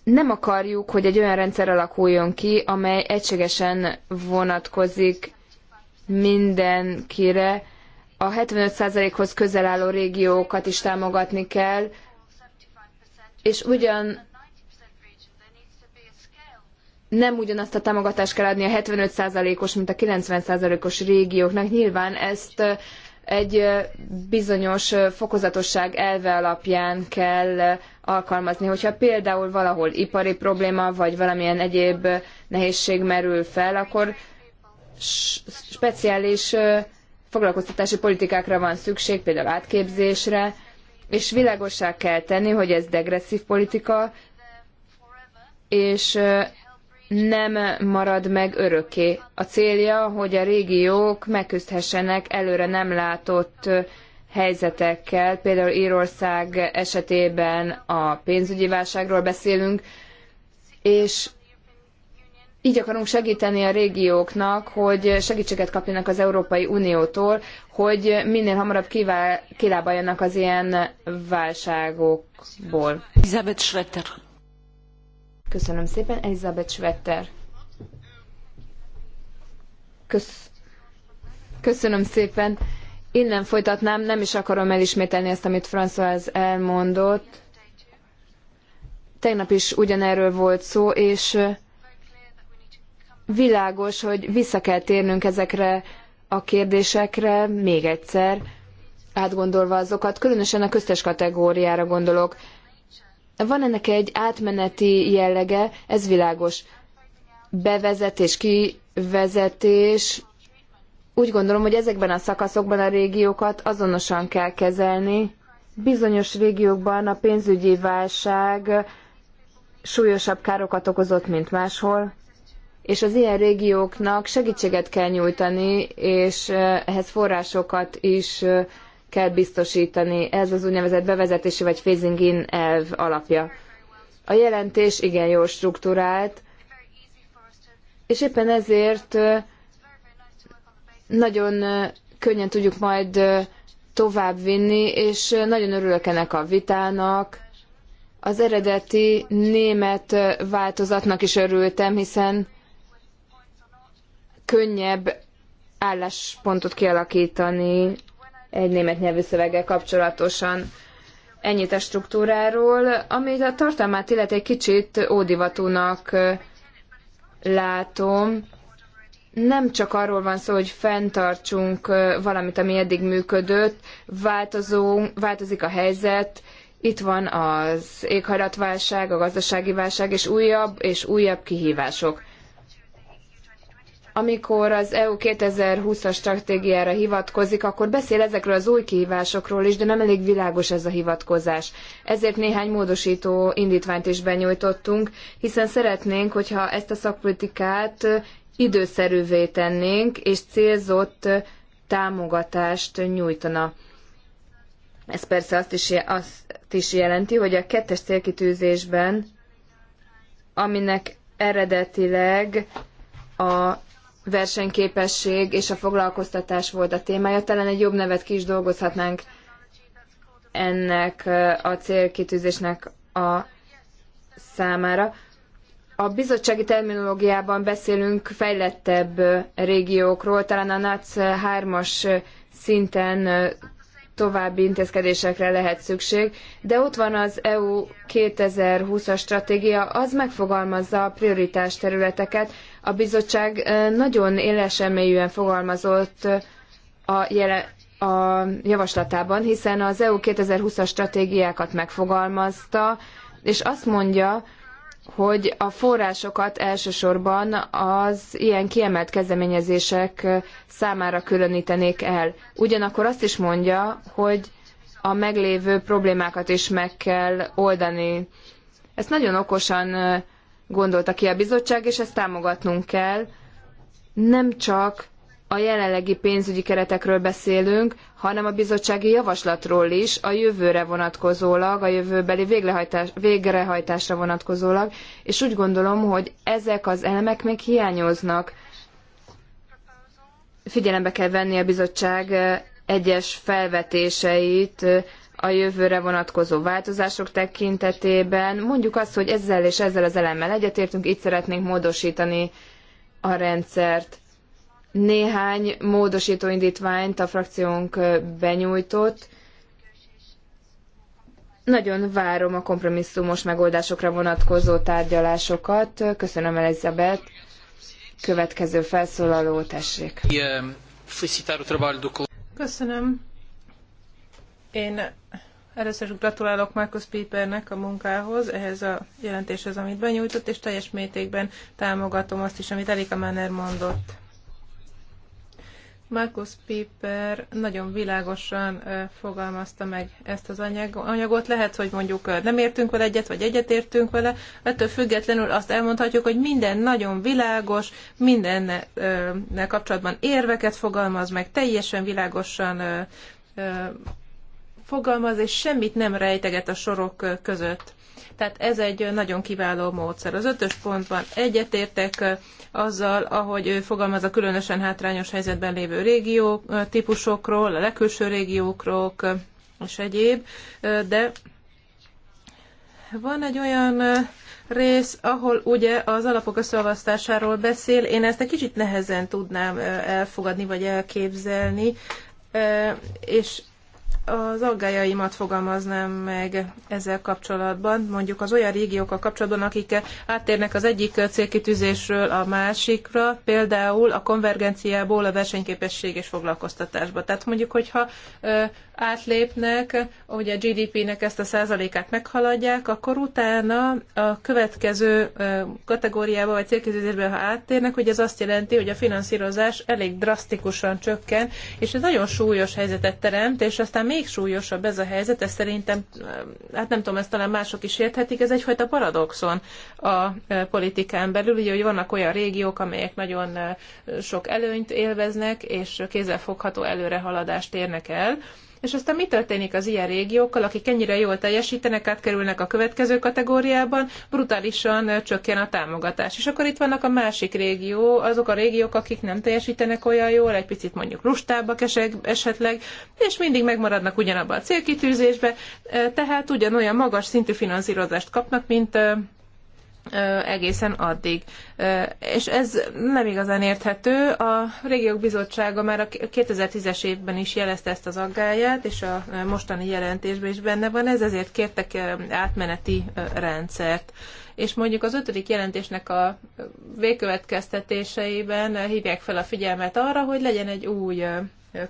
Nem akarjuk, hogy egy olyan rendszer alakuljon ki, amely egységesen vonatkozik mindenkire. A 75%-hoz közel álló régiókat is támogatni kell, és ugyan nem ugyanazt a támogatást kell adni a 75%-os, mint a 90%-os régióknak. Nyilván ezt egy bizonyos fokozatosság elve alapján kell alkalmazni. Hogyha például valahol ipari probléma, vagy valamilyen egyéb nehézség merül fel, akkor speciális foglalkoztatási politikákra van szükség, például átképzésre, és világossá kell tenni, hogy ez degresszív politika, és nem marad meg örökké. A célja, hogy a régiók megküzdhessenek előre nem látott helyzetekkel. Például Írország esetében a pénzügyi válságról beszélünk, és így akarunk segíteni a régióknak, hogy segítséget kapjanak az Európai Uniótól, hogy minél hamarabb kilábaljanak az ilyen válságokból. Elizabeth Schroeder. Köszönöm szépen, Elizabeth Schwetter. Kösz... Köszönöm szépen. Innen folytatnám, nem is akarom elismételni ezt, amit François elmondott. Tegnap is ugyanerről volt szó, és világos, hogy vissza kell térnünk ezekre a kérdésekre még egyszer, átgondolva azokat, különösen a köztes kategóriára gondolok. Van ennek egy átmeneti jellege, ez világos. Bevezetés, kivezetés. Úgy gondolom, hogy ezekben a szakaszokban a régiókat azonosan kell kezelni. Bizonyos régiókban a pénzügyi válság súlyosabb károkat okozott, mint máshol, és az ilyen régióknak segítséget kell nyújtani, és eh, ehhez forrásokat is eh, kell biztosítani. Ez az úgynevezett bevezetési vagy phasing in elv alapja. A jelentés igen jól struktúrált, és éppen ezért nagyon könnyen tudjuk majd továbbvinni, és nagyon örülök ennek a vitának. Az eredeti német változatnak is örültem, hiszen könnyebb álláspontot kialakítani egy német nyelvű szöveggel kapcsolatosan. Ennyit a struktúráról, amit a tartalmát illeti egy kicsit ódivatúnak látom. Nem csak arról van szó, hogy fenntartsunk valamit, ami eddig működött, változó, változik a helyzet, itt van az éghajlatválság, a gazdasági válság, és újabb és újabb kihívások amikor az EU 2020-as stratégiára hivatkozik, akkor beszél ezekről az új kihívásokról is, de nem elég világos ez a hivatkozás. Ezért néhány módosító indítványt is benyújtottunk, hiszen szeretnénk, hogyha ezt a szakpolitikát időszerűvé tennénk, és célzott támogatást nyújtana. Ez persze azt is, azt is jelenti, hogy a kettes célkitűzésben, aminek eredetileg a versenyképesség és a foglalkoztatás volt a témája. Talán egy jobb nevet ki is dolgozhatnánk ennek a célkitűzésnek a számára. A bizottsági terminológiában beszélünk fejlettebb régiókról, talán a NAC 3-as szinten további intézkedésekre lehet szükség, de ott van az EU 2020-as stratégia, az megfogalmazza a prioritás területeket, a bizottság nagyon élesemélyűen fogalmazott a, jele, a javaslatában, hiszen az EU 2020-as stratégiákat megfogalmazta, és azt mondja, hogy a forrásokat elsősorban az ilyen kiemelt kezdeményezések számára különítenék el. Ugyanakkor azt is mondja, hogy a meglévő problémákat is meg kell oldani. Ezt nagyon okosan gondolta ki a bizottság, és ezt támogatnunk kell. Nem csak a jelenlegi pénzügyi keretekről beszélünk, hanem a bizottsági javaslatról is, a jövőre vonatkozólag, a jövőbeli végrehajtásra vonatkozólag, és úgy gondolom, hogy ezek az elemek még hiányoznak. Figyelembe kell venni a bizottság eh, egyes felvetéseit, eh, a jövőre vonatkozó változások tekintetében. Mondjuk azt, hogy ezzel és ezzel az elemmel egyetértünk, itt szeretnénk módosítani a rendszert. Néhány módosító indítványt a frakciónk benyújtott. Nagyon várom a kompromisszumos megoldásokra vonatkozó tárgyalásokat. Köszönöm, Elizabeth. Következő felszólaló, tessék. Köszönöm. Én először is gratulálok Markus Pipernek a munkához, ehhez a jelentéshez, amit benyújtott, és teljes mértékben támogatom azt is, amit Erika Manner mondott. Markus Piper nagyon világosan fogalmazta meg ezt az anyagot. Lehet, hogy mondjuk nem értünk vele egyet, vagy egyetértünk vele. Ettől függetlenül azt elmondhatjuk, hogy minden nagyon világos, mindennel kapcsolatban érveket fogalmaz meg, teljesen világosan fogalmaz, és semmit nem rejteget a sorok között. Tehát ez egy nagyon kiváló módszer. Az ötös pontban egyetértek azzal, ahogy ő fogalmaz a különösen hátrányos helyzetben lévő régió típusokról, a legkülső régiókról és egyéb, de van egy olyan rész, ahol ugye az alapok összeolvasztásáról beszél, én ezt egy kicsit nehezen tudnám elfogadni vagy elképzelni, és az aggájaimat fogalmaznám meg ezzel kapcsolatban, mondjuk az olyan régiókkal kapcsolatban, akik áttérnek az egyik célkitűzésről a másikra, például a konvergenciából a versenyképesség és foglalkoztatásba. Tehát mondjuk, hogyha átlépnek, ugye a GDP-nek ezt a százalékát meghaladják, akkor utána a következő kategóriába vagy célkizőzésbe, ha áttérnek, hogy ez azt jelenti, hogy a finanszírozás elég drasztikusan csökken, és ez nagyon súlyos helyzetet teremt, és aztán még súlyosabb ez a helyzet, ez szerintem, hát nem tudom, ezt talán mások is érthetik, ez egyfajta paradoxon a politikán belül, ugye, hogy vannak olyan régiók, amelyek nagyon sok előnyt élveznek, és kézzelfogható előrehaladást érnek el, és aztán mi történik az ilyen régiókkal, akik ennyire jól teljesítenek, átkerülnek a következő kategóriában, brutálisan csökken a támogatás. És akkor itt vannak a másik régió, azok a régiók, akik nem teljesítenek olyan jól, egy picit mondjuk lustábbak esetleg, és mindig megmaradnak ugyanabban a célkitűzésbe, tehát ugyanolyan magas szintű finanszírozást kapnak, mint egészen addig. És ez nem igazán érthető. A Régiók Bizottsága már a 2010-es évben is jelezte ezt az aggáját, és a mostani jelentésben is benne van ez, ezért kértek átmeneti rendszert. És mondjuk az ötödik jelentésnek a végkövetkeztetéseiben hívják fel a figyelmet arra, hogy legyen egy új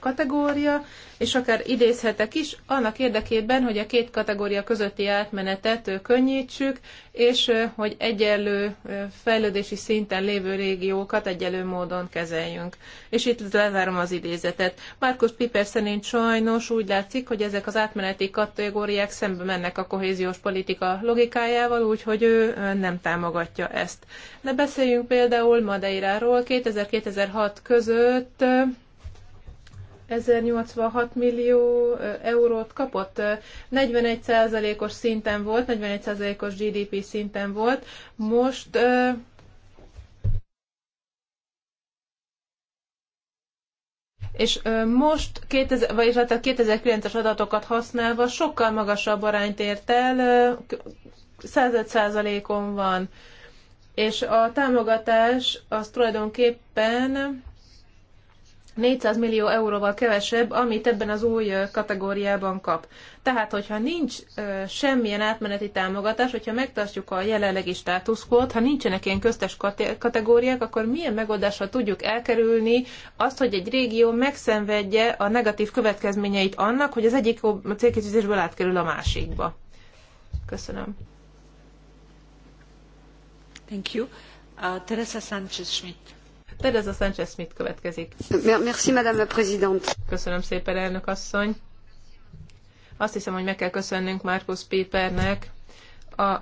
kategória, és akár idézhetek is, annak érdekében, hogy a két kategória közötti átmenetet könnyítsük, és hogy egyenlő fejlődési szinten lévő régiókat egyenlő módon kezeljünk. És itt lezárom az idézetet. Markus Piper szerint sajnos úgy látszik, hogy ezek az átmeneti kategóriák szembe mennek a kohéziós politika logikájával, úgyhogy ő nem támogatja ezt. De beszéljünk például Madeiráról. 2000-2006 között 1086 millió eurót kapott. 41%-os szinten volt, 41%-os GDP szinten volt. Most És most, 2000, vagyis hát a 2009-es adatokat használva sokkal magasabb arányt ért el, 105%-on van. És a támogatás az tulajdonképpen 400 millió euróval kevesebb, amit ebben az új kategóriában kap. Tehát, hogyha nincs ö, semmilyen átmeneti támogatás, hogyha megtartjuk a jelenlegi státuszkót, ha nincsenek ilyen köztes kategóriák, akkor milyen megoldással tudjuk elkerülni azt, hogy egy régió megszenvedje a negatív következményeit annak, hogy az egyik célkészítésből átkerül a másikba. Köszönöm. Thank you. Uh, Teresa Sanchez-Schmidt. Teresa Sánchez mit következik? Merci, Madame la Présidente. Köszönöm szépen, elnök asszony. Azt hiszem, hogy meg kell köszönnünk Markus Pépernek a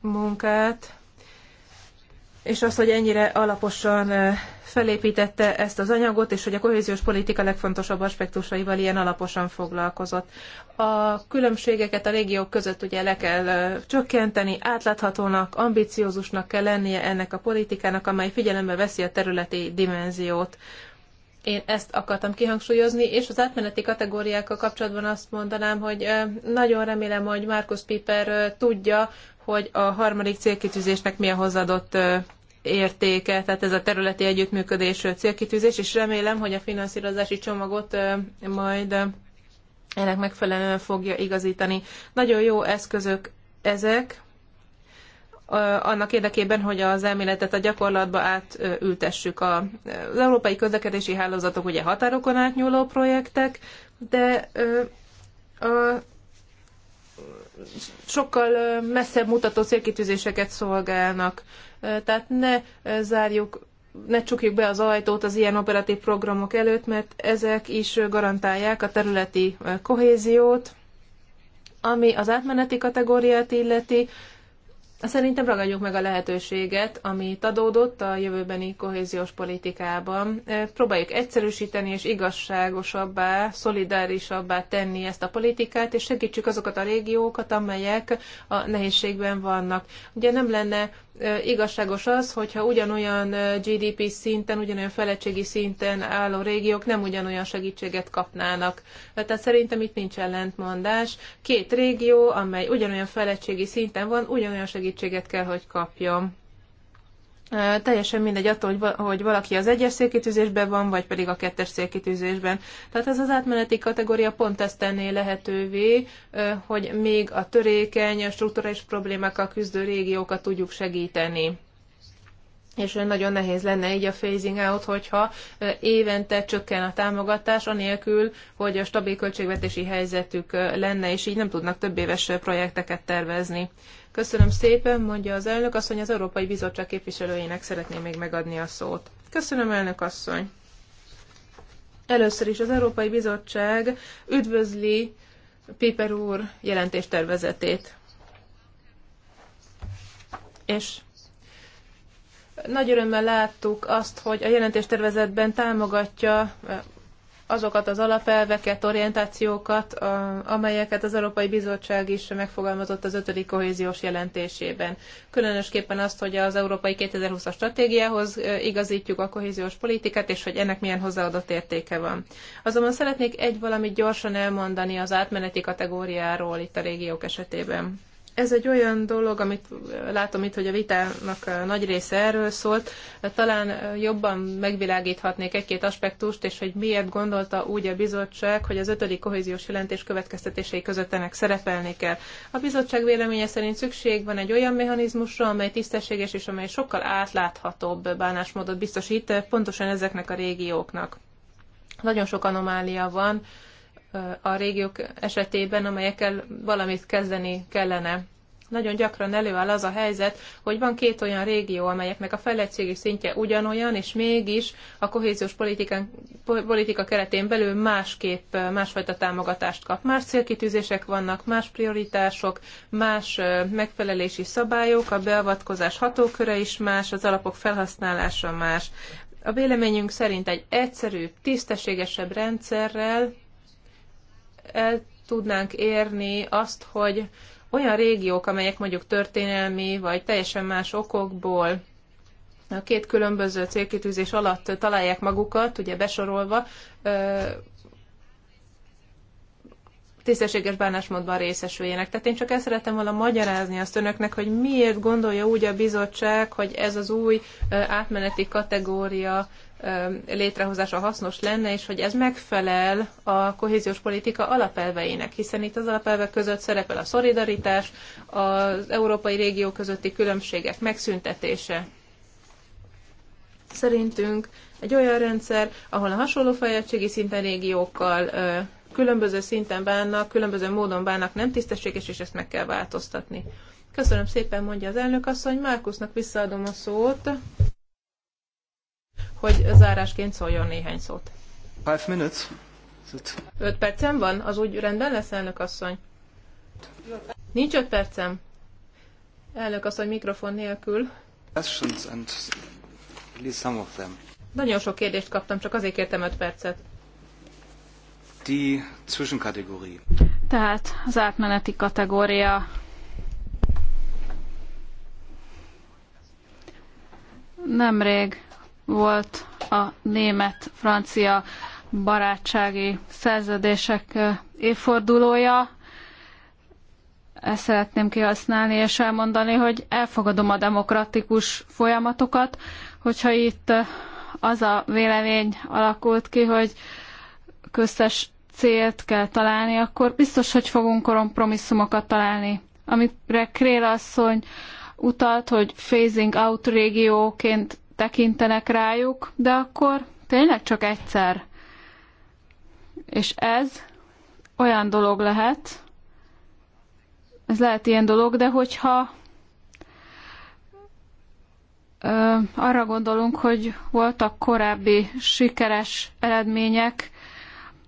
munkát, és az, hogy ennyire alaposan felépítette ezt az anyagot, és hogy a kohéziós politika legfontosabb aspektusaival ilyen alaposan foglalkozott. A különbségeket a régiók között ugye le kell csökkenteni, átláthatónak, ambiciózusnak kell lennie ennek a politikának, amely figyelembe veszi a területi dimenziót. Én ezt akartam kihangsúlyozni, és az átmeneti kategóriákkal kapcsolatban azt mondanám, hogy nagyon remélem, hogy Markus Piper tudja, hogy a harmadik célkitűzésnek a hozzáadott értéke, tehát ez a területi együttműködés célkitűzés, és remélem, hogy a finanszírozási csomagot majd ennek megfelelően fogja igazítani. Nagyon jó eszközök ezek, annak érdekében, hogy az elméletet a gyakorlatba átültessük. Az európai közlekedési hálózatok ugye határokon átnyúló projektek, de a sokkal messzebb mutató célkitűzéseket szolgálnak. Tehát ne zárjuk ne csukjuk be az ajtót az ilyen operatív programok előtt, mert ezek is garantálják a területi kohéziót, ami az átmeneti kategóriát illeti, Szerintem ragadjuk meg a lehetőséget, amit adódott a jövőbeni kohéziós politikában. E, próbáljuk egyszerűsíteni és igazságosabbá, szolidárisabbá tenni ezt a politikát, és segítsük azokat a régiókat, amelyek a nehézségben vannak. Ugye nem lenne igazságos az, hogyha ugyanolyan GDP szinten, ugyanolyan felettségi szinten álló régiók nem ugyanolyan segítséget kapnának. Tehát szerintem itt nincs ellentmondás. Két régió, amely ugyanolyan felettségi szinten van, ugyanolyan segítséget kell, hogy kapjon teljesen mindegy attól, hogy valaki az egyes szélkitűzésben van, vagy pedig a kettes szélkitűzésben. Tehát ez az átmeneti kategória pont ezt tenné lehetővé, hogy még a törékeny, a strukturális problémákkal küzdő régiókat tudjuk segíteni és nagyon nehéz lenne így a phasing out, hogyha évente csökken a támogatás, anélkül, hogy a stabil költségvetési helyzetük lenne, és így nem tudnak több éves projekteket tervezni. Köszönöm szépen, mondja az elnök asszony, az Európai Bizottság képviselőjének szeretném még megadni a szót. Köszönöm, elnök asszony. Először is az Európai Bizottság üdvözli Piper úr jelentéstervezetét. És nagy örömmel láttuk azt, hogy a jelentéstervezetben támogatja azokat az alapelveket, orientációkat, amelyeket az Európai Bizottság is megfogalmazott az ötödik kohéziós jelentésében. Különösképpen azt, hogy az Európai 2020-as stratégiához igazítjuk a kohéziós politikát, és hogy ennek milyen hozzáadott értéke van. Azonban szeretnék egy valamit gyorsan elmondani az átmeneti kategóriáról itt a régiók esetében. Ez egy olyan dolog, amit látom itt, hogy a vitának nagy része erről szólt. Talán jobban megvilágíthatnék egy-két aspektust, és hogy miért gondolta úgy a bizottság, hogy az ötödik kohéziós jelentés következtetései között ennek szerepelni kell. A bizottság véleménye szerint szükség van egy olyan mechanizmusra, amely tisztességes és amely sokkal átláthatóbb bánásmódot biztosít pontosan ezeknek a régióknak. Nagyon sok anomália van, a régiók esetében, amelyekkel valamit kezdeni kellene. Nagyon gyakran előáll az a helyzet, hogy van két olyan régió, amelyeknek a fejlettségi szintje ugyanolyan, és mégis a kohéziós politikán, politika keretén belül másképp, másfajta támogatást kap. Más célkitűzések vannak, más prioritások, más megfelelési szabályok, a beavatkozás hatóköre is más, az alapok felhasználása más. A véleményünk szerint egy egyszerűbb, tisztességesebb rendszerrel el tudnánk érni azt, hogy olyan régiók, amelyek mondjuk történelmi vagy teljesen más okokból a két különböző célkitűzés alatt találják magukat, ugye besorolva, tisztességes bánásmódban részesüljenek. Tehát én csak ezt szeretem volna magyarázni azt önöknek, hogy miért gondolja úgy a bizottság, hogy ez az új átmeneti kategória létrehozása hasznos lenne, és hogy ez megfelel a kohéziós politika alapelveinek, hiszen itt az alapelvek között szerepel a szolidaritás, az európai régió közötti különbségek megszüntetése. Szerintünk egy olyan rendszer, ahol a hasonló fejlettségi szinten régiókkal különböző szinten bánnak, különböző módon bánnak, nem tisztességes, és ezt meg kell változtatni. Köszönöm szépen, mondja az elnök asszony. Márkusznak visszaadom a szót hogy zárásként szóljon néhány szót. Five minutes. Öt percem van? Az úgy rendben lesz, elnök asszony? Nincs öt percem. Elnök asszony mikrofon nélkül. Questions and some of them. Nagyon sok kérdést kaptam, csak azért kértem öt percet. Die Zwischenkategorie. Tehát az átmeneti kategória Nemrég volt a német-francia barátsági szerződések évfordulója. Ezt szeretném kihasználni és elmondani, hogy elfogadom a demokratikus folyamatokat, hogyha itt az a vélemény alakult ki, hogy köztes célt kell találni, akkor biztos, hogy fogunk kompromisszumokat találni. Amire Krél asszony utalt, hogy phasing out régióként tekintenek rájuk, de akkor tényleg csak egyszer. És ez olyan dolog lehet, ez lehet ilyen dolog, de hogyha ö, arra gondolunk, hogy voltak korábbi sikeres eredmények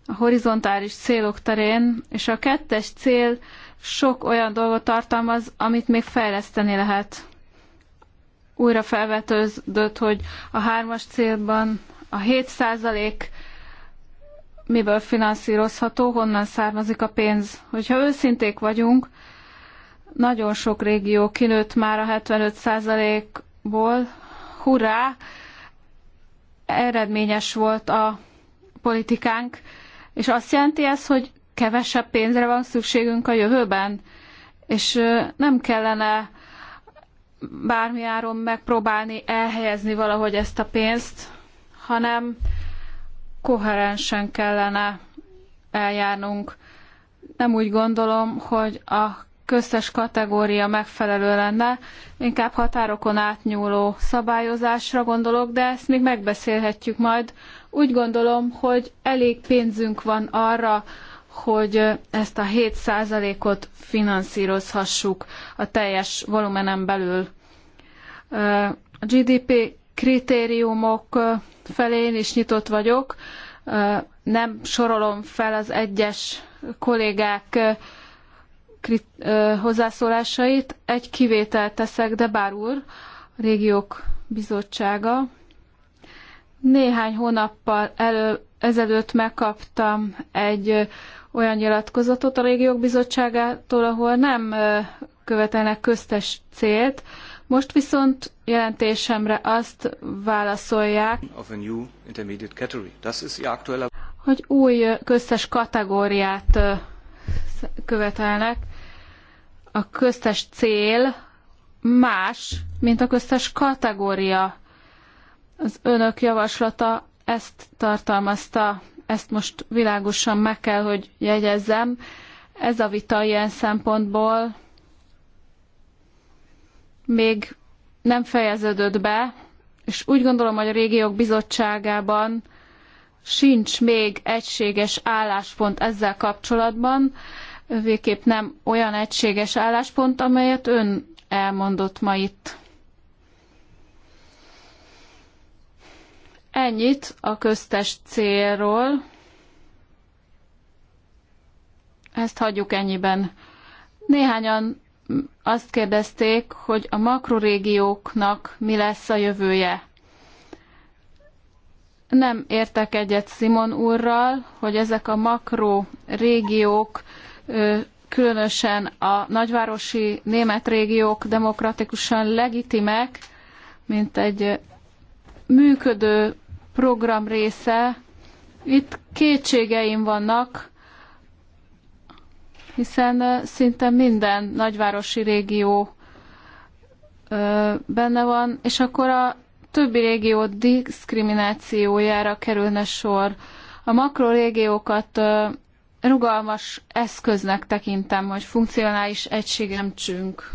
a horizontális célok terén, és a kettes cél sok olyan dolgot tartalmaz, amit még fejleszteni lehet újra felvetődött, hogy a hármas célban a 7 százalék miből finanszírozható, honnan származik a pénz. Hogyha őszinték vagyunk, nagyon sok régió kinőtt már a 75 százalékból, hurrá, eredményes volt a politikánk, és azt jelenti ez, hogy kevesebb pénzre van szükségünk a jövőben, és nem kellene bármi áron megpróbálni elhelyezni valahogy ezt a pénzt, hanem koherensen kellene eljárnunk. Nem úgy gondolom, hogy a köztes kategória megfelelő lenne, inkább határokon átnyúló szabályozásra gondolok, de ezt még megbeszélhetjük majd. Úgy gondolom, hogy elég pénzünk van arra, hogy ezt a 7%-ot finanszírozhassuk a teljes volumenen belül. A GDP kritériumok felé is nyitott vagyok. Nem sorolom fel az egyes kollégák hozzászólásait. Egy kivételt teszek, de bár úr, a régiók bizottsága. Néhány hónappal elő, ezelőtt megkaptam egy olyan nyilatkozatot a régiók bizottságától, ahol nem követelnek köztes célt. Most viszont jelentésemre azt válaszolják, hogy új köztes kategóriát követelnek. A köztes cél más, mint a köztes kategória. Az önök javaslata ezt tartalmazta ezt most világosan meg kell, hogy jegyezzem. Ez a vita ilyen szempontból még nem fejeződött be, és úgy gondolom, hogy a régiók bizottságában sincs még egységes álláspont ezzel kapcsolatban, végképp nem olyan egységes álláspont, amelyet ön elmondott ma itt. Ennyit a köztes célról. Ezt hagyjuk ennyiben. Néhányan azt kérdezték, hogy a makrorégióknak mi lesz a jövője. Nem értek egyet Simon úrral, hogy ezek a makrorégiók különösen a nagyvárosi német régiók demokratikusan legitimek, mint egy működő program része. Itt kétségeim vannak, hiszen szinte minden nagyvárosi régió benne van, és akkor a többi régió diszkriminációjára kerülne sor. A makrorégiókat rugalmas eszköznek tekintem, hogy funkcionális egységemcsünk.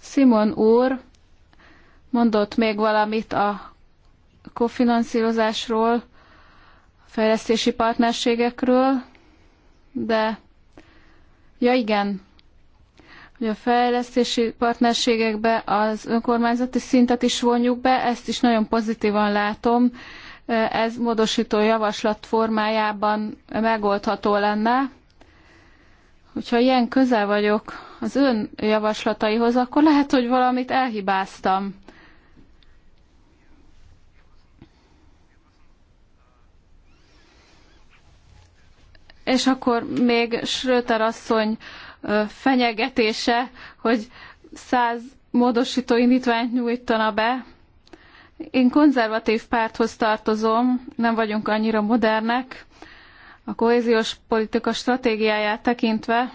Simon úr mondott még valamit a kofinanszírozásról, fejlesztési partnerségekről, de ja igen, hogy a fejlesztési partnerségekbe az önkormányzati szintet is vonjuk be, ezt is nagyon pozitívan látom. Ez módosító javaslat formájában megoldható lenne. Hogyha ilyen közel vagyok az ön javaslataihoz, akkor lehet, hogy valamit elhibáztam. És akkor még Schröter asszony fenyegetése, hogy száz módosító indítványt nyújtana be. Én konzervatív párthoz tartozom, nem vagyunk annyira modernek. A kohéziós politika stratégiáját tekintve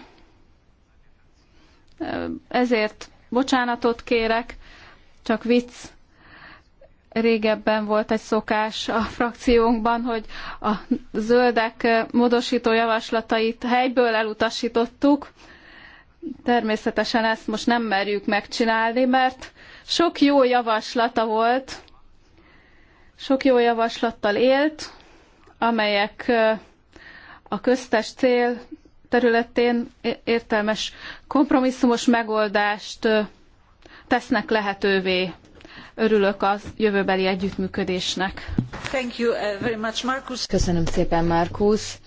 ezért bocsánatot kérek, csak vicc régebben volt egy szokás a frakciónkban, hogy a zöldek módosító javaslatait helyből elutasítottuk. Természetesen ezt most nem merjük megcsinálni, mert sok jó javaslata volt, sok jó javaslattal élt, amelyek a köztes cél területén értelmes kompromisszumos megoldást tesznek lehetővé örülök a jövőbeli együttműködésnek. Thank you uh, very much, Köszönöm szépen, Markus.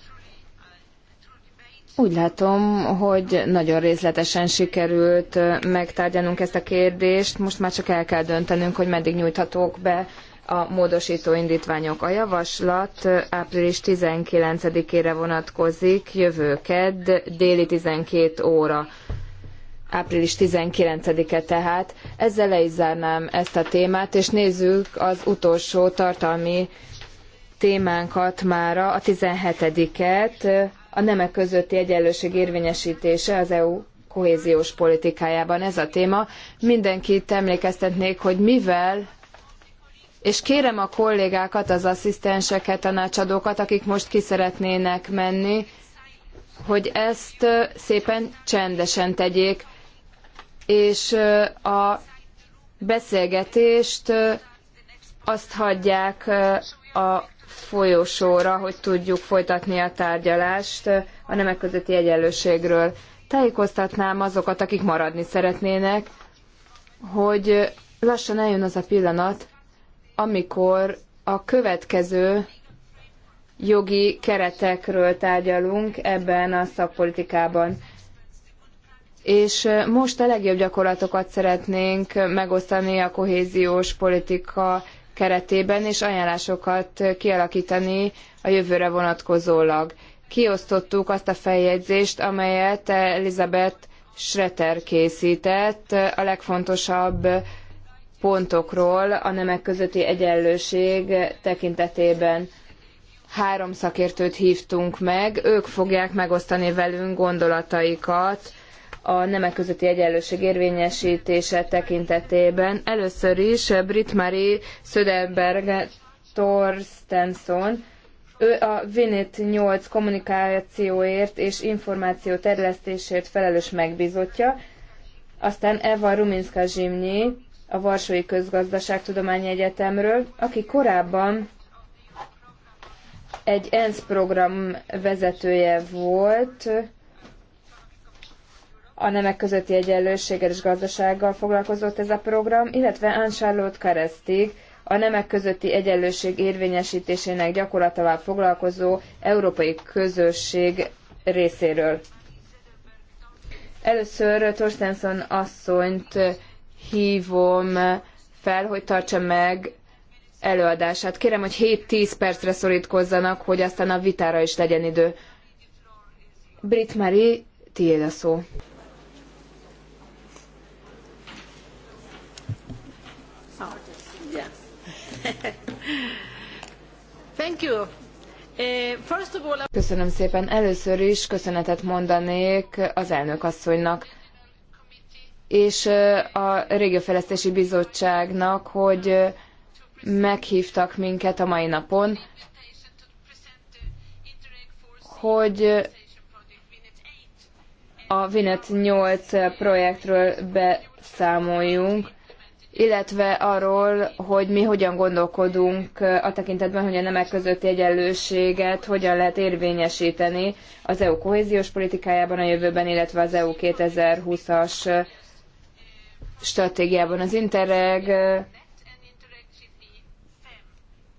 Úgy látom, hogy nagyon részletesen sikerült uh, megtárgyalnunk ezt a kérdést. Most már csak el kell döntenünk, hogy meddig nyújthatók be a módosító indítványok. A javaslat uh, április 19-ére vonatkozik, jövő kedd, déli 12 óra április 19-e tehát. Ezzel le is zárnám ezt a témát, és nézzük az utolsó tartalmi témánkat mára, a 17-et, a nemek közötti egyenlőség érvényesítése az EU kohéziós politikájában ez a téma. Mindenkit emlékeztetnék, hogy mivel és kérem a kollégákat, az asszisztenseket, tanácsadókat, akik most ki szeretnének menni, hogy ezt szépen csendesen tegyék, és a beszélgetést azt hagyják a folyosóra, hogy tudjuk folytatni a tárgyalást a nemek közötti egyenlőségről. Tájékoztatnám azokat, akik maradni szeretnének, hogy lassan eljön az a pillanat, amikor a következő jogi keretekről tárgyalunk ebben a szakpolitikában és most a legjobb gyakorlatokat szeretnénk megosztani a kohéziós politika keretében, és ajánlásokat kialakítani a jövőre vonatkozólag. Kiosztottuk azt a feljegyzést, amelyet Elizabeth Schreter készített a legfontosabb pontokról a nemek közötti egyenlőség tekintetében. Három szakértőt hívtunk meg, ők fogják megosztani velünk gondolataikat a nemek közötti egyenlőség érvényesítése tekintetében. Először is eh, Brit Marie Söderberg Torstenson, ő a Vinit 8 kommunikációért és információ felelős megbízottja, aztán Eva Ruminska Zsimnyi, a Varsói Közgazdaságtudományi Egyetemről, aki korábban egy ENSZ program vezetője volt, a nemek közötti egyenlőséggel és gazdasággal foglalkozott ez a program, illetve Anne-Charlotte Keresztig, a nemek közötti egyenlőség érvényesítésének gyakorlatával foglalkozó európai közösség részéről. Először Torstenson asszonyt hívom fel, hogy tartsa meg előadását. Kérem, hogy 7-10 percre szorítkozzanak, hogy aztán a vitára is legyen idő. Brit Marie, tiéd a szó. Eh, Köszönöm szépen. Először is köszönetet mondanék az elnök asszonynak és eh, a Régiófejlesztési Bizottságnak, hogy eh, meghívtak minket a mai napon, hogy a Vinet 8 projektről beszámoljunk illetve arról, hogy mi hogyan gondolkodunk eh, a tekintetben, hogy a nemek közötti egyenlőséget hogyan lehet érvényesíteni az EU kohéziós politikájában a jövőben, illetve az EU 2020-as eh, stratégiában. Az Interreg eh,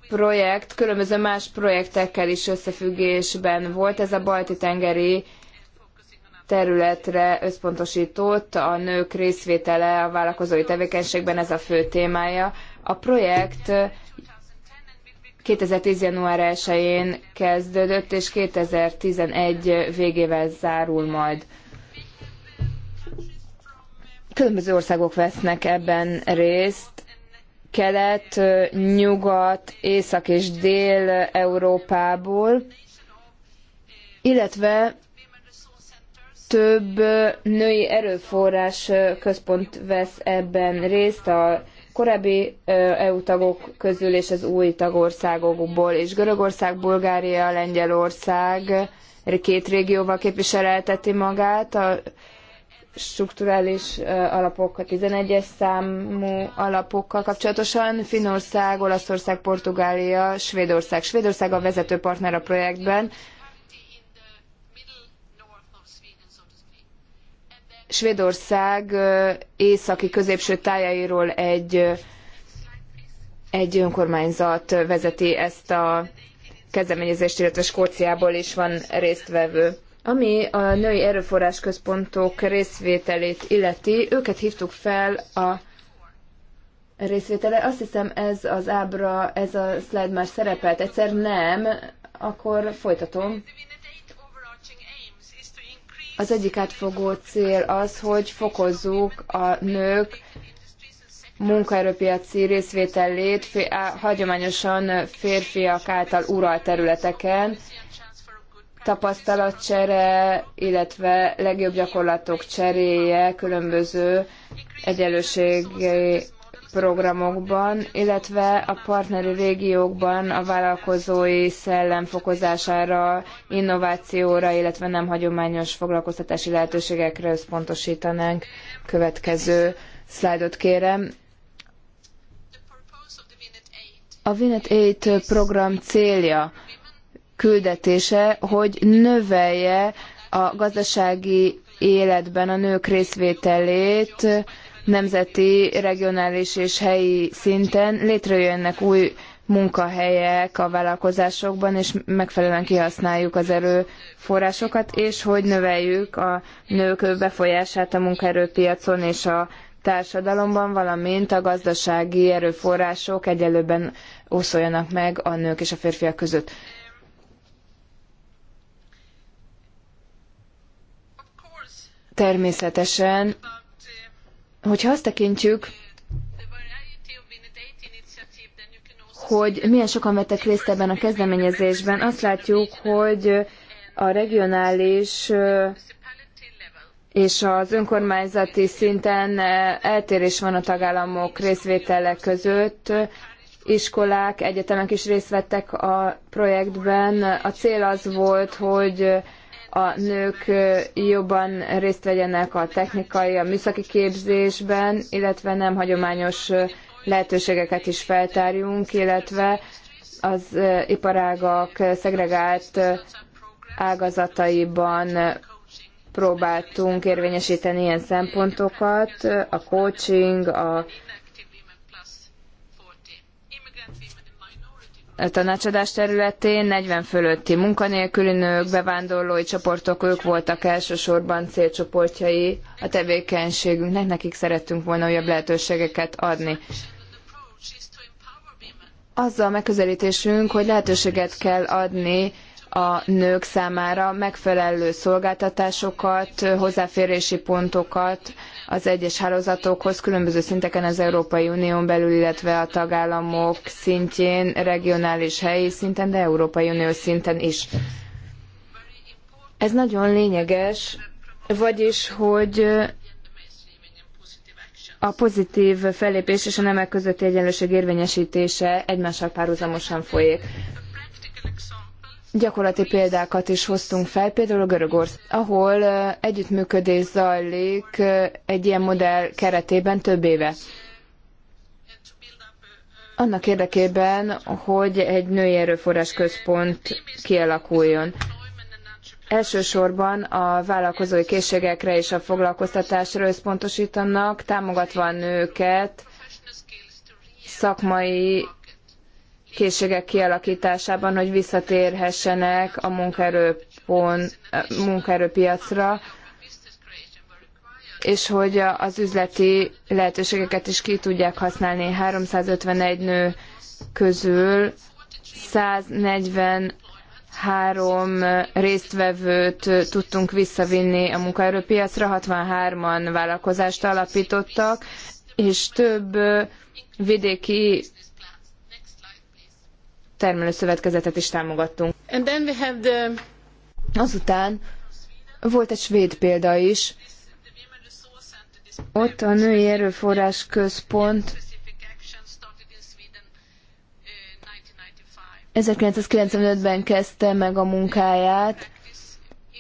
projekt különböző más projektekkel is összefüggésben volt. Ez a balti tengeri területre összpontosított, a nők részvétele a vállalkozói tevékenységben ez a fő témája. A projekt 2010. január 1-én kezdődött, és 2011 végével zárul majd. Különböző országok vesznek ebben részt. Kelet, Nyugat, Észak és Dél Európából, illetve több női erőforrás központ vesz ebben részt a korábbi EU tagok közül és az új tagországokból, és Görögország, Bulgária, Lengyelország két régióval képviselteti magát, a strukturális alapok, a 11-es számú alapokkal kapcsolatosan, Finnország, Olaszország, Portugália, Svédország. Svédország a vezető partner a projektben, Svédország északi középső tájairól egy, egy önkormányzat vezeti ezt a kezdeményezést, illetve Skóciából is van résztvevő. Ami a női erőforrás központok részvételét illeti, őket hívtuk fel a részvétele. Azt hiszem ez az ábra, ez a szlájd már szerepelt. Egyszer nem, akkor folytatom. Az egyik átfogó cél az, hogy fokozzuk a nők munkaerőpiaci részvételét hagyományosan férfiak által ural területeken, tapasztalatcsere, illetve legjobb gyakorlatok cseréje különböző egyenlőségi programokban, illetve a partneri régiókban a vállalkozói szellem fokozására, innovációra, illetve nem hagyományos foglalkoztatási lehetőségekre összpontosítanánk. Következő szlájdot kérem. A Vinet 8 program célja, küldetése, hogy növelje a gazdasági életben a nők részvételét, nemzeti, regionális és helyi szinten létrejönnek új munkahelyek a vállalkozásokban, és megfelelően kihasználjuk az erőforrásokat, és hogy növeljük a nők befolyását a munkaerőpiacon és a társadalomban, valamint a gazdasági erőforrások egyelőben oszoljanak meg a nők és a férfiak között. Természetesen hogyha azt tekintjük, hogy milyen sokan vettek részt ebben a kezdeményezésben, azt látjuk, hogy a regionális és az önkormányzati szinten eltérés van a tagállamok részvételek között. Iskolák, egyetemek is részt vettek a projektben. A cél az volt, hogy a nők jobban részt vegyenek a technikai, a műszaki képzésben, illetve nem hagyományos lehetőségeket is feltárjunk, illetve az iparágak szegregált ágazataiban próbáltunk érvényesíteni ilyen szempontokat, a coaching, a tanácsadás területén, 40 fölötti munkanélküli nők, bevándorlói csoportok, ők voltak elsősorban célcsoportjai a tevékenységünknek, nekik szerettünk volna újabb lehetőségeket adni. Azzal a megközelítésünk, hogy lehetőséget kell adni a nők számára megfelelő szolgáltatásokat, hozzáférési pontokat, az egyes hálózatokhoz különböző szinteken az Európai Unión belül, illetve a tagállamok szintjén, regionális helyi szinten, de Európai Unió szinten is. Ez nagyon lényeges, vagyis, hogy a pozitív fellépés és a nemek közötti egyenlőség érvényesítése egymással párhuzamosan folyik gyakorlati példákat is hoztunk fel, például a Görögország, ahol együttműködés zajlik egy ilyen modell keretében több éve. Annak érdekében, hogy egy női erőforrás központ kialakuljon. Elsősorban a vállalkozói készségekre és a foglalkoztatásra összpontosítanak, támogatva a nőket szakmai készségek kialakításában, hogy visszatérhessenek a munkaerőpiacra, és hogy az üzleti lehetőségeket is ki tudják használni. 351 nő közül 143 résztvevőt tudtunk visszavinni a munkaerőpiacra, 63-an vállalkozást alapítottak, és több vidéki termelőszövetkezetet is támogattunk. And then we have the... Azután volt egy svéd példa is. Ott a Női Erőforrás Központ 1995-ben kezdte meg a munkáját.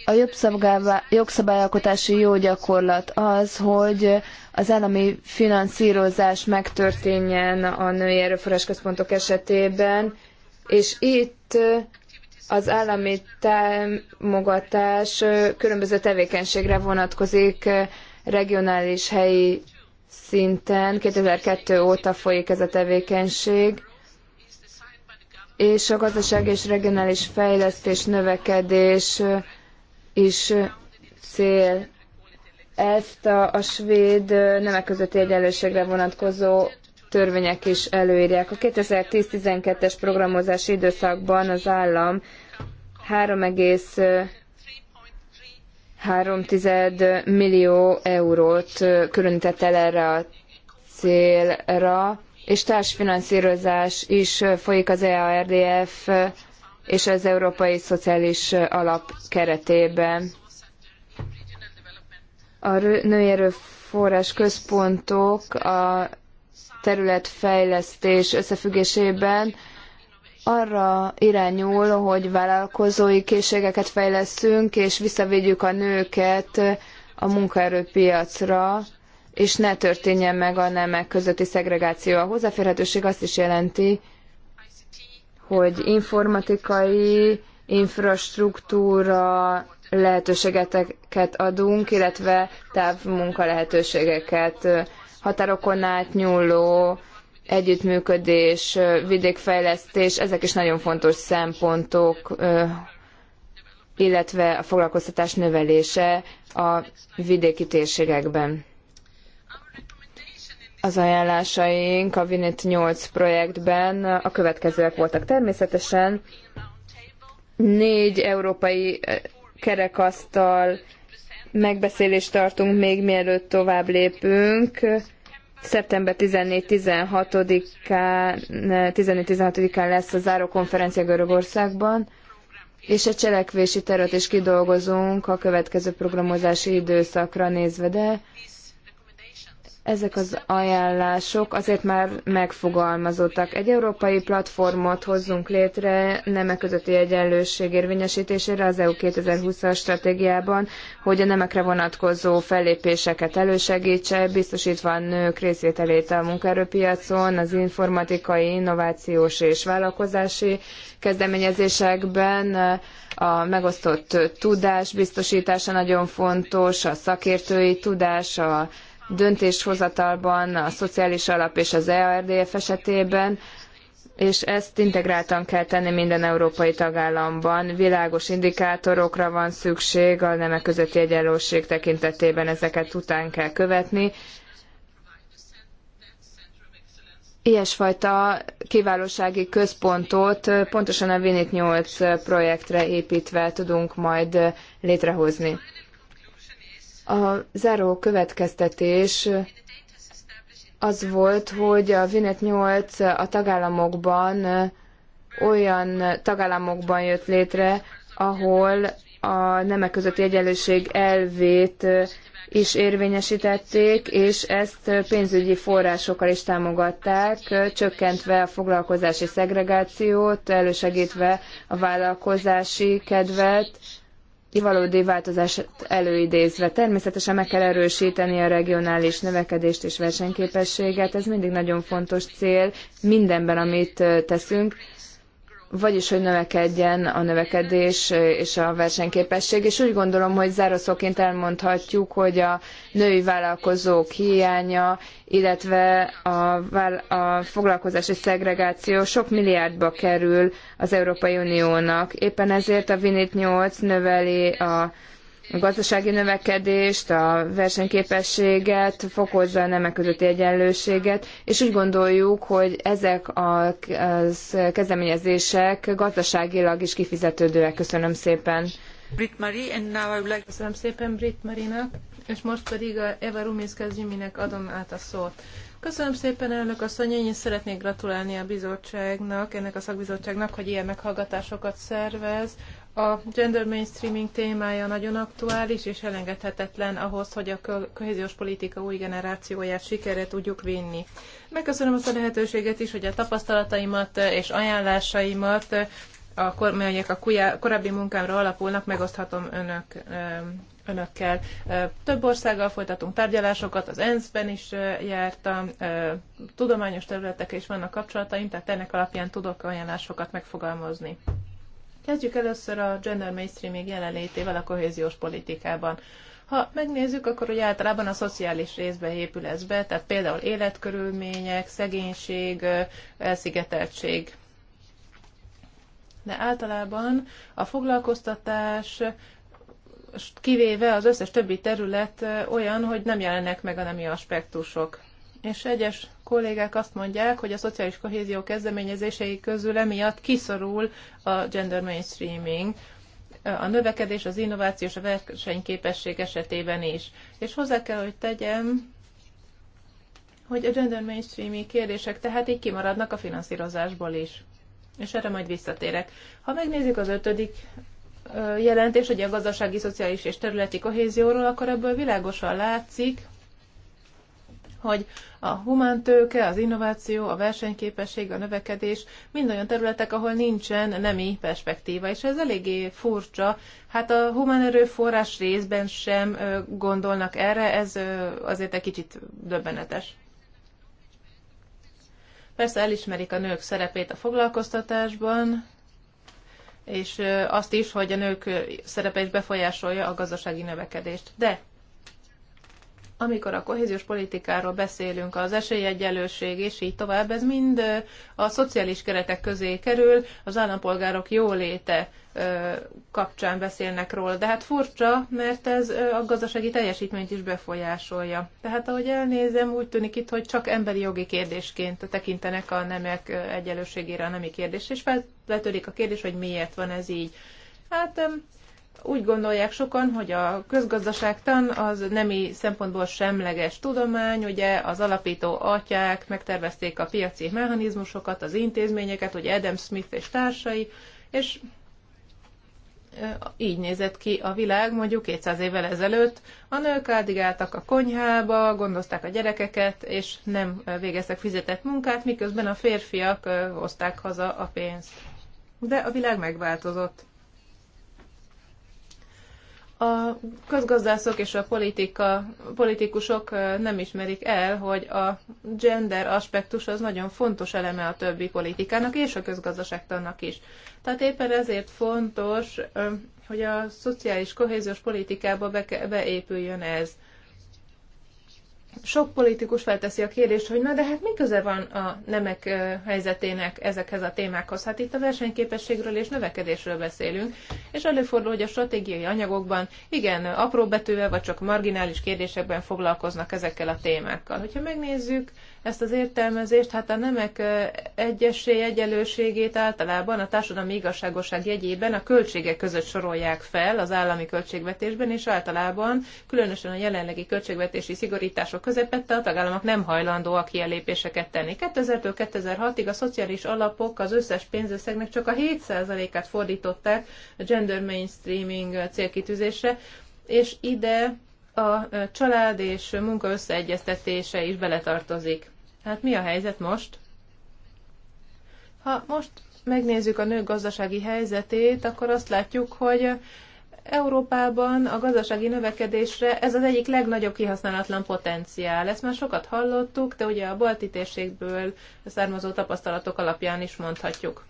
A jogszabályalkotási jó gyakorlat az, hogy az állami finanszírozás megtörténjen a női erőforrás központok esetében, és itt az állami támogatás különböző tevékenységre vonatkozik regionális, helyi szinten. 2002 óta folyik ez a tevékenység, és a gazdaság és regionális fejlesztés, növekedés is cél. Ezt a, a svéd nemek közötti egyenlőségre vonatkozó törvények is előírják. A 2010-12-es programozási időszakban az állam 3,3 millió eurót különített el erre a célra, és társfinanszírozás is folyik az EARDF és az Európai Szociális Alap keretében. A női erőforrás központok a területfejlesztés összefüggésében arra irányul, hogy vállalkozói készségeket fejleszünk, és visszavédjük a nőket a munkaerőpiacra, és ne történjen meg a nemek közötti szegregáció. A hozzáférhetőség azt is jelenti, hogy informatikai infrastruktúra lehetőségeket adunk, illetve távmunka lehetőségeket határokon átnyúló együttműködés, vidékfejlesztés, ezek is nagyon fontos szempontok, illetve a foglalkoztatás növelése a vidéki térségekben. Az ajánlásaink a Vinit 8 projektben a következőek voltak. Természetesen négy európai kerekasztal megbeszélést tartunk még mielőtt tovább lépünk. Szeptember 14-16-án 14 án lesz a zárókonferencia Görögországban, és egy cselekvési tervet is kidolgozunk a következő programozási időszakra nézve, de ezek az ajánlások azért már megfogalmazottak. Egy európai platformot hozzunk létre nemek közötti egyenlőség érvényesítésére az EU 2020-as stratégiában, hogy a nemekre vonatkozó fellépéseket elősegítse, biztosítva a nők részvételét a munkaerőpiacon, az informatikai, innovációs és vállalkozási kezdeményezésekben, a megosztott tudás biztosítása nagyon fontos, a szakértői tudás, a döntéshozatalban, a szociális alap és az ERDF esetében, és ezt integráltan kell tenni minden európai tagállamban. Világos indikátorokra van szükség, a nemek közötti egyenlőség tekintetében ezeket után kell követni. Ilyesfajta kiválósági központot pontosan a Vinit 8 projektre építve tudunk majd létrehozni. A záró következtetés az volt, hogy a Vinet 8 a tagállamokban olyan tagállamokban jött létre, ahol a nemek közötti egyenlőség elvét is érvényesítették, és ezt pénzügyi forrásokkal is támogatták, csökkentve a foglalkozási szegregációt, elősegítve a vállalkozási kedvet, valódi változást előidézve. Természetesen meg kell erősíteni a regionális növekedést és versenyképességet, ez mindig nagyon fontos cél mindenben, amit teszünk, vagyis hogy növekedjen a növekedés és a versenyképesség, és úgy gondolom, hogy zárószóként elmondhatjuk, hogy a női vállalkozók hiánya, illetve a, a foglalkozási szegregáció sok milliárdba kerül az Európai Uniónak. Éppen ezért a Vinit 8 növeli a a gazdasági növekedést, a versenyképességet, fokozza a nemek közötti egyenlőséget, és úgy gondoljuk, hogy ezek a kezdeményezések gazdaságilag is kifizetődőek. Köszönöm szépen. Brit Marie, and now I would like... Köszönöm szépen Brit Marinak, és most pedig a Eva Ruminszka-Zsiminek adom át a szót. Köszönöm szépen, elnök asszony, én is szeretnék gratulálni a bizottságnak, ennek a szakbizottságnak, hogy ilyen meghallgatásokat szervez a gender mainstreaming témája nagyon aktuális és elengedhetetlen ahhoz, hogy a kohéziós politika új generációját sikere tudjuk vinni. Megköszönöm azt a lehetőséget is, hogy a tapasztalataimat és ajánlásaimat, a, melyek a korábbi munkámra alapulnak, megoszthatom önök, önökkel. Több országgal folytatunk tárgyalásokat, az ENSZ-ben is jártam, tudományos területek is vannak kapcsolataim, tehát ennek alapján tudok ajánlásokat megfogalmazni. Kezdjük először a gender mainstreaming jelenlétével a kohéziós politikában. Ha megnézzük, akkor ugye általában a szociális részbe épül ez be, tehát például életkörülmények, szegénység, elszigeteltség. De általában a foglalkoztatás, kivéve az összes többi terület olyan, hogy nem jelennek meg a nemi aspektusok és egyes kollégák azt mondják, hogy a szociális kohézió kezdeményezései közül emiatt kiszorul a gender mainstreaming, a növekedés, az innováció és a versenyképesség esetében is. És hozzá kell, hogy tegyem, hogy a gender mainstreaming kérdések tehát így kimaradnak a finanszírozásból is. És erre majd visszatérek. Ha megnézzük az ötödik jelentés, hogy a gazdasági, szociális és területi kohézióról, akkor ebből világosan látszik, hogy a humántőke, az innováció, a versenyképesség, a növekedés mind olyan területek, ahol nincsen nemi perspektíva, és ez eléggé furcsa. Hát a humán erőforrás részben sem gondolnak erre, ez azért egy kicsit döbbenetes. Persze elismerik a nők szerepét a foglalkoztatásban, és azt is, hogy a nők szerepe is befolyásolja a gazdasági növekedést. De amikor a kohéziós politikáról beszélünk, az esélyegyelőség és így tovább, ez mind a szociális keretek közé kerül, az állampolgárok jóléte kapcsán beszélnek róla. De hát furcsa, mert ez a gazdasági teljesítményt is befolyásolja. Tehát ahogy elnézem, úgy tűnik itt, hogy csak emberi jogi kérdésként tekintenek a nemek egyenlőségére a nemi kérdés, és feltetődik a kérdés, hogy miért van ez így. Hát úgy gondolják sokan, hogy a közgazdaságtan az nemi szempontból semleges tudomány, ugye az alapító atyák megtervezték a piaci mechanizmusokat, az intézményeket, ugye Adam Smith és társai, és így nézett ki a világ mondjuk 200 évvel ezelőtt. A nők áldigáltak a konyhába, gondozták a gyerekeket, és nem végeztek fizetett munkát, miközben a férfiak hozták haza a pénzt. De a világ megváltozott. A közgazdászok és a politika, politikusok nem ismerik el, hogy a gender aspektus az nagyon fontos eleme a többi politikának és a közgazdaságtannak is. Tehát éppen ezért fontos, hogy a szociális kohéziós politikába beépüljön ez. Sok politikus felteszi a kérdést, hogy na de hát mi köze van a nemek helyzetének ezekhez a témákhoz? Hát itt a versenyképességről és növekedésről beszélünk, és előfordul, hogy a stratégiai anyagokban igen, apró betűvel vagy csak marginális kérdésekben foglalkoznak ezekkel a témákkal. Hogyha megnézzük, ezt az értelmezést, hát a nemek egyessé, egyenlőségét általában a társadalmi igazságosság jegyében a költségek között sorolják fel az állami költségvetésben, és általában, különösen a jelenlegi költségvetési szigorítások közepette a tagállamok nem hajlandóak kielépéseket tenni. 2000-től 2006-ig a szociális alapok az összes pénzösszegnek csak a 7%-át fordították a gender mainstreaming célkitűzésre, és ide a család és munka összeegyeztetése is beletartozik. Hát mi a helyzet most? Ha most megnézzük a nők gazdasági helyzetét, akkor azt látjuk, hogy Európában a gazdasági növekedésre ez az egyik legnagyobb kihasználatlan potenciál. Ezt már sokat hallottuk, de ugye a balti térségből származó tapasztalatok alapján is mondhatjuk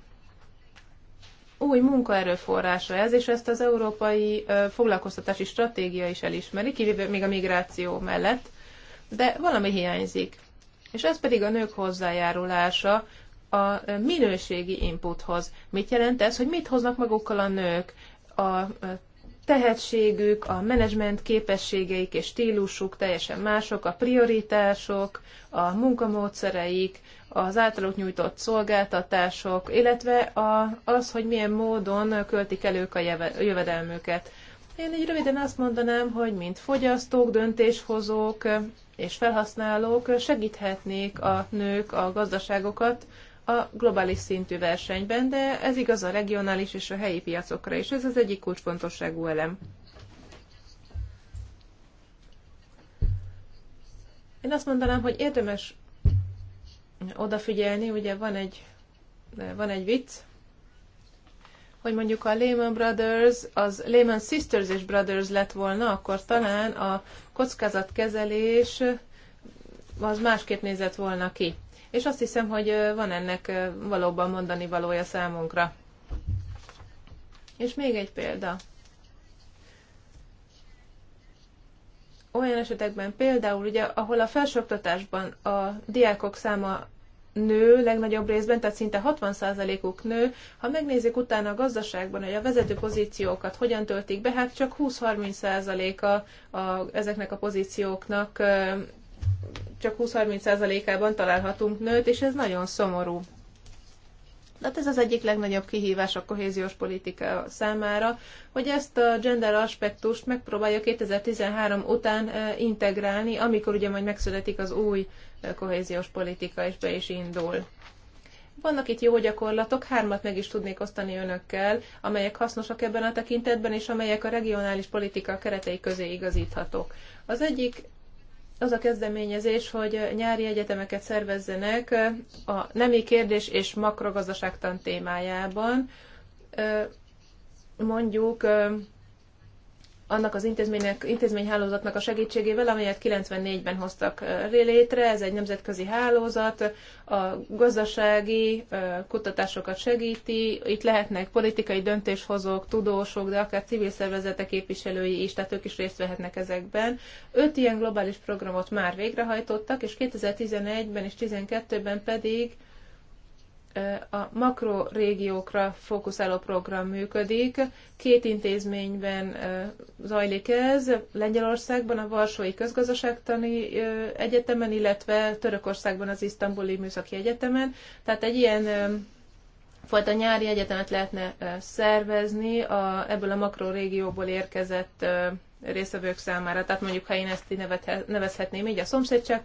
új munkaerőforrása ez, és ezt az európai foglalkoztatási stratégia is elismeri, kivéve még a migráció mellett, de valami hiányzik. És ez pedig a nők hozzájárulása a minőségi inputhoz. Mit jelent ez, hogy mit hoznak magukkal a nők? A tehetségük, a menedzsment képességeik és stílusuk teljesen mások, a prioritások, a munkamódszereik, az általuk nyújtott szolgáltatások, illetve a, az, hogy milyen módon költik el ők a jövedelmüket. Én így röviden azt mondanám, hogy mint fogyasztók, döntéshozók és felhasználók segíthetnék a nők a gazdaságokat a globális szintű versenyben, de ez igaz a regionális és a helyi piacokra is. Ez az egyik kulcsfontosságú elem. Én azt mondanám, hogy érdemes odafigyelni, ugye van egy, van egy vicc, hogy mondjuk a Lehman Brothers, az Lehman Sisters és Brothers lett volna, akkor talán a kockázatkezelés az másképp nézett volna ki. És azt hiszem, hogy van ennek valóban mondani valója számunkra. És még egy példa. Olyan esetekben például, ugye, ahol a felsőoktatásban a diákok száma nő legnagyobb részben, tehát szinte 60%-uk nő. Ha megnézik utána a gazdaságban, hogy a vezető pozíciókat hogyan töltik be, hát csak 20-30%-a a, ezeknek a pozícióknak csak 20-30%-ában találhatunk nőt, és ez nagyon szomorú. Hát ez az egyik legnagyobb kihívás a kohéziós politika számára, hogy ezt a gender aspektust megpróbálja 2013 után eh, integrálni, amikor ugye majd megszületik az új eh, kohéziós politika, és be is indul. Vannak itt jó gyakorlatok, hármat meg is tudnék osztani önökkel, amelyek hasznosak ebben a tekintetben, és amelyek a regionális politika keretei közé igazíthatók. Az egyik az a kezdeményezés, hogy nyári egyetemeket szervezzenek a nemi kérdés és makrogazdaságtan témájában, mondjuk annak az intézménynek, intézményhálózatnak a segítségével, amelyet 94-ben hoztak létre. Ez egy nemzetközi hálózat, a gazdasági kutatásokat segíti, itt lehetnek politikai döntéshozók, tudósok, de akár civil szervezetek képviselői is, tehát ők is részt vehetnek ezekben. Öt ilyen globális programot már végrehajtottak, és 2011-ben és 2012-ben pedig a makrorégiókra fókuszáló program működik. Két intézményben zajlik ez, Lengyelországban a Varsói Közgazdaságtani Egyetemen, illetve Törökországban az Isztambuli Műszaki Egyetemen. Tehát egy ilyen fajta nyári egyetemet lehetne szervezni a, ebből a makrorégióból érkezett résztvevők számára. Tehát mondjuk, ha én ezt így nevezhetném így, a szomszédság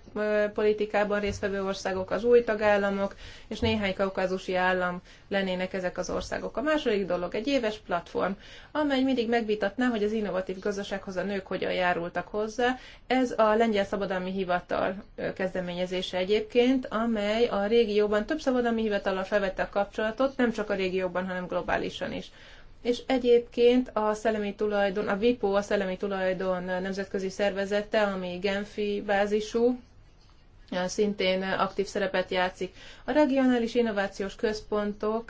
politikában résztvevő országok, az új tagállamok, és néhány kaukázusi állam lennének ezek az országok. A második dolog egy éves platform, amely mindig megvitatná, hogy az innovatív gazdasághoz a nők hogyan járultak hozzá. Ez a Lengyel Szabadalmi Hivatal kezdeményezése egyébként, amely a régióban több szabadalmi hivatalra felvette a kapcsolatot, nem csak a régióban, hanem globálisan is és egyébként a szellemi tulajdon, a VIPO, a szellemi tulajdon nemzetközi szervezete, ami Genfi bázisú, szintén aktív szerepet játszik. A regionális innovációs központok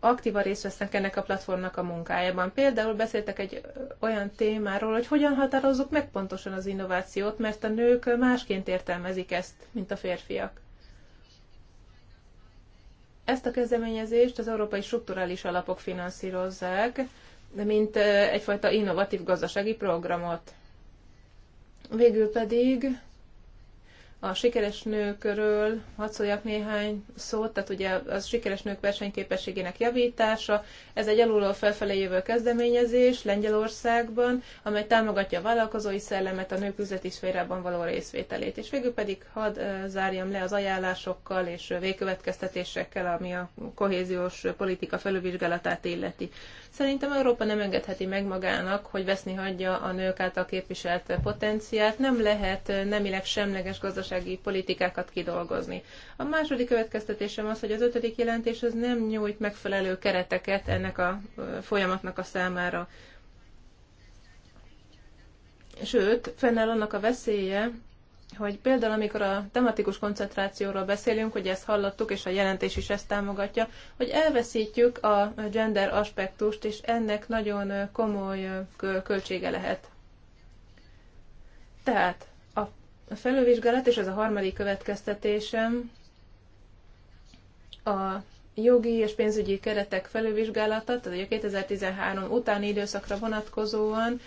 aktívan részt vesznek ennek a platformnak a munkájában. Például beszéltek egy olyan témáról, hogy hogyan határozzuk meg pontosan az innovációt, mert a nők másként értelmezik ezt, mint a férfiak. Ezt a kezdeményezést az Európai Strukturális Alapok finanszírozzák, mint eh, egyfajta innovatív gazdasági programot. Végül pedig a sikeres nőkről hadd szóljak néhány szót, tehát ugye a sikeres nők versenyképességének javítása, ez egy alulról felfelé jövő kezdeményezés Lengyelországban, amely támogatja a vállalkozói szellemet, a nők üzleti szférában való részvételét. És végül pedig hadd zárjam le az ajánlásokkal és végkövetkeztetésekkel, ami a kohéziós politika felülvizsgálatát illeti. Szerintem Európa nem engedheti meg magának, hogy veszni hagyja a nők által képviselt potenciált. Nem lehet nemileg semleges gazdasági politikákat kidolgozni. A második következtetésem az, hogy az ötödik jelentés az nem nyújt megfelelő kereteket ennek a folyamatnak a számára. Sőt, fennáll annak a veszélye, hogy például amikor a tematikus koncentrációról beszélünk, hogy ezt hallottuk, és a jelentés is ezt támogatja, hogy elveszítjük a gender aspektust, és ennek nagyon komoly költsége lehet. Tehát a felülvizsgálat, és ez a harmadik következtetésem, a jogi és pénzügyi keretek felülvizsgálata, tehát a 2013 utáni időszakra vonatkozóan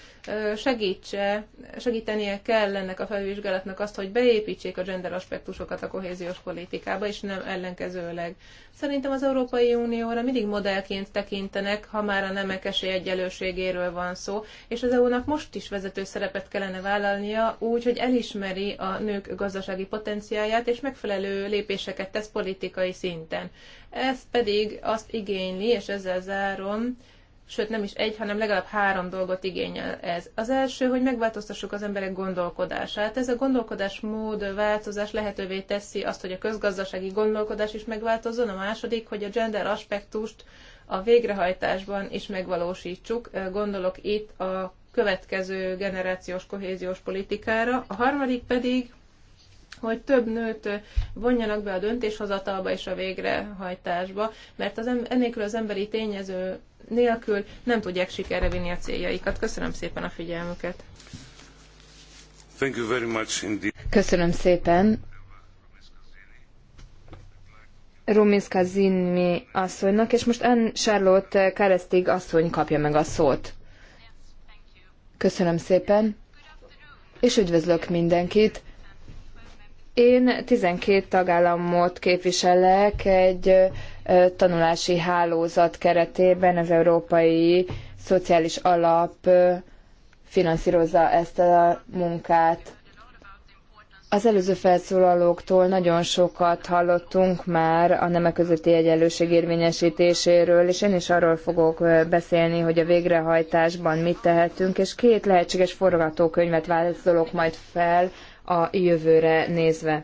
segítse, segítenie kell ennek a felvizsgálatnak azt, hogy beépítsék a gender aspektusokat a kohéziós politikába, és nem ellenkezőleg. Szerintem az Európai Unióra mindig modellként tekintenek, ha már a nemek esélyegyelőségéről van szó, és az EU-nak most is vezető szerepet kellene vállalnia úgy, hogy elismeri a nők gazdasági potenciáját, és megfelelő lépéseket tesz politikai szinten. Ez pedig azt igényli, és ezzel zárom, sőt nem is egy, hanem legalább három dolgot igényel ez. Az első, hogy megváltoztassuk az emberek gondolkodását. Ez a gondolkodásmód változás lehetővé teszi azt, hogy a közgazdasági gondolkodás is megváltozzon. A második, hogy a gender aspektust a végrehajtásban is megvalósítsuk. Gondolok itt a következő generációs kohéziós politikára. A harmadik pedig, hogy több nőt vonjanak be a döntéshozatalba és a végrehajtásba, mert az em- ennélkül az emberi tényező nélkül nem tudják sikerre vinni a céljaikat. Köszönöm szépen a figyelmüket. Thank you very much indeed. Köszönöm szépen. Ruminska Zinmi asszonynak, és most Anne Charlotte Keresztig asszony kapja meg a szót. Köszönöm szépen, és üdvözlök mindenkit. Én 12 tagállamot képviselek egy tanulási hálózat keretében, az Európai Szociális Alap finanszírozza ezt a munkát. Az előző felszólalóktól nagyon sokat hallottunk már a nemek közötti egyenlőség érvényesítéséről, és én is arról fogok beszélni, hogy a végrehajtásban mit tehetünk, és két lehetséges forgatókönyvet vázolok majd fel, a jövőre nézve.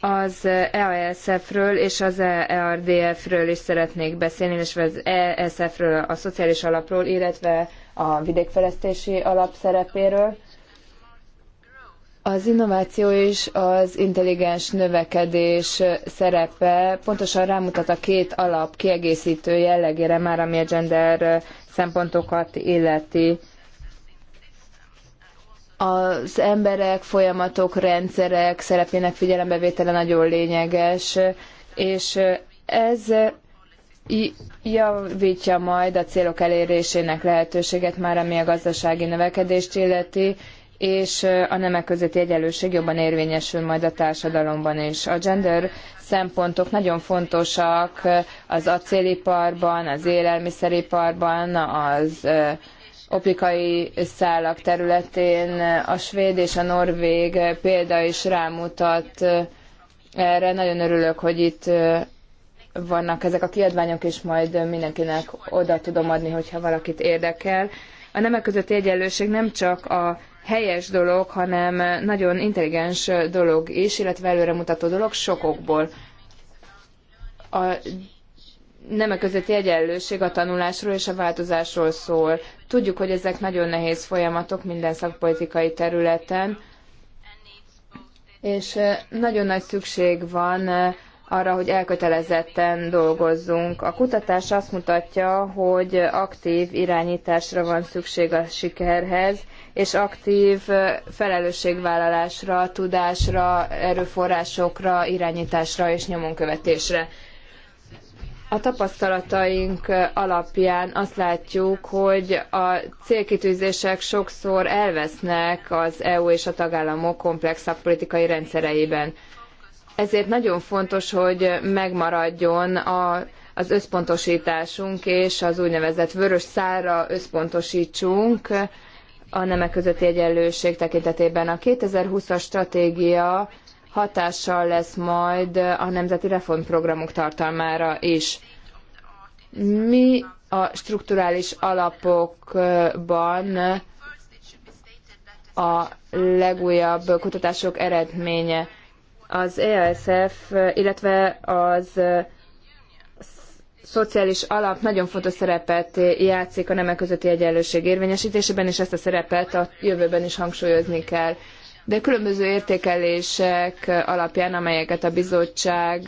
Az EASF-ről és az ERDF-ről is szeretnék beszélni, és az ESF-ről, a szociális alapról, illetve a vidékfejlesztési alap szerepéről. Az innováció és az intelligens növekedés szerepe pontosan rámutat a két alap kiegészítő jellegére már, ami a gender szempontokat illeti az emberek, folyamatok, rendszerek szerepének figyelembevétele nagyon lényeges, és ez javítja majd a célok elérésének lehetőséget már, ami a gazdasági növekedést illeti, és a nemek közötti egyenlőség jobban érvényesül majd a társadalomban is. A gender szempontok nagyon fontosak az acéliparban, az élelmiszeriparban, az opikai szálak területén a svéd és a norvég példa is rámutat erre. Nagyon örülök, hogy itt vannak ezek a kiadványok, és majd mindenkinek oda tudom adni, hogyha valakit érdekel. A nemek közötti egyenlőség nem csak a helyes dolog, hanem nagyon intelligens dolog is, illetve előremutató dolog sokokból. A nemek közötti egyenlőség a tanulásról és a változásról szól. Tudjuk, hogy ezek nagyon nehéz folyamatok minden szakpolitikai területen, és nagyon nagy szükség van arra, hogy elkötelezetten dolgozzunk. A kutatás azt mutatja, hogy aktív irányításra van szükség a sikerhez, és aktív felelősségvállalásra, tudásra, erőforrásokra, irányításra és nyomonkövetésre. A tapasztalataink alapján azt látjuk, hogy a célkitűzések sokszor elvesznek az EU és a tagállamok komplexabb politikai rendszereiben. Ezért nagyon fontos, hogy megmaradjon a, az összpontosításunk és az úgynevezett vörös szára összpontosítsunk a nemek közötti egyenlőség tekintetében. A 2020-as stratégia hatással lesz majd a nemzeti reformprogramok tartalmára is. Mi a strukturális alapokban a legújabb kutatások eredménye? Az EASF, illetve az szociális alap nagyon fontos szerepet játszik a nemek közötti egyenlőség érvényesítésében, és ezt a szerepet a jövőben is hangsúlyozni kell de különböző értékelések alapján, amelyeket a bizottság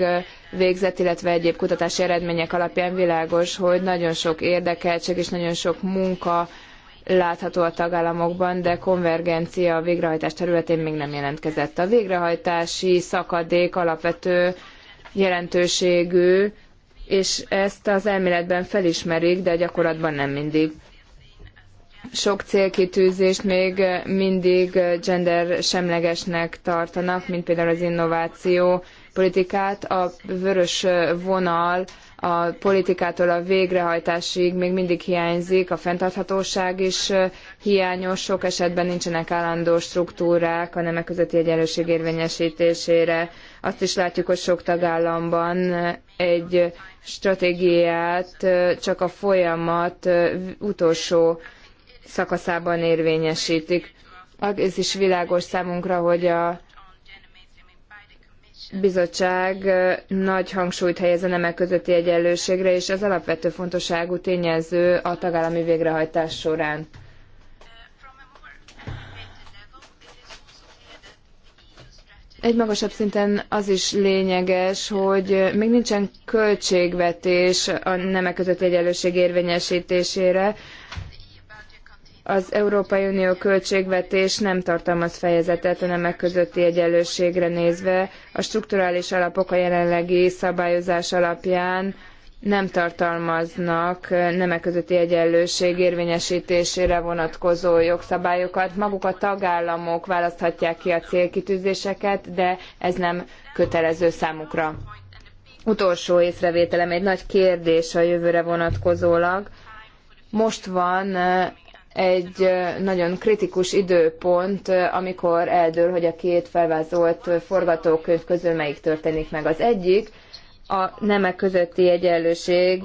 végzett, illetve egyéb kutatási eredmények alapján világos, hogy nagyon sok érdekeltség és nagyon sok munka látható a tagállamokban, de konvergencia a végrehajtás területén még nem jelentkezett. A végrehajtási szakadék alapvető jelentőségű, és ezt az elméletben felismerik, de gyakorlatban nem mindig. Sok célkitűzést még eh, mindig eh, gender semlegesnek tartanak, mint például az innováció politikát. A vörös eh, vonal a politikától a végrehajtásig még mindig hiányzik, a fenntarthatóság is hiányos, sok esetben nincsenek állandó struktúrák a nemek közötti egyenlőség érvényesítésére. Azt is látjuk, hogy sok tagállamban egy stratégiát csak a folyamat utolsó szakaszában érvényesítik. Az is világos számunkra, hogy a bizottság nagy hangsúlyt helyez a nemek közötti egyenlőségre, és ez alapvető fontosságú tényező a tagállami végrehajtás során. Egy magasabb szinten az is lényeges, hogy még nincsen költségvetés a nemek közötti egyenlőség érvényesítésére, az Európai Unió költségvetés nem tartalmaz fejezetet a nemek közötti egyenlőségre nézve. A strukturális alapok a jelenlegi szabályozás alapján nem tartalmaznak nemek közötti egyenlőség érvényesítésére vonatkozó jogszabályokat. Maguk a tagállamok választhatják ki a célkitűzéseket, de ez nem kötelező számukra. Utolsó észrevételem egy nagy kérdés a jövőre vonatkozólag. Most van egy nagyon kritikus időpont, amikor eldől, hogy a két felvázolt forgatókönyv közül melyik történik meg. Az egyik, a nemek közötti egyenlőség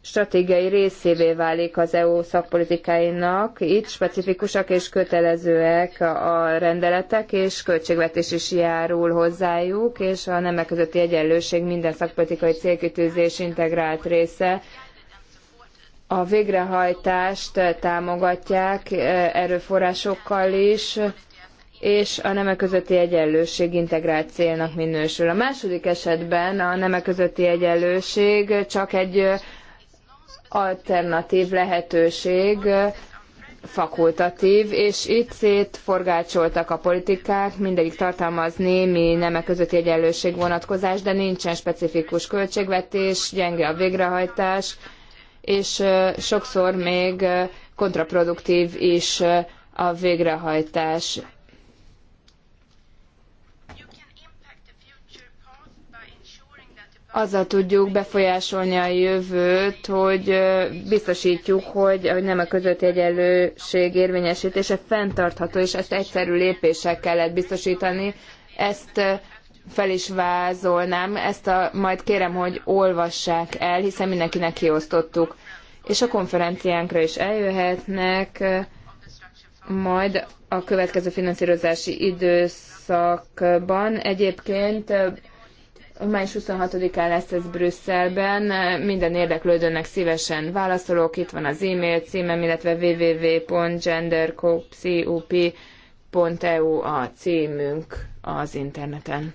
stratégiai részévé válik az EU szakpolitikáinak. Itt specifikusak és kötelezőek a rendeletek, és költségvetés is járul hozzájuk, és a nemek közötti egyenlőség minden szakpolitikai célkitűzés integrált része a végrehajtást eh, támogatják eh, erőforrásokkal is, és a nemek közötti egyenlőség integrált célnak minősül. A második esetben a nemek közötti egyenlőség csak egy eh, alternatív lehetőség, fakultatív, és itt szétforgácsoltak a politikák, mindegyik tartalmaz némi nemek közötti egyenlőség vonatkozás, de nincsen specifikus költségvetés, gyenge a végrehajtás, és sokszor még kontraproduktív is a végrehajtás. Azzal tudjuk befolyásolni a jövőt, hogy biztosítjuk, hogy, nem a közötti egyenlőség érvényesítése fenntartható, és ezt egyszerű lépésekkel lehet biztosítani. Ezt fel is vázolnám, ezt a, majd kérem, hogy olvassák el, hiszen mindenkinek kiosztottuk. És a konferenciánkra is eljöhetnek, majd a következő finanszírozási időszakban. Egyébként május 26-án lesz ez Brüsszelben, minden érdeklődőnek szívesen válaszolok, itt van az e-mail címem, illetve www.gendercopcup.eu a címünk az interneten.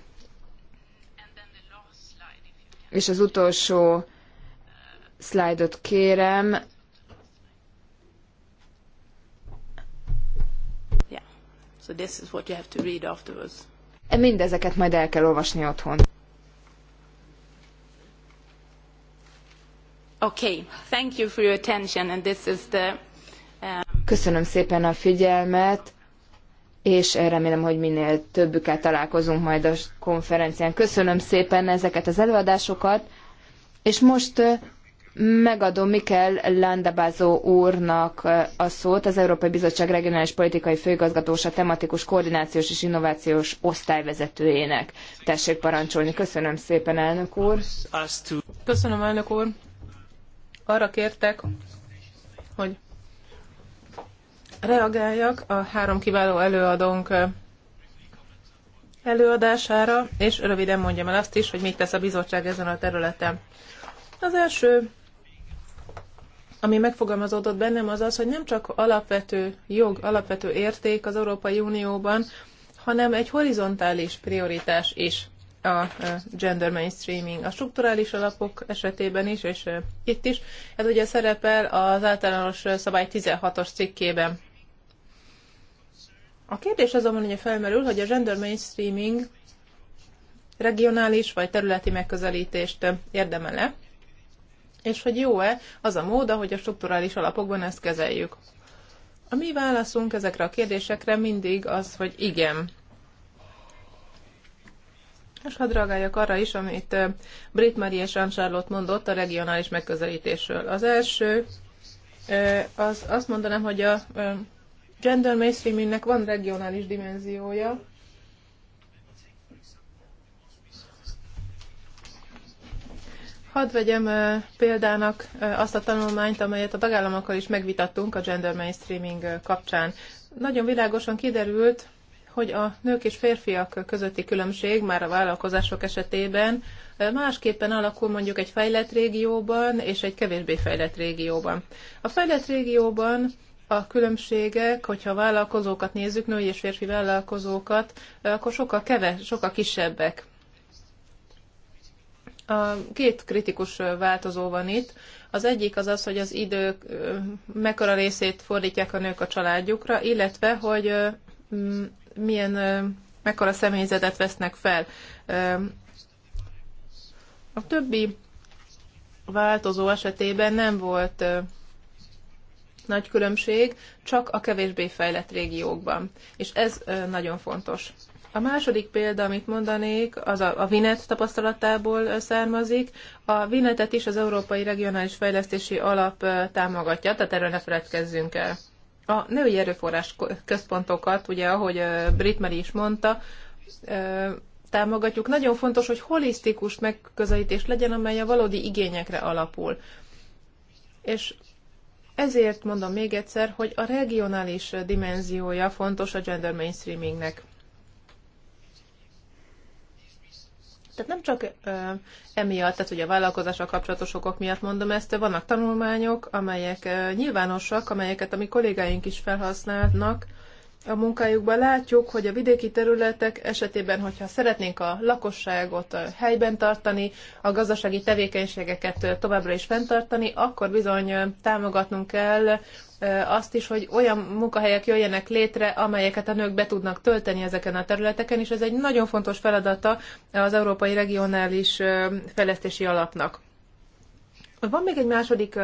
És az utolsó szlájdot kérem. Yeah. So this is what you have to read afterwards. E mindezeket majd el kell olvasni otthon. Okay, thank you for your attention and this is the uh... Köszönöm szépen a figyelmet és remélem, hogy minél többükkel találkozunk majd a konferencián. Köszönöm szépen ezeket az előadásokat, és most megadom Mikel Landabázó úrnak a szót, az Európai Bizottság Regionális Politikai Főigazgatósa tematikus koordinációs és innovációs osztályvezetőjének. Tessék parancsolni. Köszönöm szépen, elnök úr. Köszönöm, elnök úr. Arra kértek, hogy reagáljak a három kiváló előadónk eh, előadására, és röviden mondjam el azt is, hogy mit tesz a bizottság ezen a területen. Az első, ami megfogalmazódott bennem, az az, hogy nem csak alapvető jog, alapvető érték az Európai Unióban, hanem egy horizontális prioritás is a eh, gender mainstreaming a strukturális alapok esetében is, és eh, itt is. Ez ugye szerepel az általános szabály 16-os cikkében. A kérdés azonban ugye felmerül, hogy a gender mainstreaming regionális vagy területi megközelítést érdemele, és hogy jó-e az a mód, ahogy a strukturális alapokban ezt kezeljük. A mi válaszunk ezekre a kérdésekre mindig az, hogy igen. És hadd reagáljak arra is, amit Brit Marie és Charlotte mondott a regionális megközelítésről. Az első, az azt mondanám, hogy a gender mainstreamingnek van regionális dimenziója, Hadd vegyem példának azt a tanulmányt, amelyet a tagállamokkal is megvitattunk a gender mainstreaming kapcsán. Nagyon világosan kiderült, hogy a nők és férfiak közötti különbség már a vállalkozások esetében másképpen alakul mondjuk egy fejlett régióban és egy kevésbé fejlett régióban. A fejlett régióban a különbségek, hogyha a vállalkozókat nézzük, női és férfi vállalkozókat, akkor sokkal keves, sokkal kisebbek. A két kritikus változó van itt. Az egyik az az, hogy az idő mekkora részét fordítják a nők a családjukra, illetve, hogy milyen, mekkora személyzetet vesznek fel. A többi változó esetében nem volt nagy különbség, csak a kevésbé fejlett régiókban. És ez nagyon fontos. A második példa, amit mondanék, az a, a Vinet tapasztalatából származik. A Vinetet is az Európai Regionális Fejlesztési Alap támogatja, tehát erről ne feledkezzünk el. A női erőforrás központokat, ugye, ahogy Brit Mary is mondta, támogatjuk. Nagyon fontos, hogy holisztikus megközelítés legyen, amely a valódi igényekre alapul. És ezért mondom még egyszer, hogy a regionális dimenziója fontos a gender mainstreamingnek. Tehát nem csak ö, emiatt, tehát ugye a vállalkozással kapcsolatos okok miatt mondom ezt, vannak tanulmányok, amelyek ö, nyilvánosak, amelyeket a mi kollégáink is felhasználnak, a munkájukban látjuk, hogy a vidéki területek esetében, hogyha szeretnénk a lakosságot helyben tartani, a gazdasági tevékenységeket továbbra is fenntartani, akkor bizony támogatnunk kell azt is, hogy olyan munkahelyek jöjjenek létre, amelyeket a nők be tudnak tölteni ezeken a területeken, és ez egy nagyon fontos feladata az Európai Regionális Fejlesztési Alapnak. Van még egy második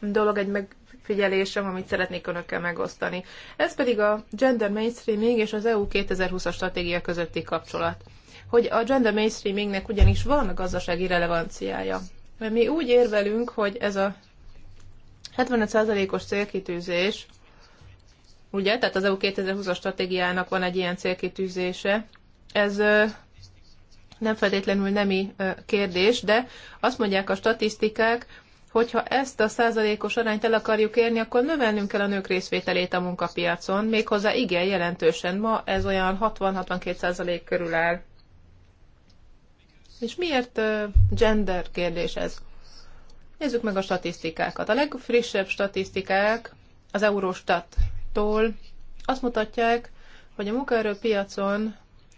dolog, egy meg, megfigyelésem, amit szeretnék önökkel megosztani. Ez pedig a gender mainstreaming és az EU 2020-as stratégia közötti kapcsolat. Hogy a gender mainstreamingnek ugyanis van gazdasági relevanciája. Mert mi úgy érvelünk, hogy ez a 75%-os célkitűzés, ugye, tehát az EU 2020-as stratégiának van egy ilyen célkitűzése, ez nem feltétlenül nemi kérdés, de azt mondják a statisztikák, hogyha ezt a százalékos arányt el akarjuk érni, akkor növelnünk kell a nők részvételét a munkapiacon, méghozzá igen jelentősen. Ma ez olyan 60-62 százalék körül áll. És miért gender kérdés ez? Nézzük meg a statisztikákat. A legfrissebb statisztikák az Eurostat-tól azt mutatják, hogy a munkaerőpiacon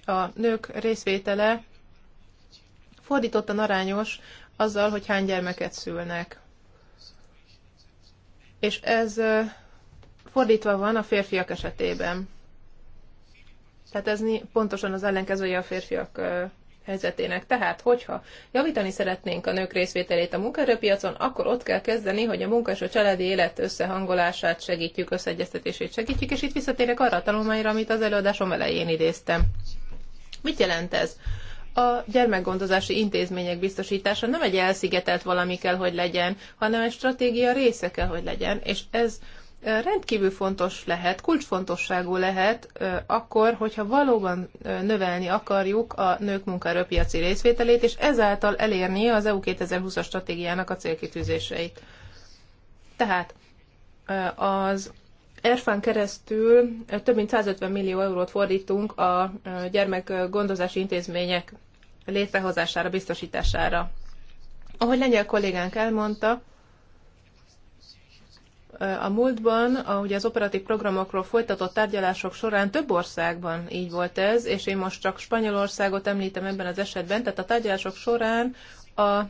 a nők részvétele fordítottan arányos azzal, hogy hány gyermeket szülnek. És ez fordítva van a férfiak esetében. Tehát ez pontosan az ellenkezője a férfiak helyzetének. Tehát, hogyha javítani szeretnénk a nők részvételét a munkaerőpiacon, akkor ott kell kezdeni, hogy a munka és a családi élet összehangolását segítjük, összeegyeztetését segítjük, és itt visszatérek arra a tanulmányra, amit az előadásom elején idéztem. Mit jelent ez? a gyermekgondozási intézmények biztosítása nem egy elszigetelt valami kell, hogy legyen, hanem egy stratégia része kell, hogy legyen, és ez rendkívül fontos lehet, kulcsfontosságú lehet akkor, hogyha valóban növelni akarjuk a nők munkaerőpiaci részvételét, és ezáltal elérni az EU 2020-as stratégiának a célkitűzéseit. Tehát az Erfán keresztül több mint 150 millió eurót fordítunk a gyermekgondozási intézmények létrehozására, biztosítására. Ahogy lengyel kollégánk elmondta, a múltban, ahogy az operatív programokról folytatott tárgyalások során több országban így volt ez, és én most csak Spanyolországot említem ebben az esetben, tehát a tárgyalások során a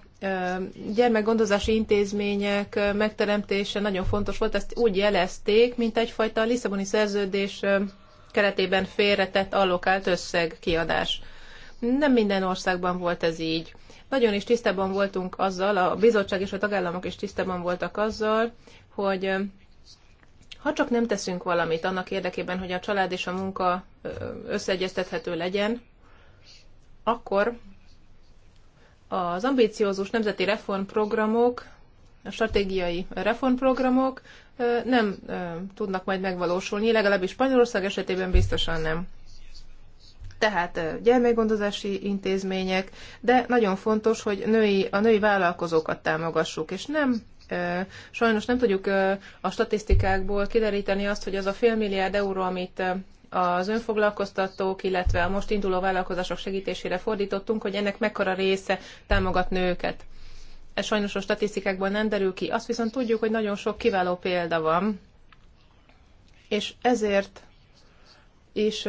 gyermekgondozási intézmények megteremtése nagyon fontos volt, ezt úgy jelezték, mint egyfajta Lisszaboni szerződés keretében félretett allokált összegkiadás. Nem minden országban volt ez így. Nagyon is tisztában voltunk azzal, a bizottság és a tagállamok is tisztában voltak azzal, hogy ha csak nem teszünk valamit annak érdekében, hogy a család és a munka összeegyeztethető legyen, akkor az ambíciózus nemzeti reformprogramok, a stratégiai reformprogramok nem tudnak majd megvalósulni, legalábbis Spanyolország esetében biztosan nem tehát gyermekgondozási intézmények, de nagyon fontos, hogy női, a női vállalkozókat támogassuk, és nem sajnos nem tudjuk a statisztikákból kideríteni azt, hogy az a félmilliárd euró, amit az önfoglalkoztatók, illetve a most induló vállalkozások segítésére fordítottunk, hogy ennek mekkora része támogat nőket. Ez sajnos a statisztikákból nem derül ki. Azt viszont tudjuk, hogy nagyon sok kiváló példa van, és ezért is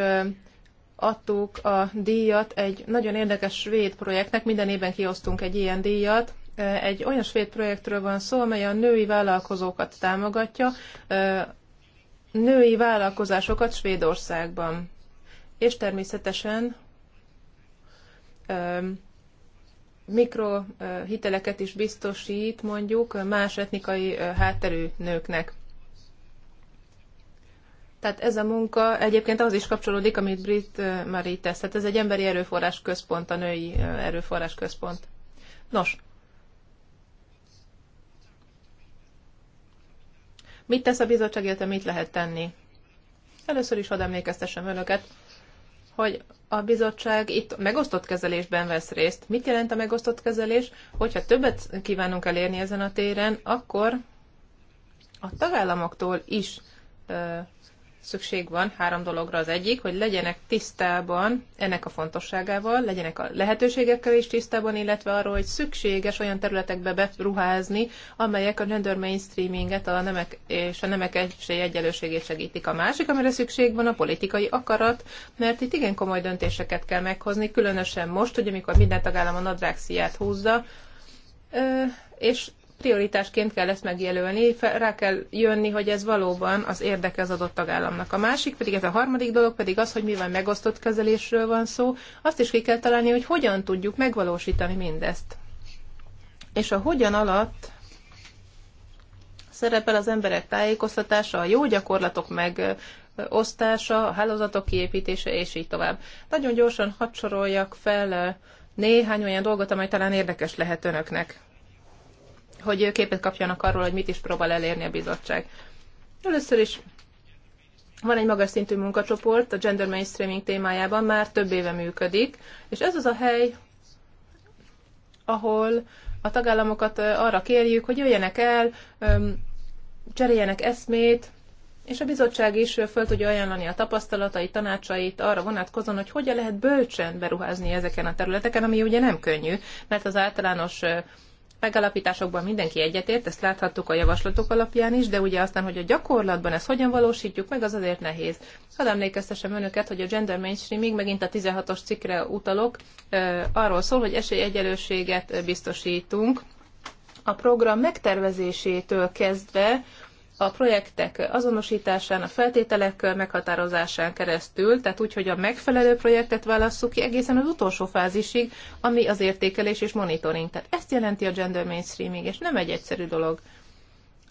adtuk a díjat egy nagyon érdekes svéd projektnek, minden évben kiosztunk egy ilyen díjat, egy olyan svéd projektről van szó, amely a női vállalkozókat támogatja, női vállalkozásokat Svédországban. És természetesen mikrohiteleket is biztosít mondjuk más etnikai hátterű nőknek. Tehát ez a munka egyébként az is kapcsolódik, amit Brit Marie tesz. Tehát ez egy emberi erőforrás központ, a női erőforrás központ. Nos, Mit tesz a bizottság, illetve mit lehet tenni? Először is hadd emlékeztessem önöket, hogy a bizottság itt megosztott kezelésben vesz részt. Mit jelent a megosztott kezelés? Hogyha többet kívánunk elérni ezen a téren, akkor a tagállamoktól is szükség van három dologra. Az egyik, hogy legyenek tisztában ennek a fontosságával, legyenek a lehetőségekkel is tisztában, illetve arról, hogy szükséges olyan területekbe beruházni, amelyek a gender mainstreaminget a nemek és a nemek esély egyenlőségét segítik. A másik, amire szükség van, a politikai akarat, mert itt igen komoly döntéseket kell meghozni, különösen most, hogy amikor minden tagállam a nadrág húzza, és prioritásként kell ezt megjelölni, rá kell jönni, hogy ez valóban az érdeke az adott tagállamnak. A másik pedig, ez a harmadik dolog pedig az, hogy mivel megosztott kezelésről van szó, azt is ki kell találni, hogy hogyan tudjuk megvalósítani mindezt. És a hogyan alatt szerepel az emberek tájékoztatása, a jó gyakorlatok meg osztása, a hálózatok kiépítése, és így tovább. Nagyon gyorsan hadd soroljak fel eh, néhány olyan dolgot, amely talán érdekes lehet önöknek hogy képet kapjanak arról, hogy mit is próbál elérni a bizottság. Először is van egy magas szintű munkacsoport a gender mainstreaming témájában, már több éve működik, és ez az a hely, ahol a tagállamokat arra kérjük, hogy jöjjenek el, cseréljenek eszmét, és a bizottság is föl tudja ajánlani a tapasztalatai tanácsait arra vonatkozóan, hogy hogyan lehet bölcsen beruházni ezeken a területeken, ami ugye nem könnyű, mert az általános megalapításokban mindenki egyetért, ezt láthattuk a javaslatok alapján is, de ugye aztán, hogy a gyakorlatban ezt hogyan valósítjuk meg, az azért nehéz. Hadd emlékeztessem önöket, hogy a gender mainstream, még megint a 16-os cikkre utalok, arról szól, hogy esélyegyelőséget biztosítunk. A program megtervezésétől kezdve a projektek azonosításán, a feltételek meghatározásán keresztül, tehát úgy, hogy a megfelelő projektet válasszuk ki egészen az utolsó fázisig, ami az értékelés és monitoring. Tehát ezt jelenti a gender mainstreaming, és nem egy egyszerű dolog.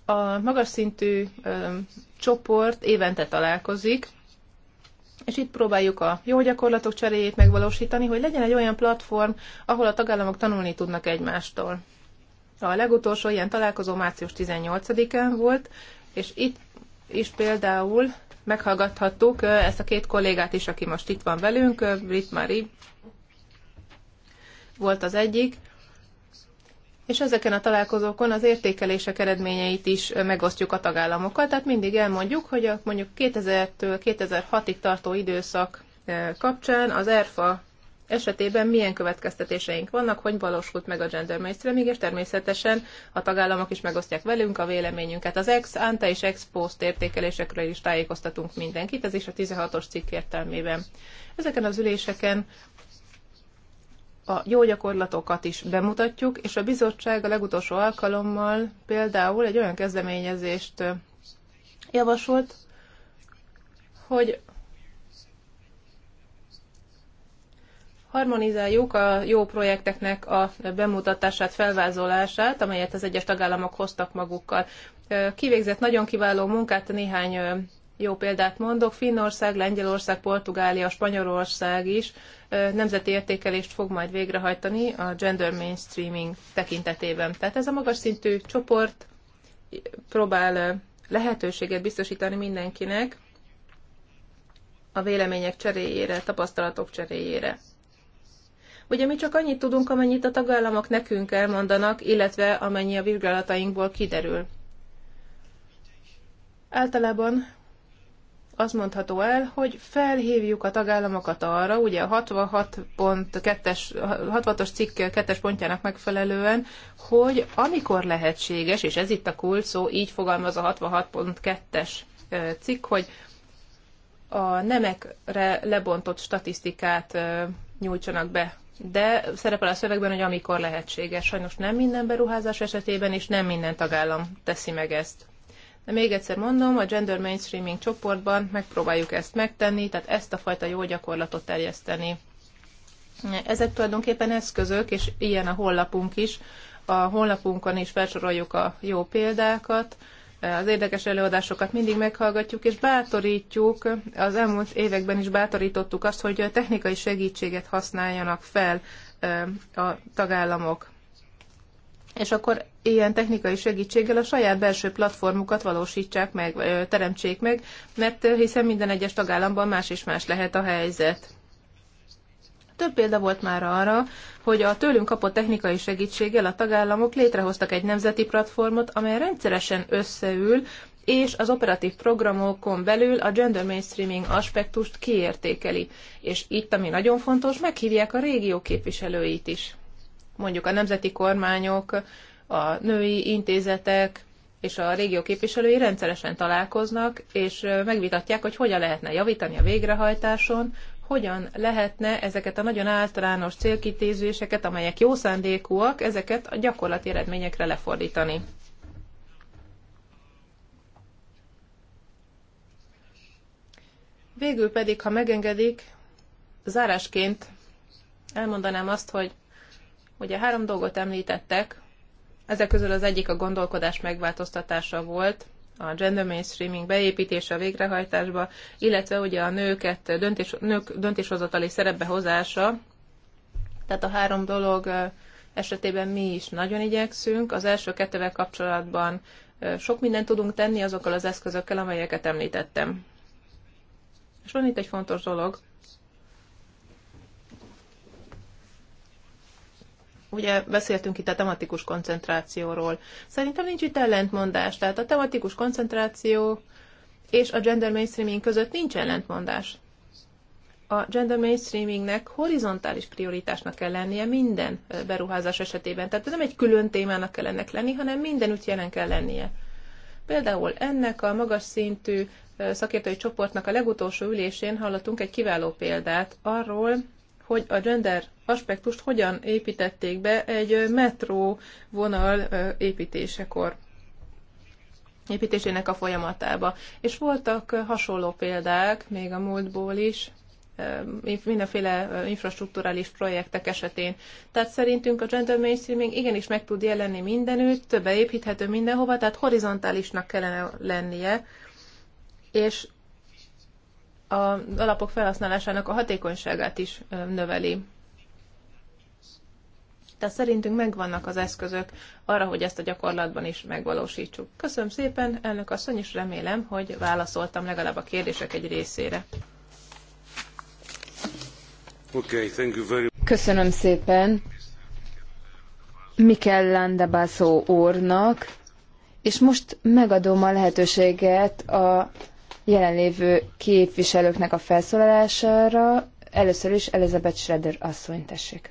A magas szintű ö, csoport évente találkozik, és itt próbáljuk a jó gyakorlatok cseréjét megvalósítani, hogy legyen egy olyan platform, ahol a tagállamok tanulni tudnak egymástól. A legutolsó ilyen találkozó március 18-án volt, és itt is például meghallgathattuk ezt a két kollégát is, aki most itt van velünk, Brit Marie volt az egyik, és ezeken a találkozókon az értékelések eredményeit is megosztjuk a tagállamokkal, tehát mindig elmondjuk, hogy a mondjuk 2000-től 2006-ig tartó időszak kapcsán az ERFA esetében milyen következtetéseink vannak, hogy valósult meg a gender mainstreaming, és természetesen a tagállamok is megosztják velünk a véleményünket. Az ex ante és ex post értékelésekről is tájékoztatunk mindenkit, ez is a 16-os cikk értelmében. Ezeken az üléseken a jó gyakorlatokat is bemutatjuk, és a bizottság a legutolsó alkalommal például egy olyan kezdeményezést javasolt, hogy harmonizáljuk a jó projekteknek a bemutatását, felvázolását, amelyet az egyes tagállamok hoztak magukkal. Kivégzett nagyon kiváló munkát, néhány jó példát mondok, Finnország, Lengyelország, Portugália, Spanyolország is nemzeti értékelést fog majd végrehajtani a gender mainstreaming tekintetében. Tehát ez a magas szintű csoport próbál lehetőséget biztosítani mindenkinek a vélemények cseréjére, tapasztalatok cseréjére. Ugye mi csak annyit tudunk, amennyit a tagállamok nekünk elmondanak, illetve amennyi a vizsgálatainkból kiderül. Általában azt mondható el, hogy felhívjuk a tagállamokat arra, ugye a 66.2-es, cikk 2 pontjának megfelelően, hogy amikor lehetséges, és ez itt a kulcs, szó, így fogalmaz a 66.2-es cikk, hogy a nemekre lebontott statisztikát nyújtsanak be de szerepel a szövegben, hogy amikor lehetséges. Sajnos nem minden beruházás esetében, és nem minden tagállam teszi meg ezt. De még egyszer mondom, a Gender Mainstreaming csoportban megpróbáljuk ezt megtenni, tehát ezt a fajta jó gyakorlatot terjeszteni. Ezek tulajdonképpen eszközök, és ilyen a honlapunk is. A honlapunkon is felsoroljuk a jó példákat, az érdekes előadásokat mindig meghallgatjuk, és bátorítjuk, az elmúlt években is bátorítottuk azt, hogy technikai segítséget használjanak fel a tagállamok. És akkor ilyen technikai segítséggel a saját belső platformukat valósítsák meg, teremtsék meg, mert hiszen minden egyes tagállamban más és más lehet a helyzet. Több példa volt már arra, hogy a tőlünk kapott technikai segítséggel a tagállamok létrehoztak egy nemzeti platformot, amely rendszeresen összeül, és az operatív programokon belül a gender mainstreaming aspektust kiértékeli. És itt, ami nagyon fontos, meghívják a régió képviselőit is. Mondjuk a nemzeti kormányok, a női intézetek és a régió képviselői rendszeresen találkoznak, és megvitatják, hogy hogyan lehetne javítani a végrehajtáson, hogyan lehetne ezeket a nagyon általános célkitézéseket, amelyek jó szándékúak, ezeket a gyakorlati eredményekre lefordítani. Végül pedig, ha megengedik, zárásként elmondanám azt, hogy ugye három dolgot említettek, ezek közül az egyik a gondolkodás megváltoztatása volt, a gender mainstreaming beépítése a végrehajtásba, illetve ugye a nőket döntés, nők döntéshozatali szerepbe hozása. Tehát a három dolog esetében mi is nagyon igyekszünk. Az első kettővel kapcsolatban sok mindent tudunk tenni azokkal az eszközökkel, amelyeket említettem. És van itt egy fontos dolog, Ugye beszéltünk itt a tematikus koncentrációról. Szerintem nincs itt ellentmondás, tehát a tematikus koncentráció és a gender mainstreaming között nincs ellentmondás. A gender mainstreamingnek horizontális prioritásnak kell lennie minden beruházás esetében. Tehát ez nem egy külön témának kell ennek lenni, hanem mindenütt jelen kell lennie. Például ennek a magas szintű szakértői csoportnak a legutolsó ülésén hallottunk egy kiváló példát arról, hogy a gender aspektust hogyan építették be egy metró vonal építésekor építésének a folyamatába. És voltak hasonló példák még a múltból is, mindenféle infrastruktúrális projektek esetén. Tehát szerintünk a gender mainstreaming igenis meg tud jelenni mindenütt, beépíthető mindenhova, tehát horizontálisnak kellene lennie, és a alapok felhasználásának a hatékonyságát is növeli. Tehát szerintünk megvannak az eszközök arra, hogy ezt a gyakorlatban is megvalósítsuk. Köszönöm szépen, elnök asszony, és remélem, hogy válaszoltam legalább a kérdések egy részére. Okay, thank you very... Köszönöm szépen Mikel Landabászó úrnak, és most megadom a lehetőséget a jelenlévő képviselőknek a felszólalására. Először is Elizabeth Schroeder asszony, tessék.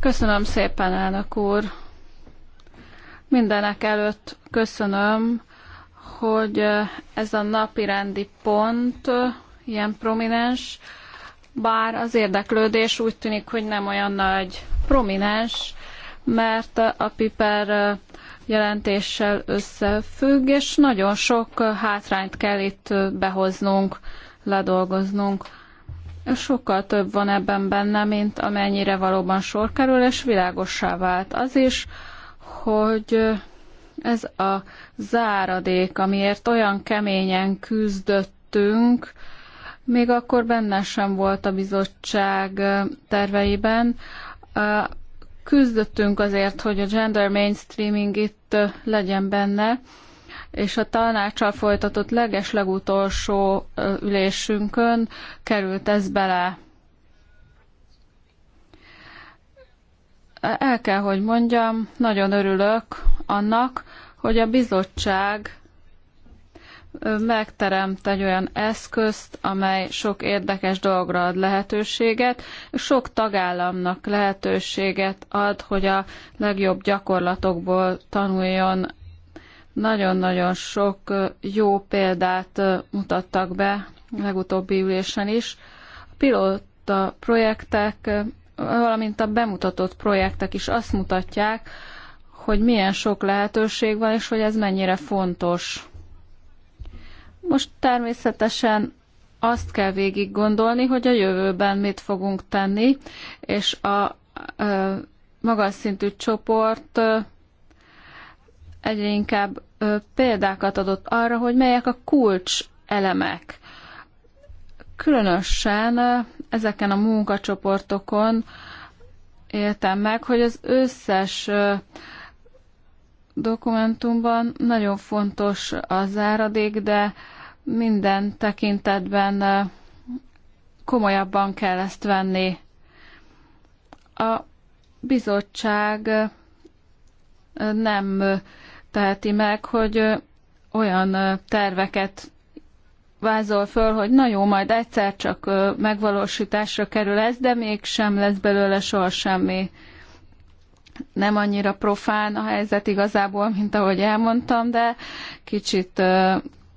Köszönöm szépen, elnök úr. Mindenek előtt köszönöm, hogy ez a napirendi pont ilyen prominens, bár az érdeklődés úgy tűnik, hogy nem olyan nagy prominens, mert a Piper jelentéssel összefügg, és nagyon sok hátrányt kell itt behoznunk, ledolgoznunk. Sokkal több van ebben benne, mint amennyire valóban sor kerül, és világossá vált az is, hogy ez a záradék, amiért olyan keményen küzdöttünk, még akkor benne sem volt a bizottság terveiben, küzdöttünk azért, hogy a gender mainstreaming itt legyen benne, és a tanácssal folytatott leges legutolsó ülésünkön került ez bele. El kell, hogy mondjam, nagyon örülök annak, hogy a bizottság megteremt egy olyan eszközt, amely sok érdekes dologra ad lehetőséget, sok tagállamnak lehetőséget ad, hogy a legjobb gyakorlatokból tanuljon. Nagyon-nagyon sok jó példát mutattak be legutóbbi ülésen is. A pilóta projektek, valamint a bemutatott projektek is azt mutatják, hogy milyen sok lehetőség van, és hogy ez mennyire fontos most természetesen azt kell végig gondolni, hogy a jövőben mit fogunk tenni, és a ö, magas szintű csoport ö, egyre inkább ö, példákat adott arra, hogy melyek a kulcs elemek. Különösen ö, ezeken a munkacsoportokon éltem meg, hogy az összes ö, dokumentumban nagyon fontos az áradék, de ö, minden tekintetben komolyabban kell ezt venni. A bizottság nem teheti meg, hogy olyan terveket vázol föl, hogy na jó, majd egyszer csak megvalósításra kerül ez, de mégsem lesz belőle soha semmi. Nem annyira profán a helyzet igazából, mint ahogy elmondtam, de kicsit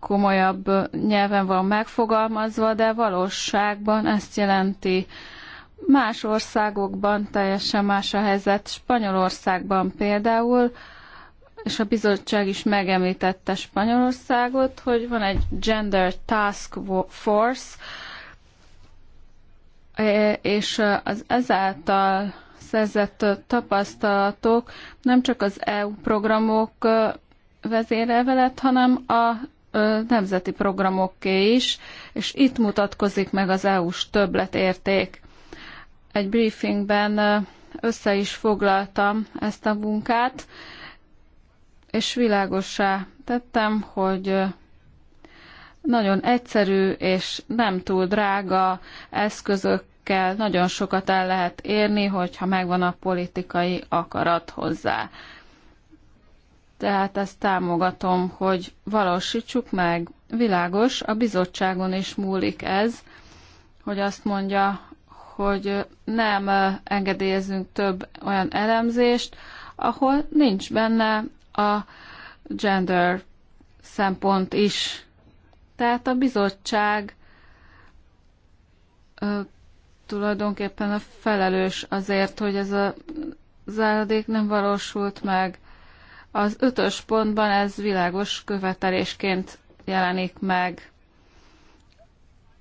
komolyabb nyelven van megfogalmazva, de valóságban ezt jelenti. Más országokban teljesen más a helyzet. Spanyolországban például, és a bizottság is megemlítette Spanyolországot, hogy van egy Gender Task Force, e, és az ezáltal szerzett tapasztalatok nem csak az EU programok vezérelve lett, hanem a nemzeti programokké is, és itt mutatkozik meg az EU-s többletérték. Egy briefingben össze is foglaltam ezt a munkát, és világossá tettem, hogy nagyon egyszerű és nem túl drága eszközökkel nagyon sokat el lehet érni, hogyha megvan a politikai akarat hozzá tehát ezt támogatom, hogy valósítsuk meg. Világos, a bizottságon is múlik ez, hogy azt mondja, hogy nem engedélyezünk több olyan elemzést, ahol nincs benne a gender szempont is. Tehát a bizottság tulajdonképpen a felelős azért, hogy ez a záradék nem valósult meg. Az ötös pontban ez világos követelésként jelenik meg.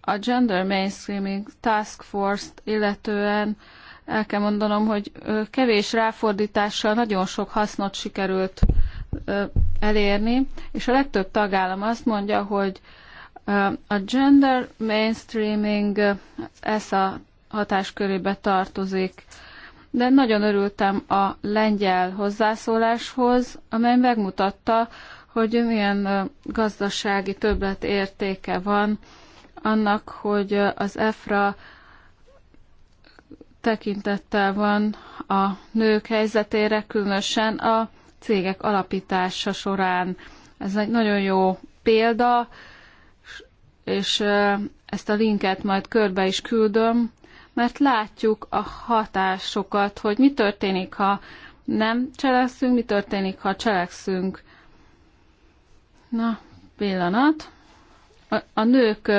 A Gender Mainstreaming Task Force-t illetően el kell mondanom, hogy kevés ráfordítással nagyon sok hasznot sikerült elérni, és a legtöbb tagállam azt mondja, hogy a gender mainstreaming ez a hatáskörébe tartozik de nagyon örültem a lengyel hozzászóláshoz, amely megmutatta, hogy milyen gazdasági többlet értéke van annak, hogy az EFRA tekintettel van a nők helyzetére, különösen a cégek alapítása során. Ez egy nagyon jó példa, és ezt a linket majd körbe is küldöm, mert látjuk a hatásokat, hogy mi történik, ha nem cselekszünk, mi történik, ha cselekszünk. Na, pillanat. A, a nők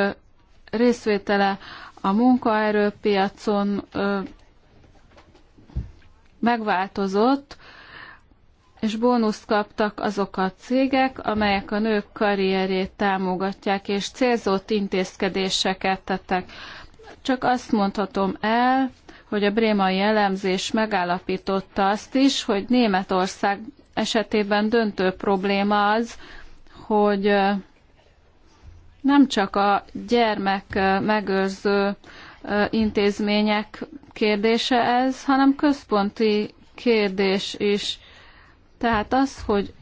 részvétele a munkaerőpiacon ö, megváltozott, és bónuszt kaptak azok a cégek, amelyek a nők karrierét támogatják, és célzott intézkedéseket tettek. Csak azt mondhatom el, hogy a brémai elemzés megállapította azt is, hogy Németország esetében döntő probléma az, hogy nem csak a gyermek megőrző intézmények kérdése ez, hanem központi kérdés is. Tehát az, hogy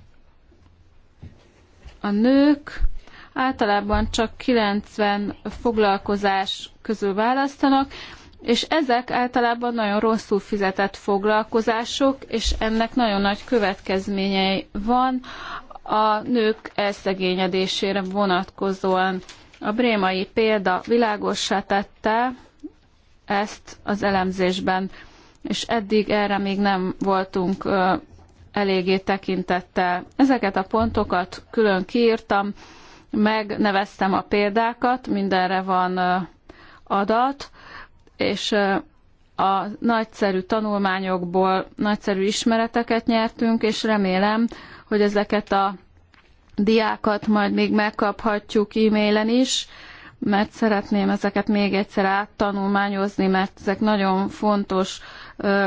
a nők általában csak 90 foglalkozás közül választanak, és ezek általában nagyon rosszul fizetett foglalkozások, és ennek nagyon nagy következményei van a nők elszegényedésére vonatkozóan. A brémai példa világossá tette ezt az elemzésben, és eddig erre még nem voltunk eléggé tekintettel. Ezeket a pontokat külön kiírtam, megneveztem a példákat, mindenre van adat, és a nagyszerű tanulmányokból nagyszerű ismereteket nyertünk, és remélem, hogy ezeket a diákat majd még megkaphatjuk e-mailen is, mert szeretném ezeket még egyszer áttanulmányozni, mert ezek nagyon fontos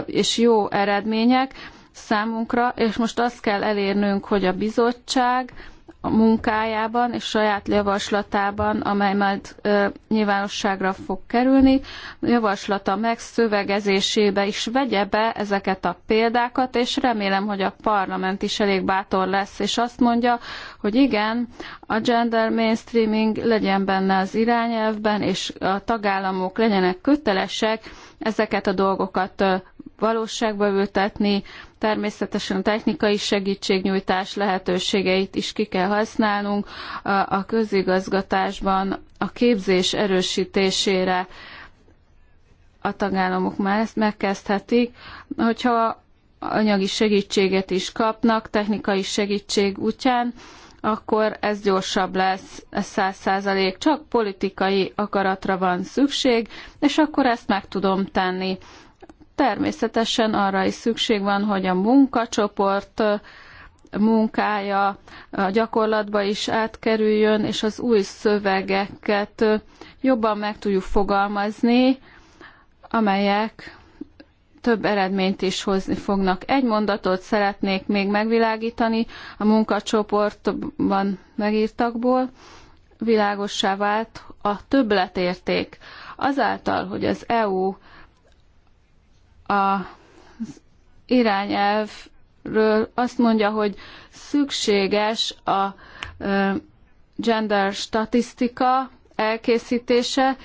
és jó eredmények számunkra, és most azt kell elérnünk, hogy a bizottság, a munkájában és saját javaslatában, amely majd ö, nyilvánosságra fog kerülni. A javaslata megszövegezésébe is vegye be ezeket a példákat, és remélem, hogy a parlament is elég bátor lesz, és azt mondja, hogy igen, a gender mainstreaming legyen benne az irányelvben, és a tagállamok legyenek kötelesek ezeket a dolgokat valóságba ültetni, Természetesen a technikai segítségnyújtás lehetőségeit is ki kell használnunk a közigazgatásban a képzés erősítésére a tagállamok már ezt megkezdhetik. Hogyha anyagi segítséget is kapnak, technikai segítség útján, akkor ez gyorsabb lesz, ez száz százalék, csak politikai akaratra van szükség, és akkor ezt meg tudom tenni természetesen arra is szükség van, hogy a munkacsoport munkája a gyakorlatba is átkerüljön, és az új szövegeket jobban meg tudjuk fogalmazni, amelyek több eredményt is hozni fognak. Egy mondatot szeretnék még megvilágítani a munkacsoportban megírtakból. Világossá vált a többletérték. Azáltal, hogy az EU az irányelvről azt mondja, hogy szükséges a gender statisztika elkészítése,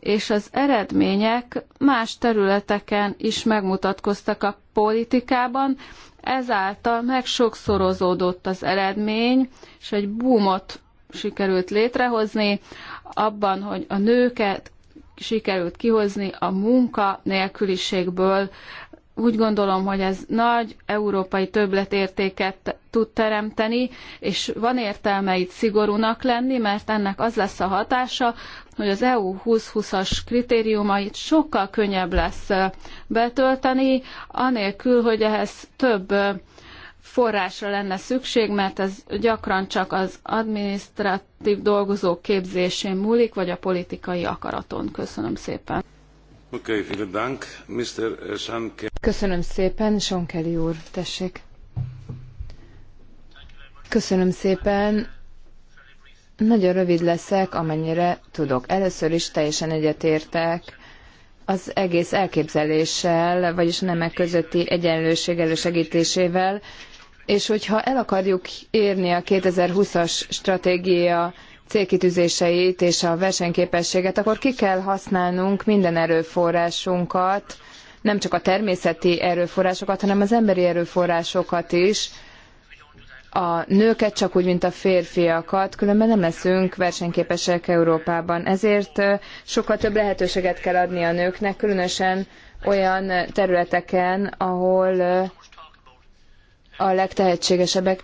és az eredmények más területeken is megmutatkoztak a politikában, ezáltal megsokszorozódott az eredmény, és egy boomot sikerült létrehozni abban, hogy a nőket sikerült kihozni a munka nélküliségből. Úgy gondolom, hogy ez nagy európai többletértéket tud teremteni, és van értelme itt szigorúnak lenni, mert ennek az lesz a hatása, hogy az EU 2020-as kritériumait sokkal könnyebb lesz betölteni, anélkül, hogy ehhez több forrásra lenne szükség, mert ez gyakran csak az administratív dolgozók képzésén múlik, vagy a politikai akaraton. Köszönöm szépen. Okay, vielen Dank, Mr. Eh, Sean Köszönöm szépen, Sean úr, tessék. Köszönöm szépen. Nagyon rövid leszek, amennyire tudok. Először is teljesen egyetértek az egész elképzeléssel, vagyis a nemek közötti egyenlőség elősegítésével, és hogyha el akarjuk érni a 2020-as stratégia célkitűzéseit és a versenyképességet, akkor ki kell használnunk minden erőforrásunkat, nem csak a természeti erőforrásokat, hanem az emberi erőforrásokat is, a nőket csak úgy, mint a férfiakat, különben nem leszünk versenyképesek Európában. Ezért sokkal több lehetőséget kell adni a nőknek, különösen olyan területeken, ahol a legtehetségesebbek.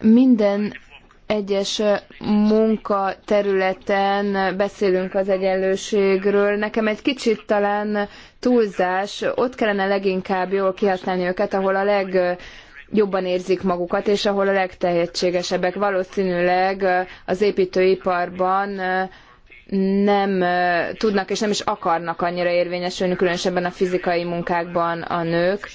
Minden egyes munka területen beszélünk az egyenlőségről. Nekem egy kicsit talán túlzás, ott kellene leginkább jól kihasználni őket, ahol a leg jobban érzik magukat, és ahol a legtehetségesebbek. Valószínűleg az építőiparban nem tudnak és nem is akarnak annyira érvényesülni, különösebben a fizikai munkákban a nők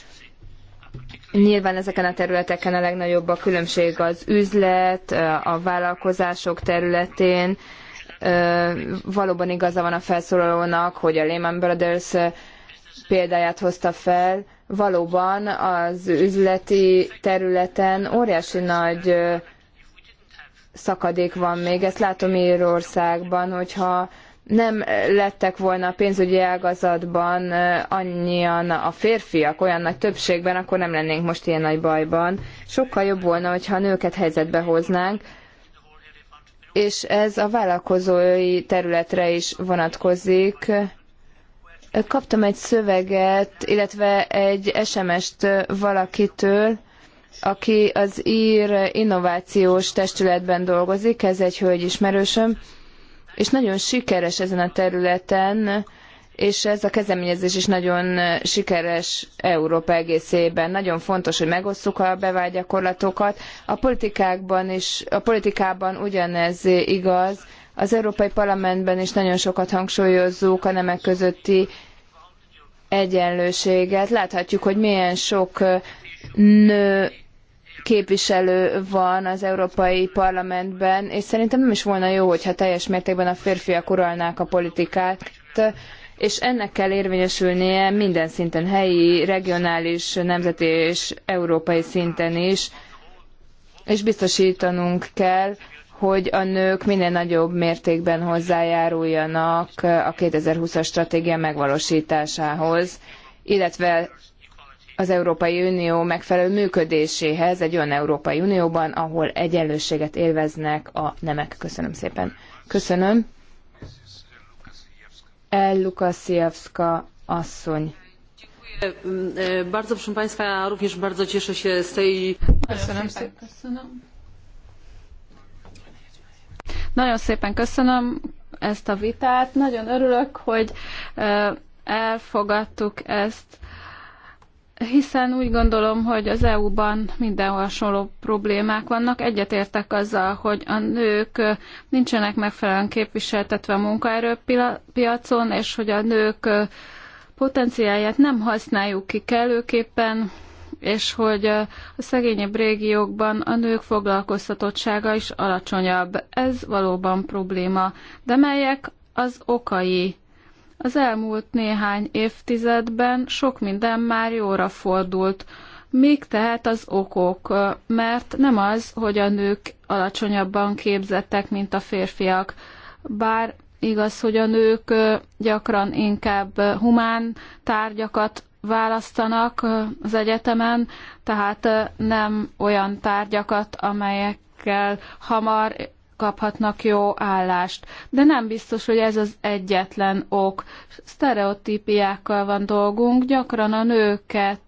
Nyilván ezeken a területeken a legnagyobb a különbség az üzlet, a vállalkozások területén. Valóban igaza van a felszólalónak, hogy a Lehman Brothers példáját hozta fel. Valóban az üzleti területen óriási nagy szakadék van még. Ezt látom Írországban, hogyha nem lettek volna a pénzügyi ágazatban annyian a férfiak olyan nagy többségben, akkor nem lennénk most ilyen nagy bajban. Sokkal jobb volna, hogyha a nőket helyzetbe hoznánk, és ez a vállalkozói területre is vonatkozik. Kaptam egy szöveget, illetve egy SMS-t valakitől, aki az ír innovációs testületben dolgozik, ez egy hölgy ismerősöm, és nagyon sikeres ezen a területen, és ez a kezdeményezés is nagyon sikeres Európa egészében. Nagyon fontos, hogy megosszuk a bevált gyakorlatokat. A politikákban is, a politikában ugyanez igaz. Az Európai Parlamentben is nagyon sokat hangsúlyozzuk a nemek közötti egyenlőséget. Láthatjuk, hogy milyen sok nő képviselő van az Európai Parlamentben, és szerintem nem is volna jó, hogyha teljes mértékben a férfiak uralnák a politikát, és ennek kell érvényesülnie minden szinten, helyi, regionális, nemzeti és európai szinten is, és biztosítanunk kell, hogy a nők minél nagyobb mértékben hozzájáruljanak a 2020-as stratégia megvalósításához, illetve az Európai Unió megfelelő működéséhez egy olyan Európai Unióban, ahol egyenlőséget élveznek a nemek. Köszönöm szépen. Köszönöm. El Lukaszijewska asszony. Bardzo, proszę Państwa, ja również bardzo cieszę się z tej... Köszönöm szépen. Nagyon szépen köszönöm ezt a vitát. Nagyon örülök, hogy eh, elfogadtuk ezt hiszen úgy gondolom, hogy az EU-ban minden hasonló problémák vannak. Egyetértek azzal, hogy a nők nincsenek megfelelően képviseltetve a munkaerőpiacon, és hogy a nők potenciáját nem használjuk ki kellőképpen, és hogy a szegényebb régiókban a nők foglalkoztatottsága is alacsonyabb. Ez valóban probléma. De melyek az okai az elmúlt néhány évtizedben sok minden már jóra fordult. még tehát az okok? Mert nem az, hogy a nők alacsonyabban képzettek, mint a férfiak. Bár igaz, hogy a nők gyakran inkább humán tárgyakat választanak az egyetemen, tehát nem olyan tárgyakat, amelyekkel hamar kaphatnak jó állást. De nem biztos, hogy ez az egyetlen ok. Sztereotípiákkal van dolgunk, gyakran a nőket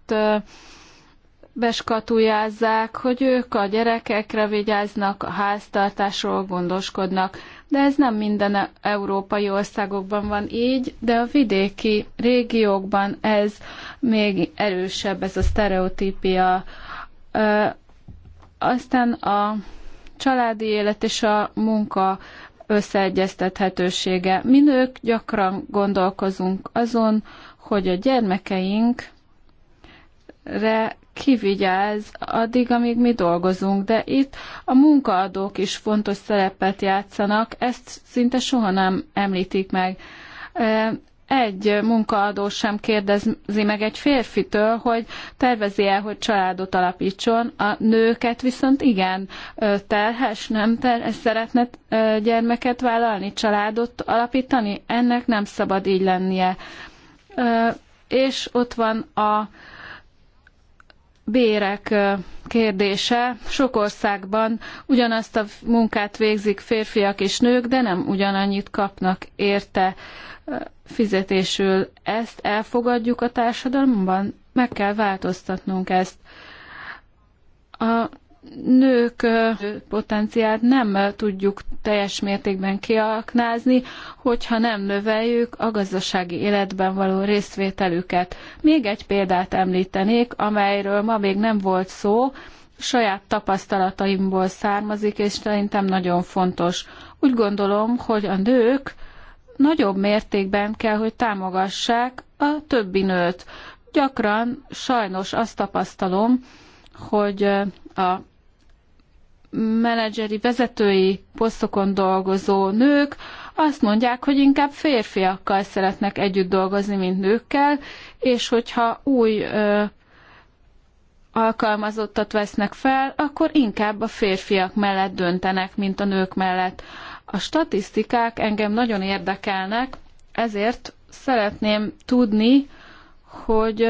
beskatujázzák, hogy ők a gyerekekre vigyáznak, a háztartásról gondoskodnak. De ez nem minden európai országokban van így, de a vidéki régiókban ez még erősebb, ez a sztereotípia. Ö, aztán a családi élet és a munka összeegyeztethetősége. Mi nők gyakran gondolkozunk azon, hogy a gyermekeinkre kivigyáz addig, amíg mi dolgozunk, de itt a munkaadók is fontos szerepet játszanak, ezt szinte soha nem említik meg egy munkaadó sem kérdezi meg egy férfitől, hogy tervezi el, hogy családot alapítson, a nőket viszont igen, terhes, nem terhes, szeretne gyermeket vállalni, családot alapítani, ennek nem szabad így lennie. És ott van a bérek kérdése. Sok országban ugyanazt a munkát végzik férfiak és nők, de nem ugyanannyit kapnak érte fizetésül. Ezt elfogadjuk a társadalomban? Meg kell változtatnunk ezt. A nők potenciált nem tudjuk teljes mértékben kiaknázni, hogyha nem növeljük a gazdasági életben való részvételüket. Még egy példát említenék, amelyről ma még nem volt szó, saját tapasztalataimból származik, és szerintem nagyon fontos. Úgy gondolom, hogy a nők nagyobb mértékben kell, hogy támogassák a többi nőt. Gyakran sajnos azt tapasztalom, hogy a menedzseri, vezetői posztokon dolgozó nők azt mondják, hogy inkább férfiakkal szeretnek együtt dolgozni, mint nőkkel, és hogyha új ö, alkalmazottat vesznek fel, akkor inkább a férfiak mellett döntenek, mint a nők mellett. A statisztikák engem nagyon érdekelnek, ezért szeretném tudni, hogy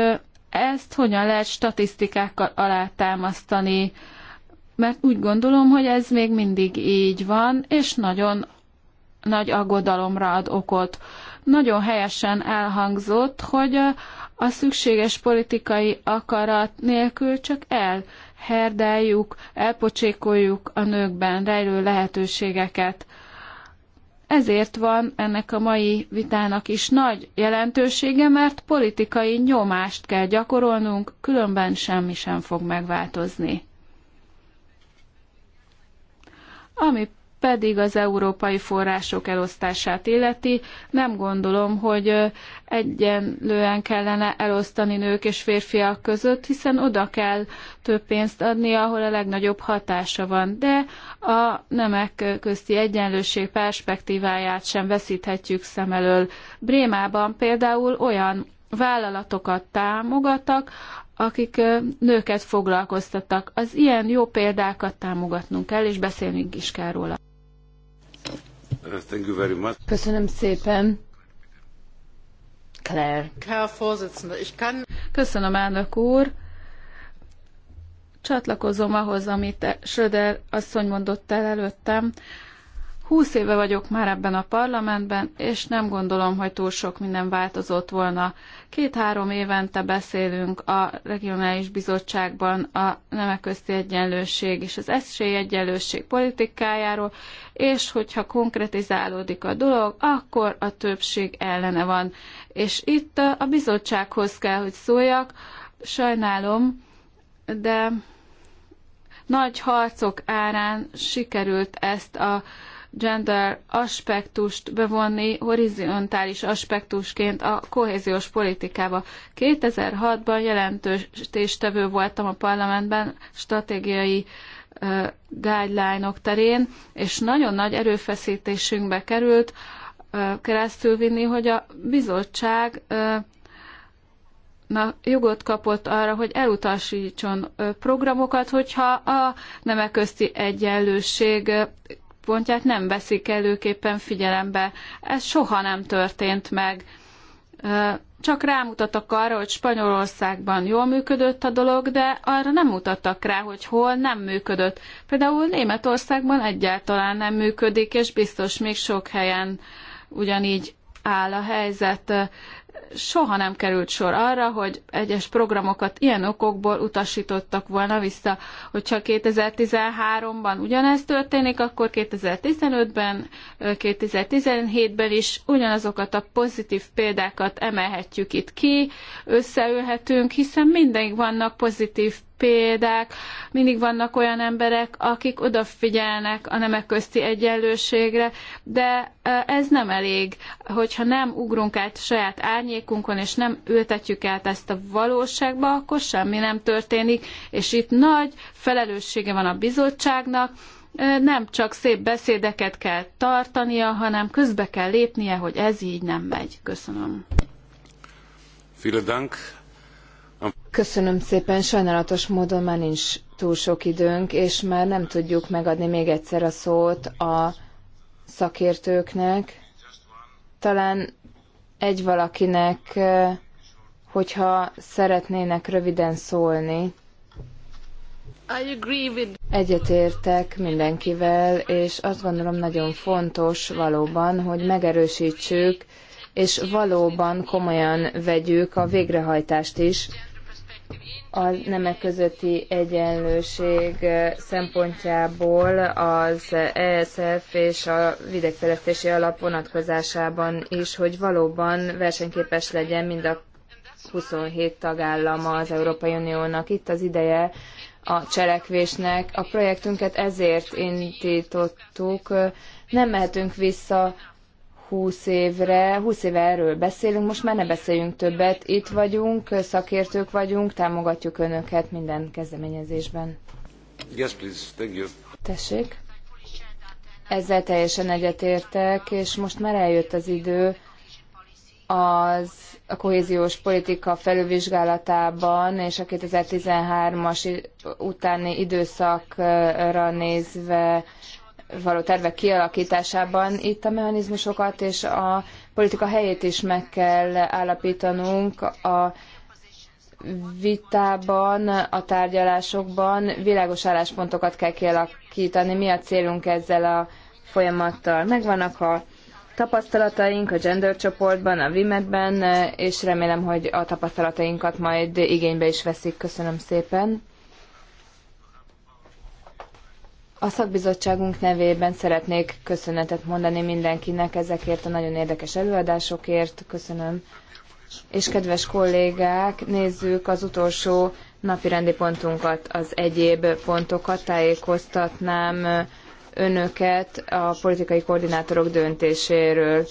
ezt hogyan lehet statisztikákkal alátámasztani, mert úgy gondolom, hogy ez még mindig így van, és nagyon nagy aggodalomra ad okot. Nagyon helyesen elhangzott, hogy a szükséges politikai akarat nélkül csak elherdeljük, elpocsékoljuk a nőkben rejlő lehetőségeket. Ezért van ennek a mai vitának is nagy jelentősége, mert politikai nyomást kell gyakorolnunk, különben semmi sem fog megváltozni. Ami pedig az európai források elosztását illeti. Nem gondolom, hogy egyenlően kellene elosztani nők és férfiak között, hiszen oda kell több pénzt adni, ahol a legnagyobb hatása van. De a nemek közti egyenlőség perspektíváját sem veszíthetjük szem elől. Brémában például olyan vállalatokat támogattak, akik nőket foglalkoztattak. Az ilyen jó példákat támogatnunk kell, és beszélnünk is kell róla. Köszönöm szépen. Claire. Köszönöm, elnök úr. Csatlakozom ahhoz, amit Söder asszony mondott el előttem. Húsz éve vagyok már ebben a parlamentben, és nem gondolom, hogy túl sok minden változott volna. Két-három évente beszélünk a regionális bizottságban a nemek közti egyenlőség és az esélyegyenlőség politikájáról, és hogyha konkretizálódik a dolog, akkor a többség ellene van. És itt a bizottsághoz kell, hogy szóljak. Sajnálom, de nagy harcok árán sikerült ezt a gender aspektust bevonni horizontális aspektusként a kohéziós politikába. 2006-ban jelentős tevő voltam a parlamentben stratégiai uh, guideline-ok -ok terén, és nagyon nagy erőfeszítésünkbe került uh, keresztülvinni, hogy a bizottság uh, na, jogot kapott arra, hogy elutasítson programokat, hogyha a nemek közti egyenlőség álláspontját nem veszik előképpen figyelembe. Ez soha nem történt meg. Csak rámutatok arra, hogy Spanyolországban jól működött a dolog, de arra nem mutattak rá, hogy hol nem működött. Például Németországban egyáltalán nem működik, és biztos még sok helyen ugyanígy áll a helyzet soha nem került sor arra, hogy egyes programokat ilyen okokból utasítottak volna vissza. Hogyha 2013-ban ugyanez történik, akkor 2015-ben, 2017-ben is ugyanazokat a pozitív példákat emelhetjük itt ki, összeülhetünk, hiszen mindig vannak pozitív példák, mindig vannak olyan emberek, akik odafigyelnek a nemek közti egyenlőségre, de e, ez nem elég, hogyha nem ugrunk át saját árnyékunkon, és nem ültetjük át ezt a valóságba, akkor semmi nem történik, és itt nagy felelőssége van a bizottságnak, e, nem csak szép beszédeket kell tartania, hanem közbe kell lépnie, hogy ez így nem megy. Köszönöm. Vielen Dank. Köszönöm szépen, sajnálatos módon már nincs túl sok időnk, és már nem tudjuk megadni még egyszer a szót a szakértőknek. Talán egy valakinek, eh, hogyha szeretnének röviden szólni. Egyetértek mindenkivel, és azt gondolom nagyon fontos valóban, hogy megerősítsük, és valóban komolyan vegyük a végrehajtást is a nemek közötti egyenlőség eh, szempontjából az ESF és a vidékfejlesztési alap vonatkozásában is, hogy valóban versenyképes legyen mind a 27 tagállama az Európai Uniónak. Itt az ideje a cselekvésnek. A projektünket ezért indítottuk. Nem mehetünk vissza 20 évre, 20 éve erről beszélünk, most már ne beszéljünk többet. Itt vagyunk, szakértők vagyunk, támogatjuk Önöket minden kezdeményezésben. Yes, please. Thank you. Tessék. Ezzel teljesen egyetértek, és most már eljött az idő az a kohéziós politika felülvizsgálatában és a 2013-as utáni időszakra nézve való tervek kialakításában itt a mechanizmusokat és a politika helyét is meg kell állapítanunk a vitában, a tárgyalásokban világos álláspontokat kell kialakítani, mi a célunk ezzel a folyamattal. Megvannak a tapasztalataink a gender csoportban, a Vimetben, és remélem, hogy a tapasztalatainkat majd igénybe is veszik. Köszönöm szépen. A szakbizottságunk nevében szeretnék köszönetet mondani mindenkinek ezekért a nagyon érdekes előadásokért. Köszönöm. És kedves kollégák, nézzük az utolsó napirendi pontunkat, az egyéb pontokat. Tájékoztatnám önöket a politikai koordinátorok döntéséről,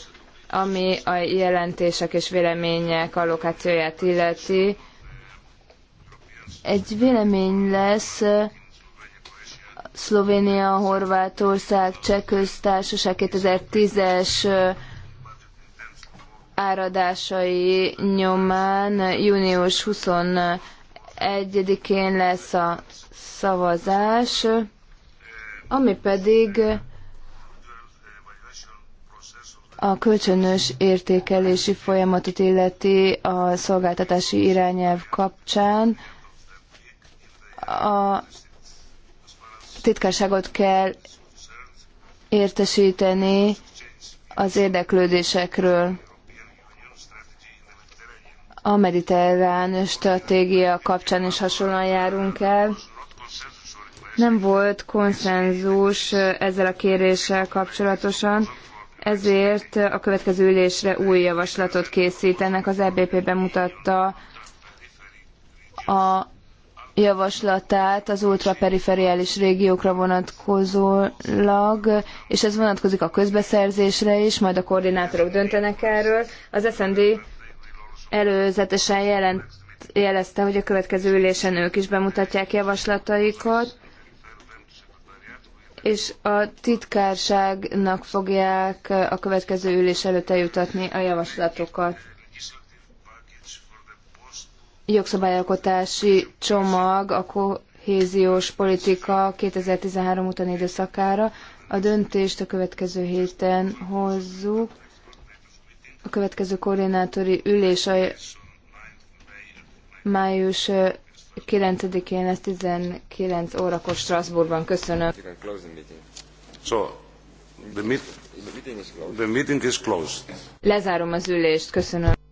ami a jelentések és vélemények allokációját illeti. Egy vélemény lesz Szlovénia, Horvátország, Cseh köztársaság 2010-es áradásai nyomán június 21-én lesz a szavazás, ami pedig a kölcsönös értékelési folyamatot illeti a szolgáltatási irányelv kapcsán. A titkárságot kell értesíteni az érdeklődésekről. A mediterrán stratégia kapcsán is hasonlóan járunk el. Nem volt konszenzus ezzel a kéréssel kapcsolatosan, ezért a következő ülésre új javaslatot készítenek. Az EBP bemutatta a javaslatát az ultraperiferiális régiókra vonatkozólag, és ez vonatkozik a közbeszerzésre is, majd a koordinátorok döntenek erről. Az SND előzetesen jelent, jelezte, hogy a következő ülésen ők is bemutatják javaslataikat, és a titkárságnak fogják a következő ülés előtt eljutatni a javaslatokat jogszabályalkotási csomag a kohéziós politika 2013 utáni időszakára. A döntést a következő héten hozzuk. A következő koordinátori ülés a május 9-én, lesz 19 órakor Strasbourgban. Köszönöm. So, the meeting is closed. Lezárom az ülést, köszönöm.